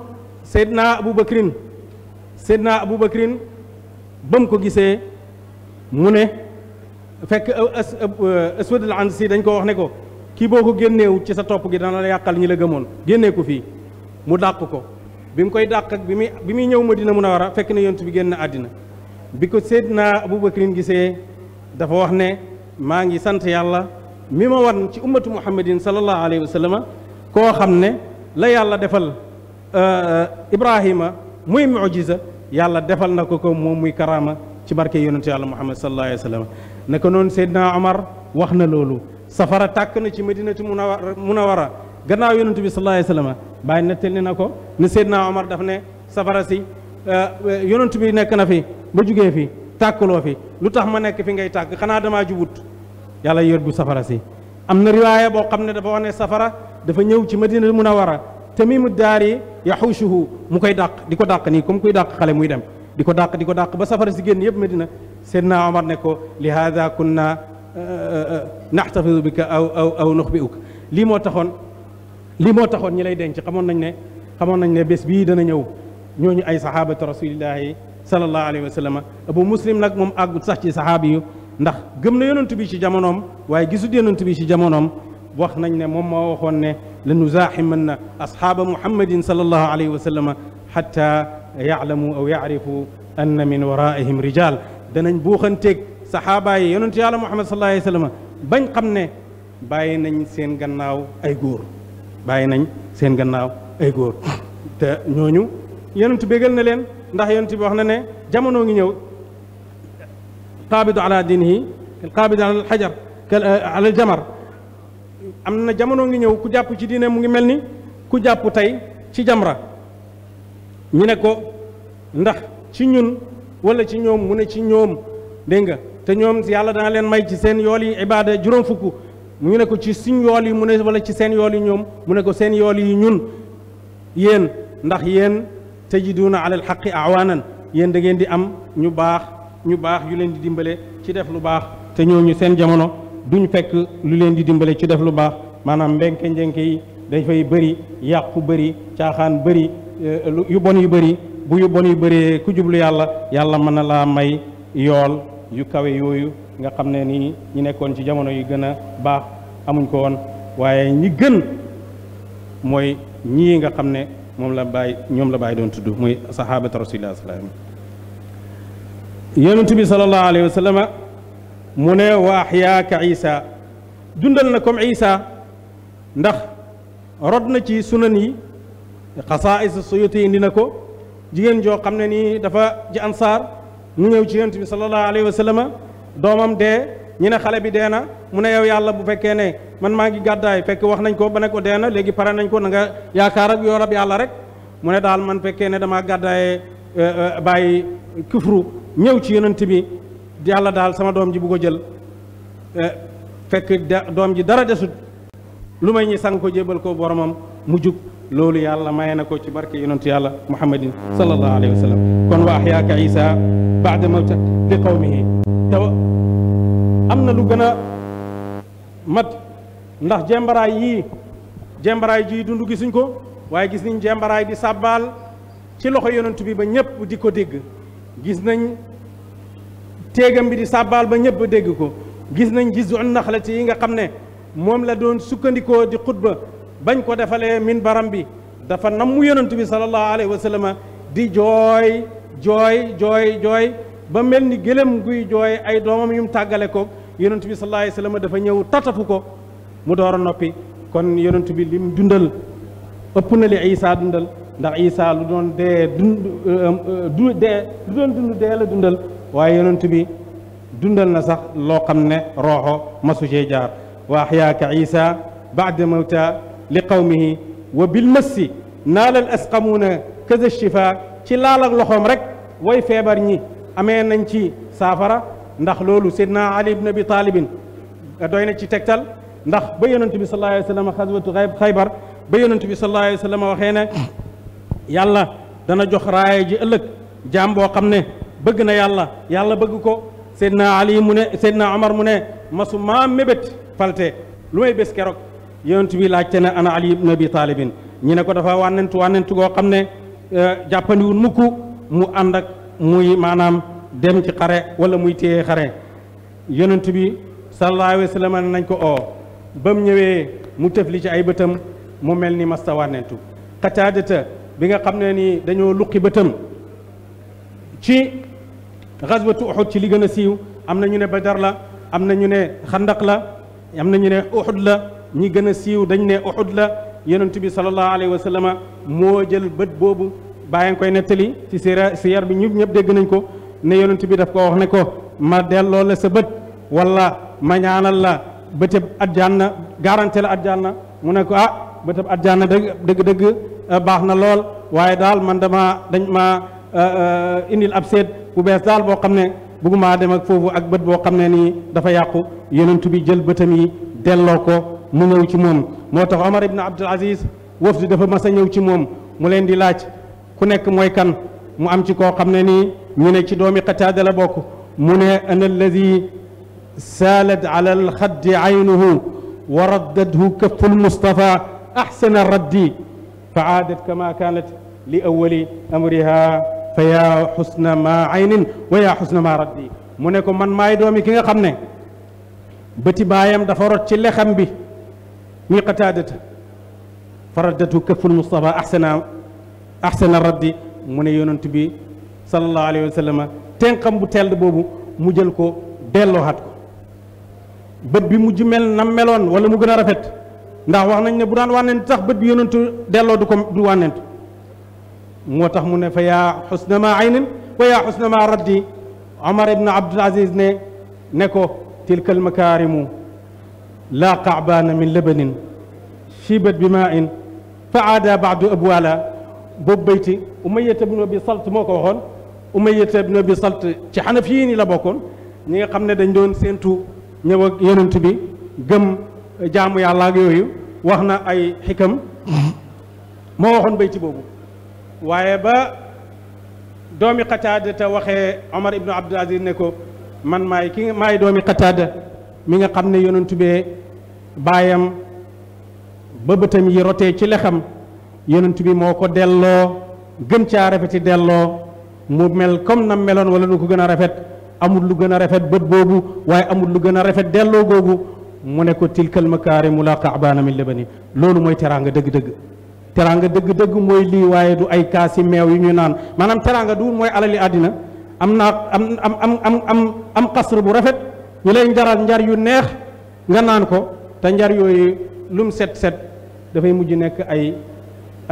seydna aboubacrin seydna aboubacrin ba mu ko gisee mu ne fekk aswad al si dañ ko wax ne ko kii boo ko génneewut ci sa topp gi dana la yàqal ñi la gëmoon génnee ko fii mu dàq ko bi mu koy dàq ak bi muy bi muy ñëw Madina Munawara fekk na yonent bi génn àddina bi ko sedd Seydina Abubakrin gisee dafa wax ne maa ngi sant yàlla mi ma wan ci ummatu muhammadin sallallahu alayhi wa sallam koo xam ne la yàlla defal euh, euh, Ibrahima muy mujiza yàlla defal na ko ko moom muy karaama ci barke yonentu yàlla muhammad sallallahu alayhi wa sallam naka noonu Seydina Omar wax na loolu safara tàkk na ci war munawara gannaaw yonentu bi sallallahu alayhi wasallam bàyyi nettali na ko ne Seydina Omar dafa ne safara si euh, euh, yonentu bi nekk na fi ba jugee fi tàkkuloo fi lu tax ma nekk fi ngay tàkk xanaa damaa jubut yàlla yërgu safara si am na riwaaya boo xam ne dafa wax ne safara dafa ñëw ci madinatu munawara tamimu daar yi yaxuushuhu mu koy dàq di ko dàq nii comme kuy dàq xale muy dem di ko dàq di ko dàq ba safara si génn yëpp madina Seydina naxtafidu bika aw aw aw lii moo taxoon lii moo taxoon ñi lay denc xamoon nañ ne xamoon nañ ne bés bii dana ñëw ñooñu ay sahabatu rasulillahi sallallahu alayhi wa sallam abu muslim nag moom àggut sax ci saxaabi yu ndax gëm na yonent bi ci jamonoom waaye gisut yonent bi ci jamonoom wax nañ ne moom moo waxoon ne la nuzaaximanna asxaaba muhammadin sallallahu alayhi wa sallam xatta yaalamu aw yaarifu anna min waraihim rijal danañ buuxanteeg saxaaba yi yonentu yàlla muhammad sallallahu alayhi bañ xam ne bàyyi nañ seen gannaaw ay góor bàyyi nañ seen gannaaw ay góor te ñooñu yonentu bégal na leen ndax yonentu bi wax na ne jamono ngi ñëw qaabidu ala diinihi qaabidu ala alxajar ala am na jamono ngi ñëw ku jàpp ci diine mu ngi mel ni ku jàpp tey ci jamra ñu ne ko ndax ci ñun wala ci ñoom mu ne ci ñoom dégg nga te ñoom yàlla dana leen may ci seen yool yi ibaada juróom fukk mu ne ko ci suñ yool yi mu ne wala ci seen yool yi ñoom mu ne ko seen yool yi ñun yéen ndax yéen tajiduuna alal a awaanan yéen da di am ñu baax ñu baax yu leen di dimbale ci def lu baax te ñu seen jamono duñ fekk lu leen di dimbale ci def lu baax maanaam mbenke njenke yi fay bëri yàqu bëri caaxaan bëri eh, yu bon yu bëri bu yu bon yu bëree ku jublu yàlla yàlla mën na laa may yool yu kawe yooyu nga xam ne nii ñi nekkoon ci jamono yi gën a baax amuñ ko woon waaye ñi gën mooy ñii nga xam ne moom la bàyyi ñoom la bàyyi doon tudd muy sahabatu rasulillah salaam yonent bi sallallahu alayhi wa sallam mu ne waax yaaka isa dundal na comme isa ndax rod na ci sunan yi xasaais suyuti indi na ko jigéen joo xam ne nii dafa ci ansaar ñu ñëw ci yonent bi sallallahu alayhi wa sallam doomam dee ñu ne xale bi dee na mu ne yow yàlla bu fekkee ne man maa ngi gàddaay fekk wax nañ ko ba ne dee na léegi pare nañ koo nanga nga yaakaar ak yoolab yàlla rek mu ne daal man fekkee ne damaa gàddaayee euh, euh, bàyyi kufru ñëw ci yonent bi yàlla daal sama doom ji bu ko jël euh, fekk doom ji dara desut lu may ñi sang ko jébal ko boromam mu jub loolu yàlla maye na ko ci barke yonentu yàlla muhammadin sallallahu alayhi wa sallam kon wa ahyaaka isa baada mawta li qawmihi te am na lu gën a mat ndax jembaraay yii jembaraay ji dund gisuñ ko waaye gis nañ jembaraay di sàbbaal ci loxo yonent bi ba ñëpp di ko dégg gis nañ téegam bi di sàbbaal ba ñëpp dégg ko gis nañ gis naxlati yi nga xam ne moom la doon sukkandikoo di xutba bañ ko defale min baram bi dafa nam mu yonent bi sallallahu alayhi wa sallam di jooy jooy jooy jooy ba mel ni gëlëm guy jooy ay doomam yum tàggale ko yonent bi sallallahu alayhi wa sallam dafa ñëw tatafu ko mu door a noppi kon yonent bi lim dundal ëpp na li Isa dundal ndax Isa lu doon dee dund du lu doon dund dee la dundal waa yonent bi dundal na sax loo xam ne rooxo masu cee jaar wa axyaaka Isa baada li qawmihi wa bil massi naalal na kaza shifa ci laal ak loxoom rek way feebar ñi amee nañ ci saafara ndax loolu sidna ali ibn abi taalibin doy na ci tegtal ndax ba yonent bi sallallahu alayhi wa sallam xaswatu xaybar ba yonent bi sallallahu wa sallam waxee na yàlla dana jox raaya ji ëllëg jaam boo xam ne bëgg na yàlla yàlla bëgg ko na ali mu ne seydna omar mu ne masu maa mébét falte lu may bés keroog yonent bi laajte ne ana ali ibn abi taalibin ñu ne ko dafa wànnentu wànnentu goo xam ne euh, jàppandiwul mukk mu ànd ak muy maanaam dem ci xare wala muy téye xare yonent bi sallallahu alayhi nañ ko oo oh, ba mu ñëwee mu tëfli ci ay bëtam mu mel ni masta wànnentu xataadata bi nga xam ne ni dañoo luqi bëtam ci xaswatu uxud ci li gën a siiw am na ñu ne badar la am na ñu ne xandaq la am na ñu ne uxud la ñi gën a siiw dañ ne Uhud la yonent bi sallallahu alayhi wa sallam moo jël bët boobu bàyyi nga koy nettali ci sira si yar bi ñëpp ñëpp dégg nañ ko ne yonent bi daf ko wax ne ko ma delloo la sa bët wala ma ñaanal la bëtëb àjjana garanté la àjjana mu ne ko ah bëtëb àjjana dëgg dëgg dëgg eh, baax na lool waaye daal man dama dañ ma eh, eh, indil ab seet bu bees daal boo xam ne bëggumaa dem ak foofu ak bët boo xam ne nii dafa yàqu yonent bi jël bëtam yi delloo ko mu ñëw ci moom moo tax Omar ibn Abdul Aziz wafdu dafa mas a ñëw ci moom mu leen di laaj ku nekk mooy kan mu am ci koo xam ne nii ñu nekk ci doomi Qataada la bokk mu ne ana alladi saalat ala alxaddi aynuhu wa raddadhu këffu lmustafa axsana raddi fa aadat kama kaanat li awali amriha fa yaa xusna ma aynin wa yaa xusna ma raddi mu ne doomi ki nga xam ne bëti baayam dafa rot ci lexam bi muy qataadata faraddatu këful Moustapha ahsana ahsana raddi mu ne yonent bi sallallahu alayhi wa tenqam bu tell boobu mu jël ko dellooxaat ko bët bi mujj mel na meloon wala mu gën a rafet ndax wax nañ ne bu daan wànnent sax bët bi yonentu delloo du ko du wànnent moo tax mu ne fa yaa xusna ma aynin wa yaa xusna ma raddi Omar ibn Abdul ne ne ko tilkal makaarimu laa qaabaana min labanin shiibat bi maa in fa aada baadu abwaala boobu bayti umayata bnu abi salt moo ko waxoon umayata bnu abi salt ci xanaf ni la bokkoon ñi nga xam ne dañ doon séentu ñëw ak yonent bi gëm jaamu yàlla ak wax na ay xikam moo waxoon bayti boobu waaye ba doomi Qataada te waxee Omar ibnu Abdul Aziz ne ko man maay ki maay doomi Qataada mi nga xam ne yonentu bee baayam ba bëtam yi rotee ci lexam yonent bi moo ko delloo gën caa rafeti delloo mu mel comme na meloon wala nu ko gën a rafet amul lu gën a rafet bët boobu waaye amul lu gën a rafet delloo googu mu ne ko tilkal makaarimu laa qaabaana min labani loolu mooy teraanga dëgg-dëgg teraanga dëgg-dëgg mooy lii waaye du ay kaasi meew yu ñu naan maanaam teraanga du mooy alali àddina am naa am am am am am xasr bu rafet ñu lay njaral njar yu neex nga naan ko te njar yooyu lum set set dafay mujj nekk ay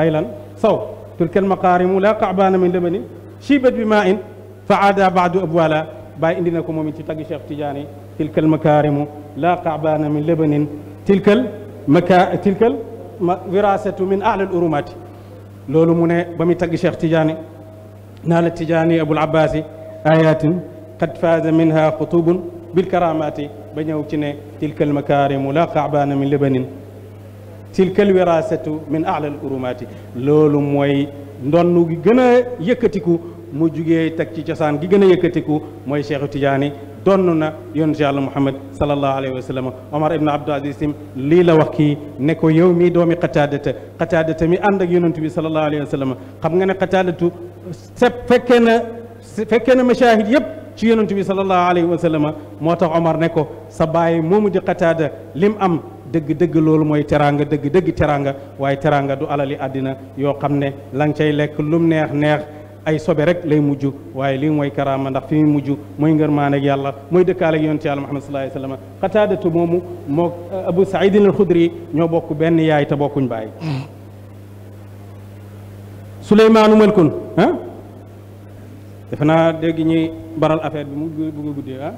ay lan saw tulkel maqaarimu la qaabana min labani shibat bi ma fa aada baadu abwala indi na ko moom ci tagg Cheikh Tidiane tilkal makaarimu la qaabana min labanin tilkal maka tilkal min ala al loolu mu ne ba muy tagg Cheikh Tidiane naa la Tidiane abul abbasi ayatin qad faaza minha xutubun bil karamaati ba ñëw ci ne tilka almakaarimu la qaabaana min libanin tilka alwirasatu min ala al loolu mooy ndonn gi gën a yëkkatiku mu jugee teg ci cosaan gi gën a yëkkatiku mooy Cheikhu Tijaani donn na yonent yàlla Muhammad sallallahu alayhi wa sallam Omar ibn Abdul Aziz Sim lii la wax kii ne ko yow mii doomi Qataadata Qataadata mi ànd ak yonent bi sallallahu alayhi wa sallam xam nga ne Qataadatu se fekkee na fekkee na masaahid yëpp ci yonent bi sallallahu alayhi wa sallam moo tax Omar ne ko sa baay moomu di Qataada lim am dëgg-dëgg loolu mooy teraanga dëgg-dëgg teraanga waaye teraanga du alali àddina yoo xam ne la nga cay lekk lum neex neex ay sobe rek lay mujj waaye lii mooy karaama ndax fi mujj mooy ngërmaan ak yàlla mooy dëkkaale ak yonent yàlla Muhammad sallallahu alayhi wa sallam Qataadatu moomu moo Abu Saïdin al-Xudri ñoo bokk benn yaay te bokkuñ baay. Suleymaanu Malkun ah defe baral affaire bi mu bu guddee ah.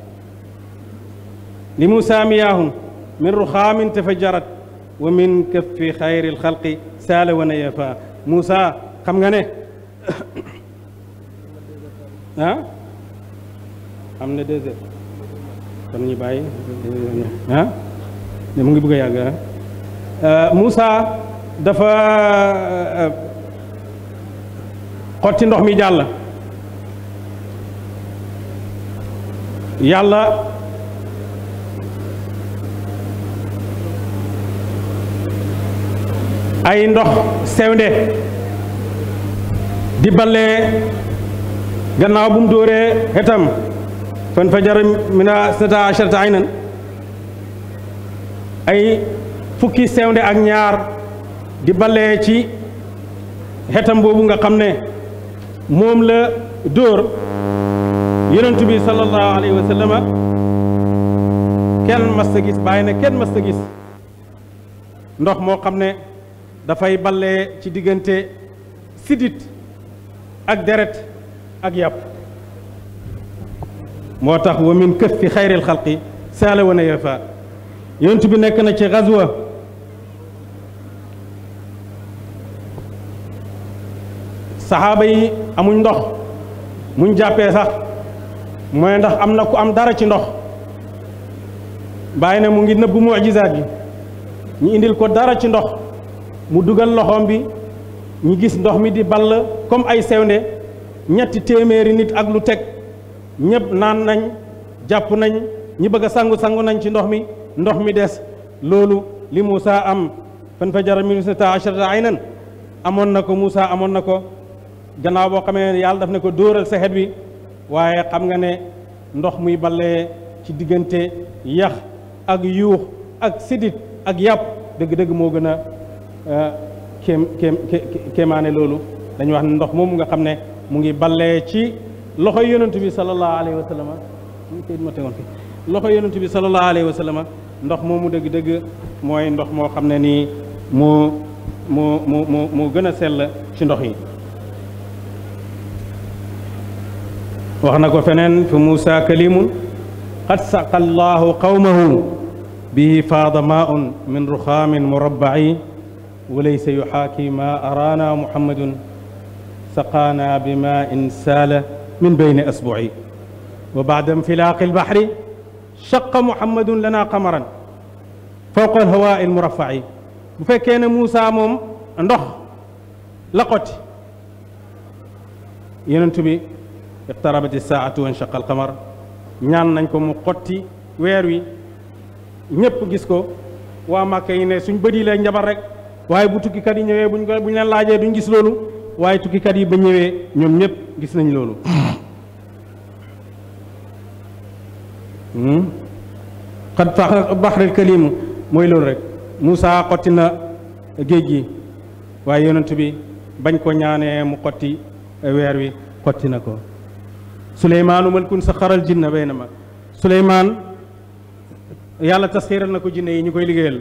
li mu saamiyaahum min ruxaamin tafajarat wa min kaffi xayri lxalqi saala wa nayafa Moussa xam nga ne ah am na deux ah, mu ngi bëgg a yàgg ah euh, dafa euh, euh, xotti ndox mi jàll yàlla ay ndox sewnde di bale gannaaw bu mu dóoree xetam fan fa jar mina sata asharata aynan ay fukki sewnde ak ñaar di ballee ci xetam boobu nga xam ne moom la dóor yonent bi sallallahu alayhi wa sallama kenn mas ta gis bàyyi ne kenn mas ta gis ndox moo xam ne dafay ballee ci diggante sidit ak deret ak yàpp moo tax wa min këffi xayril xalqi saala wa nayafa yonent bi nekk na ci gazwa saxaaba yi amuñ ndox muñ jàppee sax mu ndax am na ku am dara ci ndox bàyyi ne mu ngi nëbb mujizaat yi ñu indil ko dara ci ndox mu dugal loxoom bi ñu gis ndox mi di ball comme ay sewnde ñetti téeméeri nit ak lu teg ñëpp naan nañ jàpp nañ ñi bëgg a sangu-sangu nañ ci ndox mi ndox mi des loolu li Moussa am fan fa jara min usnata asharata aynan amoon na ko Moussa amoon na ko gannaaw boo xamee yàlla daf ne ko dóoral sa xet bi waaye xam nga ne ndox muy balee ci diggante yax ak yuux ak sidit ak yàpp dëgg-dëgg moo gën a euh, kéem kéem kéemaane loolu dañu wax ne ndox moomu nga xam ne mu ngi balee ci loxo yonent bi sallallahu alayhi wa sallam këyit ma tegoon fi loxo yonent bi sallallahu alayhi wa ndox moomu dëgg-dëgg mooy ndox moo xam ne nii mu mu mu mu mu gën a sell ci ndox yi wax na ko feneen fi Muusa kalimun qad saqa allahu qawmahu bihi faada maun min ruxaamin murabbaci walaysa yuxaaki ma araana muhammadun saqaana bi ma in saala min bayni asbuci wa bacda infilaaqi albaxri shaqa muhammadun lana qamaran fawqa alhawaa almurafaci bu fekkee ne Muusa moom ndox la qoti yonent bi iqtarabati saatu wa inchaqa alqamar ñaan nañ ko mu xotti weer wi ñëpp gis ko waa Màkka yi ne suñ bëri lay njabar rek waaye bu tukkikat yi ñëwee buñ ko buñ leen laajee duñ gis loolu waaye tukkikat yi ba ñëwee ñoom ñëpp gis nañ loolu xad fa baxril mooy loolu rek Moussa xotti na géej gi waaye yonent bi bañ ko ñaanee mu xotti weer wi xotti na ko suleymaanu malkun sa xaral jinna bay na ma suleymaan yàlla tasxiiral na ko jinne yi ñu koy liggéeyal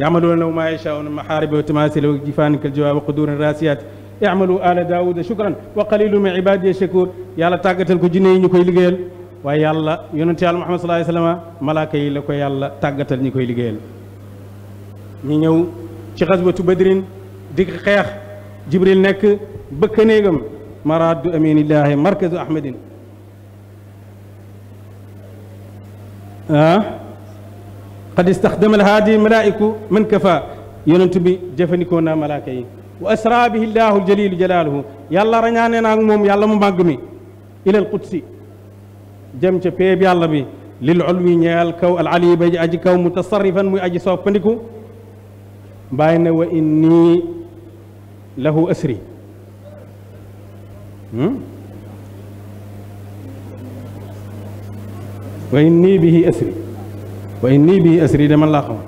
yaamaluuna lahu maa yashaa'uuna maxaariba wa tamaasiila wa jifaanin kal jawaab wa quduuran raasiyaat i'malu aala daawuda shukran wa qaliilun min ibaadiya shakuur yàlla tàggatal ko jinne yi ñu koy liggéeyal waaye yàlla yonent yàlla Muhammad sallallaahu alayhi wa sallam malaaka yi la ko yàlla tàggatal ñu koy liggéeyal ñu ñëw ci xaswatu badrin di xeex jibril nekk bëkk néegam maraadu aminillaahi markazu ahmadin ah qad istaxdama alhaadi malaa'iku man kafa yonent bi jëfandikoo naa malaaka yi wa asra bihi llaahu ljalilu jalaaluhu yàlla rañaane naa ak moom yàlla mu màgg mi ilal qudsi jëm ca péeb yàlla bi lil ulwi ñeel kaw al ali bay aji kaw mutasarrifan muy aji soppandiku bàyyi na wa inni lahu asri wa in nii bihi asri wa in nii bihi asri dama laa xam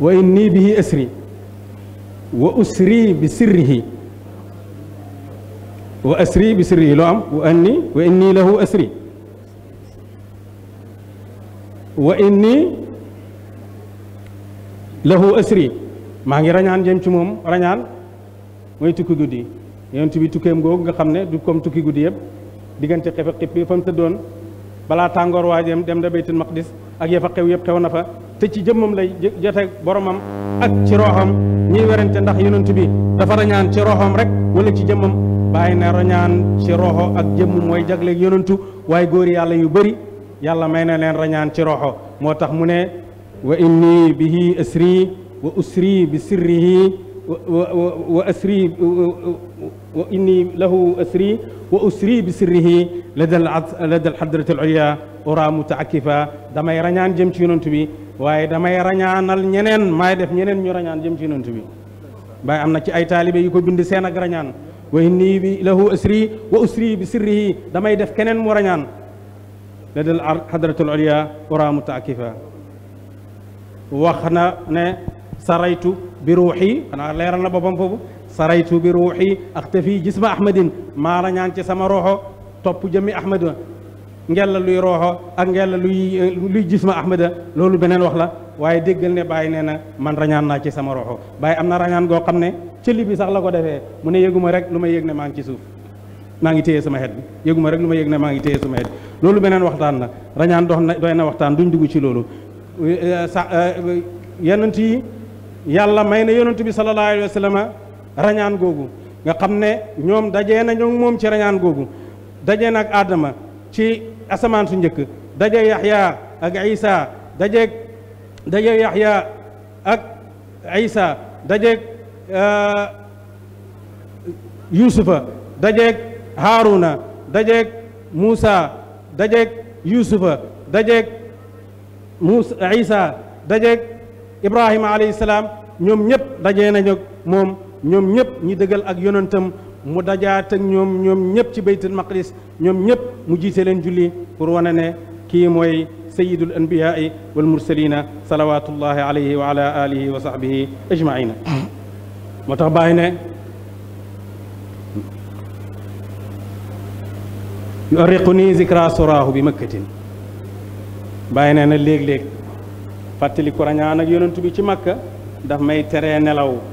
wa in bihi asri wa usri bi asri bi loo am wa anni wa inni lahu asri wa inni lahu asri maa ngi rañaan jëm ci moom rañaan mooy tukki guddi yonent bi tukkeem googu nga xam ne du comme tukki guddi yëpp diggante xef a xippi fa mu tëddoon balaa tàngoor waajeem dem da baytul maqdis ak ya xew yëpp xew na fa te ci jëmmam lay jote boromam ak ci roxam ñiy werante ndax yonent bi dafa rañaan ci roxam rek wala ci jëmmam bàyyi na rañaan ci roxo ak jëmm mooy jagleeg yonentu waaye góor yàlla yu bëri yàlla may na leen rañaan ci roxo moo tax mu ne wa inni bihi asri wa usri bi sirrihi wa wa inni lahu asri wa usri bi sirrihi ladal ladal xadratil ulya ura mutaakifa damay rañaan jëm ci yonent bi waaye damay rañaanal ñeneen may def ñeneen ñu rañaan jëm ci yonent bi baay am na ci ay taalibe yu ko bind seen ak rañaan wa inni bi lahu asri wa usri bi sirrihi damay def keneen mu rañaan ladal xadratil ulya ura mutaakifa wax na ne saraytu bi ruuxi xanaa leeral na boppam foofu saraytu bi ruuxi axtafi jisma ahmadin maa la ñaan ci sama roxo topp jëmmi ahmada ngella luy roxo ak ngella luy luy jisma ahmada loolu beneen wax la waaye déggal ne bàyyi nee na man rañaan naa ci sama roxo bàyyi am na rañaan goo xam ne cëli bi sax la ko defee mu ne yëguma rek lu may yéeg ne maa ngi ci suuf maa ngi téye sama xet bi yëguma rek lu ma yëg ne maa ngi téye sama xet loolu beneen waxtaan la rañaan dox na doy na waxtaan duñ dugg ci loolu sa yonent rañaan googu nga xam ne ñoom daje na moom ci rañaan googu daje na aadama ci asamaan su njëkk dajee yaxya ak isa dajee yaxya ak isa dajee euh, yusufa dajee haaruna dajee muusa dajee yusufa dajee muusa daje dajee ibrahima alayhi salaam ñoom ñëpp dajee nañu moom ñoom ñëpp ñi dëggal ak yonentam mu dajaat ñoom ñoom ñëpp ci baytul maqdis ñoom ñëpp mu jiite leen julli pour wane ne kii mooy sayidul anbiyaai wal mursalina salawatullahi alayhi wa ala alihi wa sahbihi ajmaina moo tax bàyyi ne yu arriqu nii zikra soraahu bi makkatin bàyyi ne na léeg-léeg fàttali ko rañaan ak yonentu bi ci makka daf may teree nelaw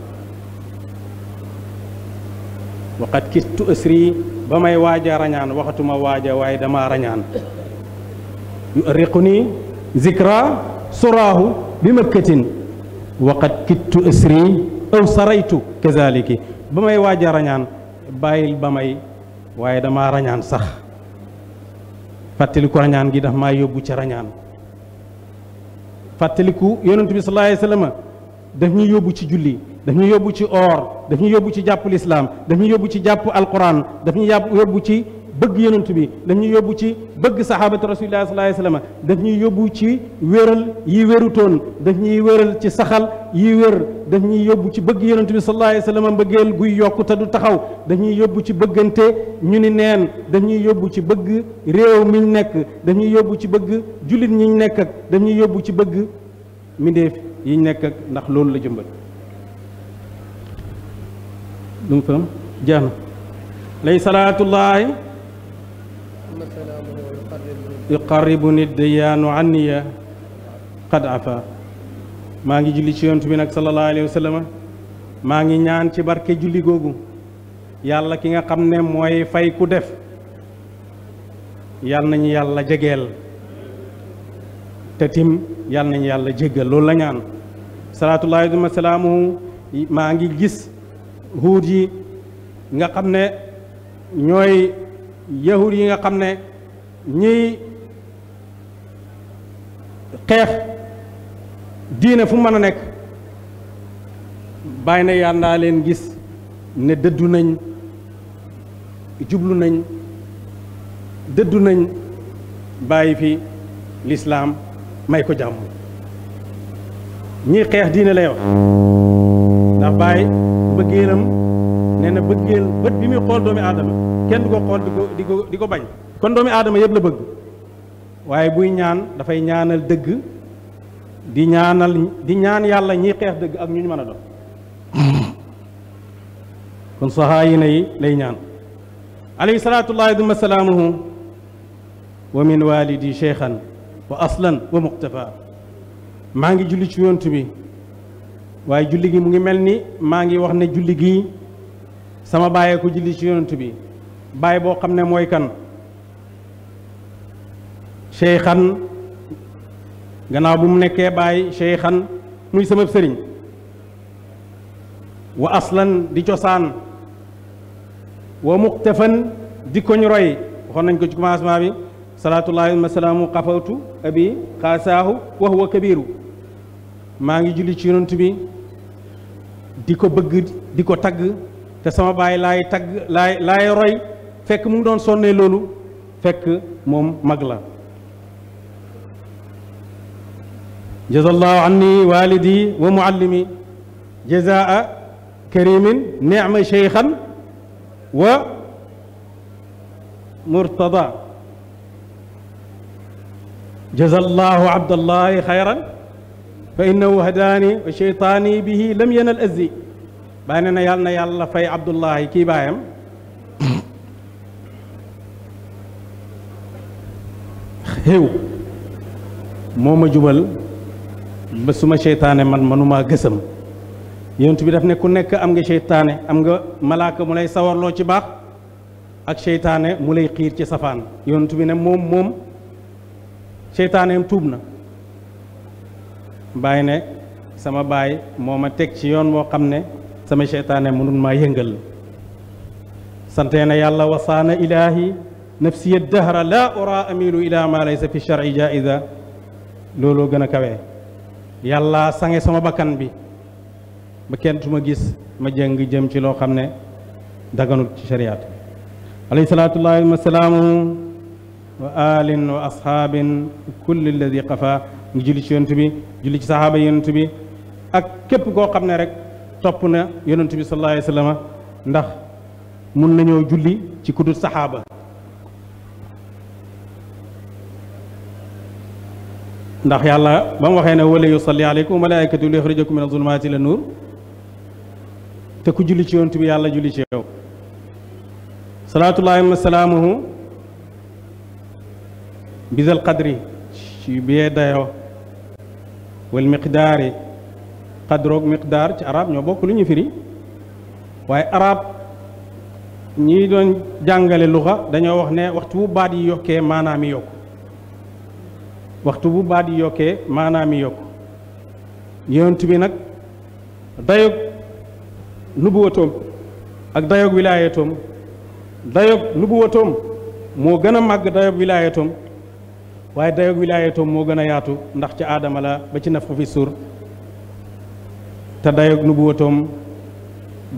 waqat kittu ësri ba may waaja rañaan waxatuma waaja waaye dama rañaan yu ëriqu ni zikra suraahu bi makkatin waqat kittu ësri aw saraytu kazaliki ba may waaja rañaan bàyyil ba may waaye dama rañaan sax fàttaliku rañaan gi daf may yóbbu ci rañaan fàttaliku yonent bi sallallahu alayhi wa sallam yóbbu ci julli daf ñu yóbbu ci or daf ñu yóbbu ci jàpp lislaam daf ñu yóbbu ci jàpp alquran daf ñu yàpp yóbbu ci bëgg yonent bi daf ñu yóbbu ci bëgg saxaabatu rasulillahi sallallahu alayhi daf ñuy yóbbu ci wéral yi wérutoon daf ñuy wéral ci saxal yi wér daf ñuy yóbbu ci bëgg yonent bi sallallahu alayhi wasallam mbëggeel guy yokk te du taxaw daf ñuy yóbbu ci bëggante ñu ni neen daf ñuy yóbbu ci bëgg réew miñ nekk daf ñuy yóbbu ci bëgg jullit ñiñ nekk ak daf ñuy yóbbu ci bëgg mindeef yiñ nekk ak ndax loolu la jëmbal lu mu turam jeex na lay salaatullaahi yuqarribu ni diyaanu anniya qad afa maa ngi julli ci yontu bi nag sallallahu alayhi maa ngi ñaan ci barke julli googu yàlla ki nga xam ne mooy fay ku def yàlla nañu yàlla jegeel te tim yàlla nañu yàlla jéggal loolu la ñaan salaatullaahi maa ngi gis huut yi nga xam ne ñooy yahud yi nga xam ne ñiy xeex diine fu mën a nekk bàyyi na yàlla leen gis ne dëddu nañ jublu nañ dëddu nañ bàyyi fi lislaam may ko jàmm ñiy xeex diine lay ndax bàyyi mbëggeelam nee na bëggeel bët bi muy xool doomi aadama kenn du ko xool di ko di ko di bañ kon doomi aadama yëpp la bëgg waaye buy ñaan dafay ñaanal dëgg di ñaanal di ñaan yàlla ñiy xeex dëgg ak ñu ñu mën a doon kon saxaa yi nay lay ñaan alayhi salaatullahi duma salaamuhu wa min walidi cheikhan wa aslan wa muqtafa maa ngi julli ci yontu bi waaye julli gi mu ngi mel ni maa ngi wax ne julli gi sama bàyyee ko julli ci yonent bi baay boo xam ne mooy kan cheykhan gannaaw bu mu nekkee bàyyi cheykhan muy sama sëriñ wa aslan di cosaan wa muqtafan di koñ roy waxoon nañ ko ci commencement bi salaatullahi wa salaamu xafawtu abi xaasaahu wa huwa maa ngi julli ci yonent bi di ko bëgg di ko tagg te sama baay laay tagg laay laay roy fekk mu doon sonnee loolu fekk moom mag la jazallahu anni walidi wa muallimi jazaa karimin neema cheykhan wa murtada jazallahu abdallahi xayran fa innahu hadaani wa sheytaani bihi lam yanal azzi bàyyi ne na yàlla na yàlla fay abdullahi kii baayam xéew moo ma jubal ba suma ma seytaane man manumaa gësam yoontu bi daf ne ku nekk am nga seytaane am nga malaaka mu lay sawarloo ci baax ak seytaane mu lay xiir ci safaan yonent bi ne moom moom seytaaneem tuub na baay ne sama baay moo ma teg ci yoon moo xam ne sama seytaane mënul maa yëngal santee na yàlla wasaana ilaahi nafsiya dahra laa ura amilu ila ma fi shar'i jaiza looloo gën a kawe yàlla sange sama bakkan bi ba kenn tu ma gis ma jëng jëm ci loo xam ne daganut ci shariat bi alayhi salaatullahi wasalaamu wa alin wa asxaabin kulli alladi qafa mu julli ci yonent bi julli ci saxaaba yonent bi ak képp koo xam ne rek topp na yonent bi ndax mun nañoo julli ci kudut saxaaba ndax yàlla ba mu waxee ne wala yusalli aleykum malaikatu li yuxrijakum min azulmaati ila nuur te ku julli ci yonent bi yàlla julli ci yow salaatullahi wa salaamuhu bisal qadri ci biyee wal miqdaari qadroog miqdaar ci arab ñoo bokk lu ñu firi waaye arab ñi doon jàngale luxa dañoo wax ne waxtu bu baat yi yokkee maanaam yi yokku waxtu bu baat yi yokkee maanaam yi yokku nag dayoog nubuwatoom ak dayoog wilaayatoom dayoog nubuwatoom moo gën a màgg dayoog wilaayatoom waaye dayoog wilaayatoom moo gën a yaatu ndax ci aadama la ba ci nafxu fi suur te dayoog nubuwatoom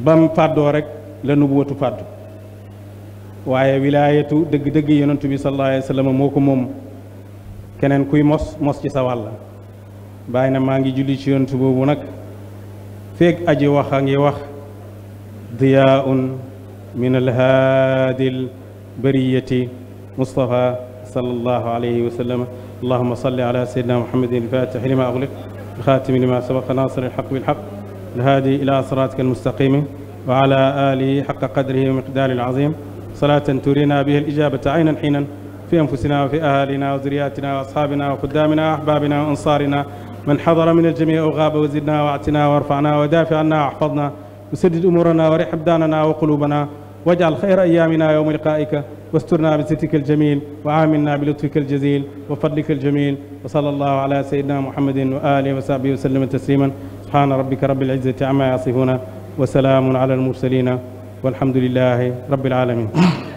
bam fàddoo rek la nubuwatu fàddu waaye wilaayatu dëgg-dëgg yonentu bi sallallahu moo ko moom keneen kuy mos mos ci sa wàll bàyyi na maa ngi julli ci yonentu boobu nag feeg aji wax a ngi wax diyaun min alhaadil bariyati mustafa sallallahu alayhi wa sallam allahuma salli ala sayyidina muhammadin alfatixi lima uxliq alxaatimi lima sabaqa nasir alxaq bilxaq alhaadi ila siratika almustaqimi wa ala alihi xaqa qadrihi wa miqdaari alazim salaatan turina biha alijabata aynan xiinan fi anfusina wa fi ahalina wa zuriyatina wa asxaabina wa quddaamina wa ahbaabina wa ansaarina man xadara min aljamici aw gaaba wa zidna wa actina wa arfacna wa daafi anna wa axfadna وسدد أمورنا ورح أبداننا وقلوبنا واجعل خير أيامنا يوم لقائك واسترنا بسترك الجميل وعاملنا بلطفك الجزيل وفضلك الجميل وصلى الله على سيدنا محمد وآله وصحبه وسلم تسليما سبحان ربك رب العزة عما يصفون وسلام على المرسلين والحمد لله رب العالمين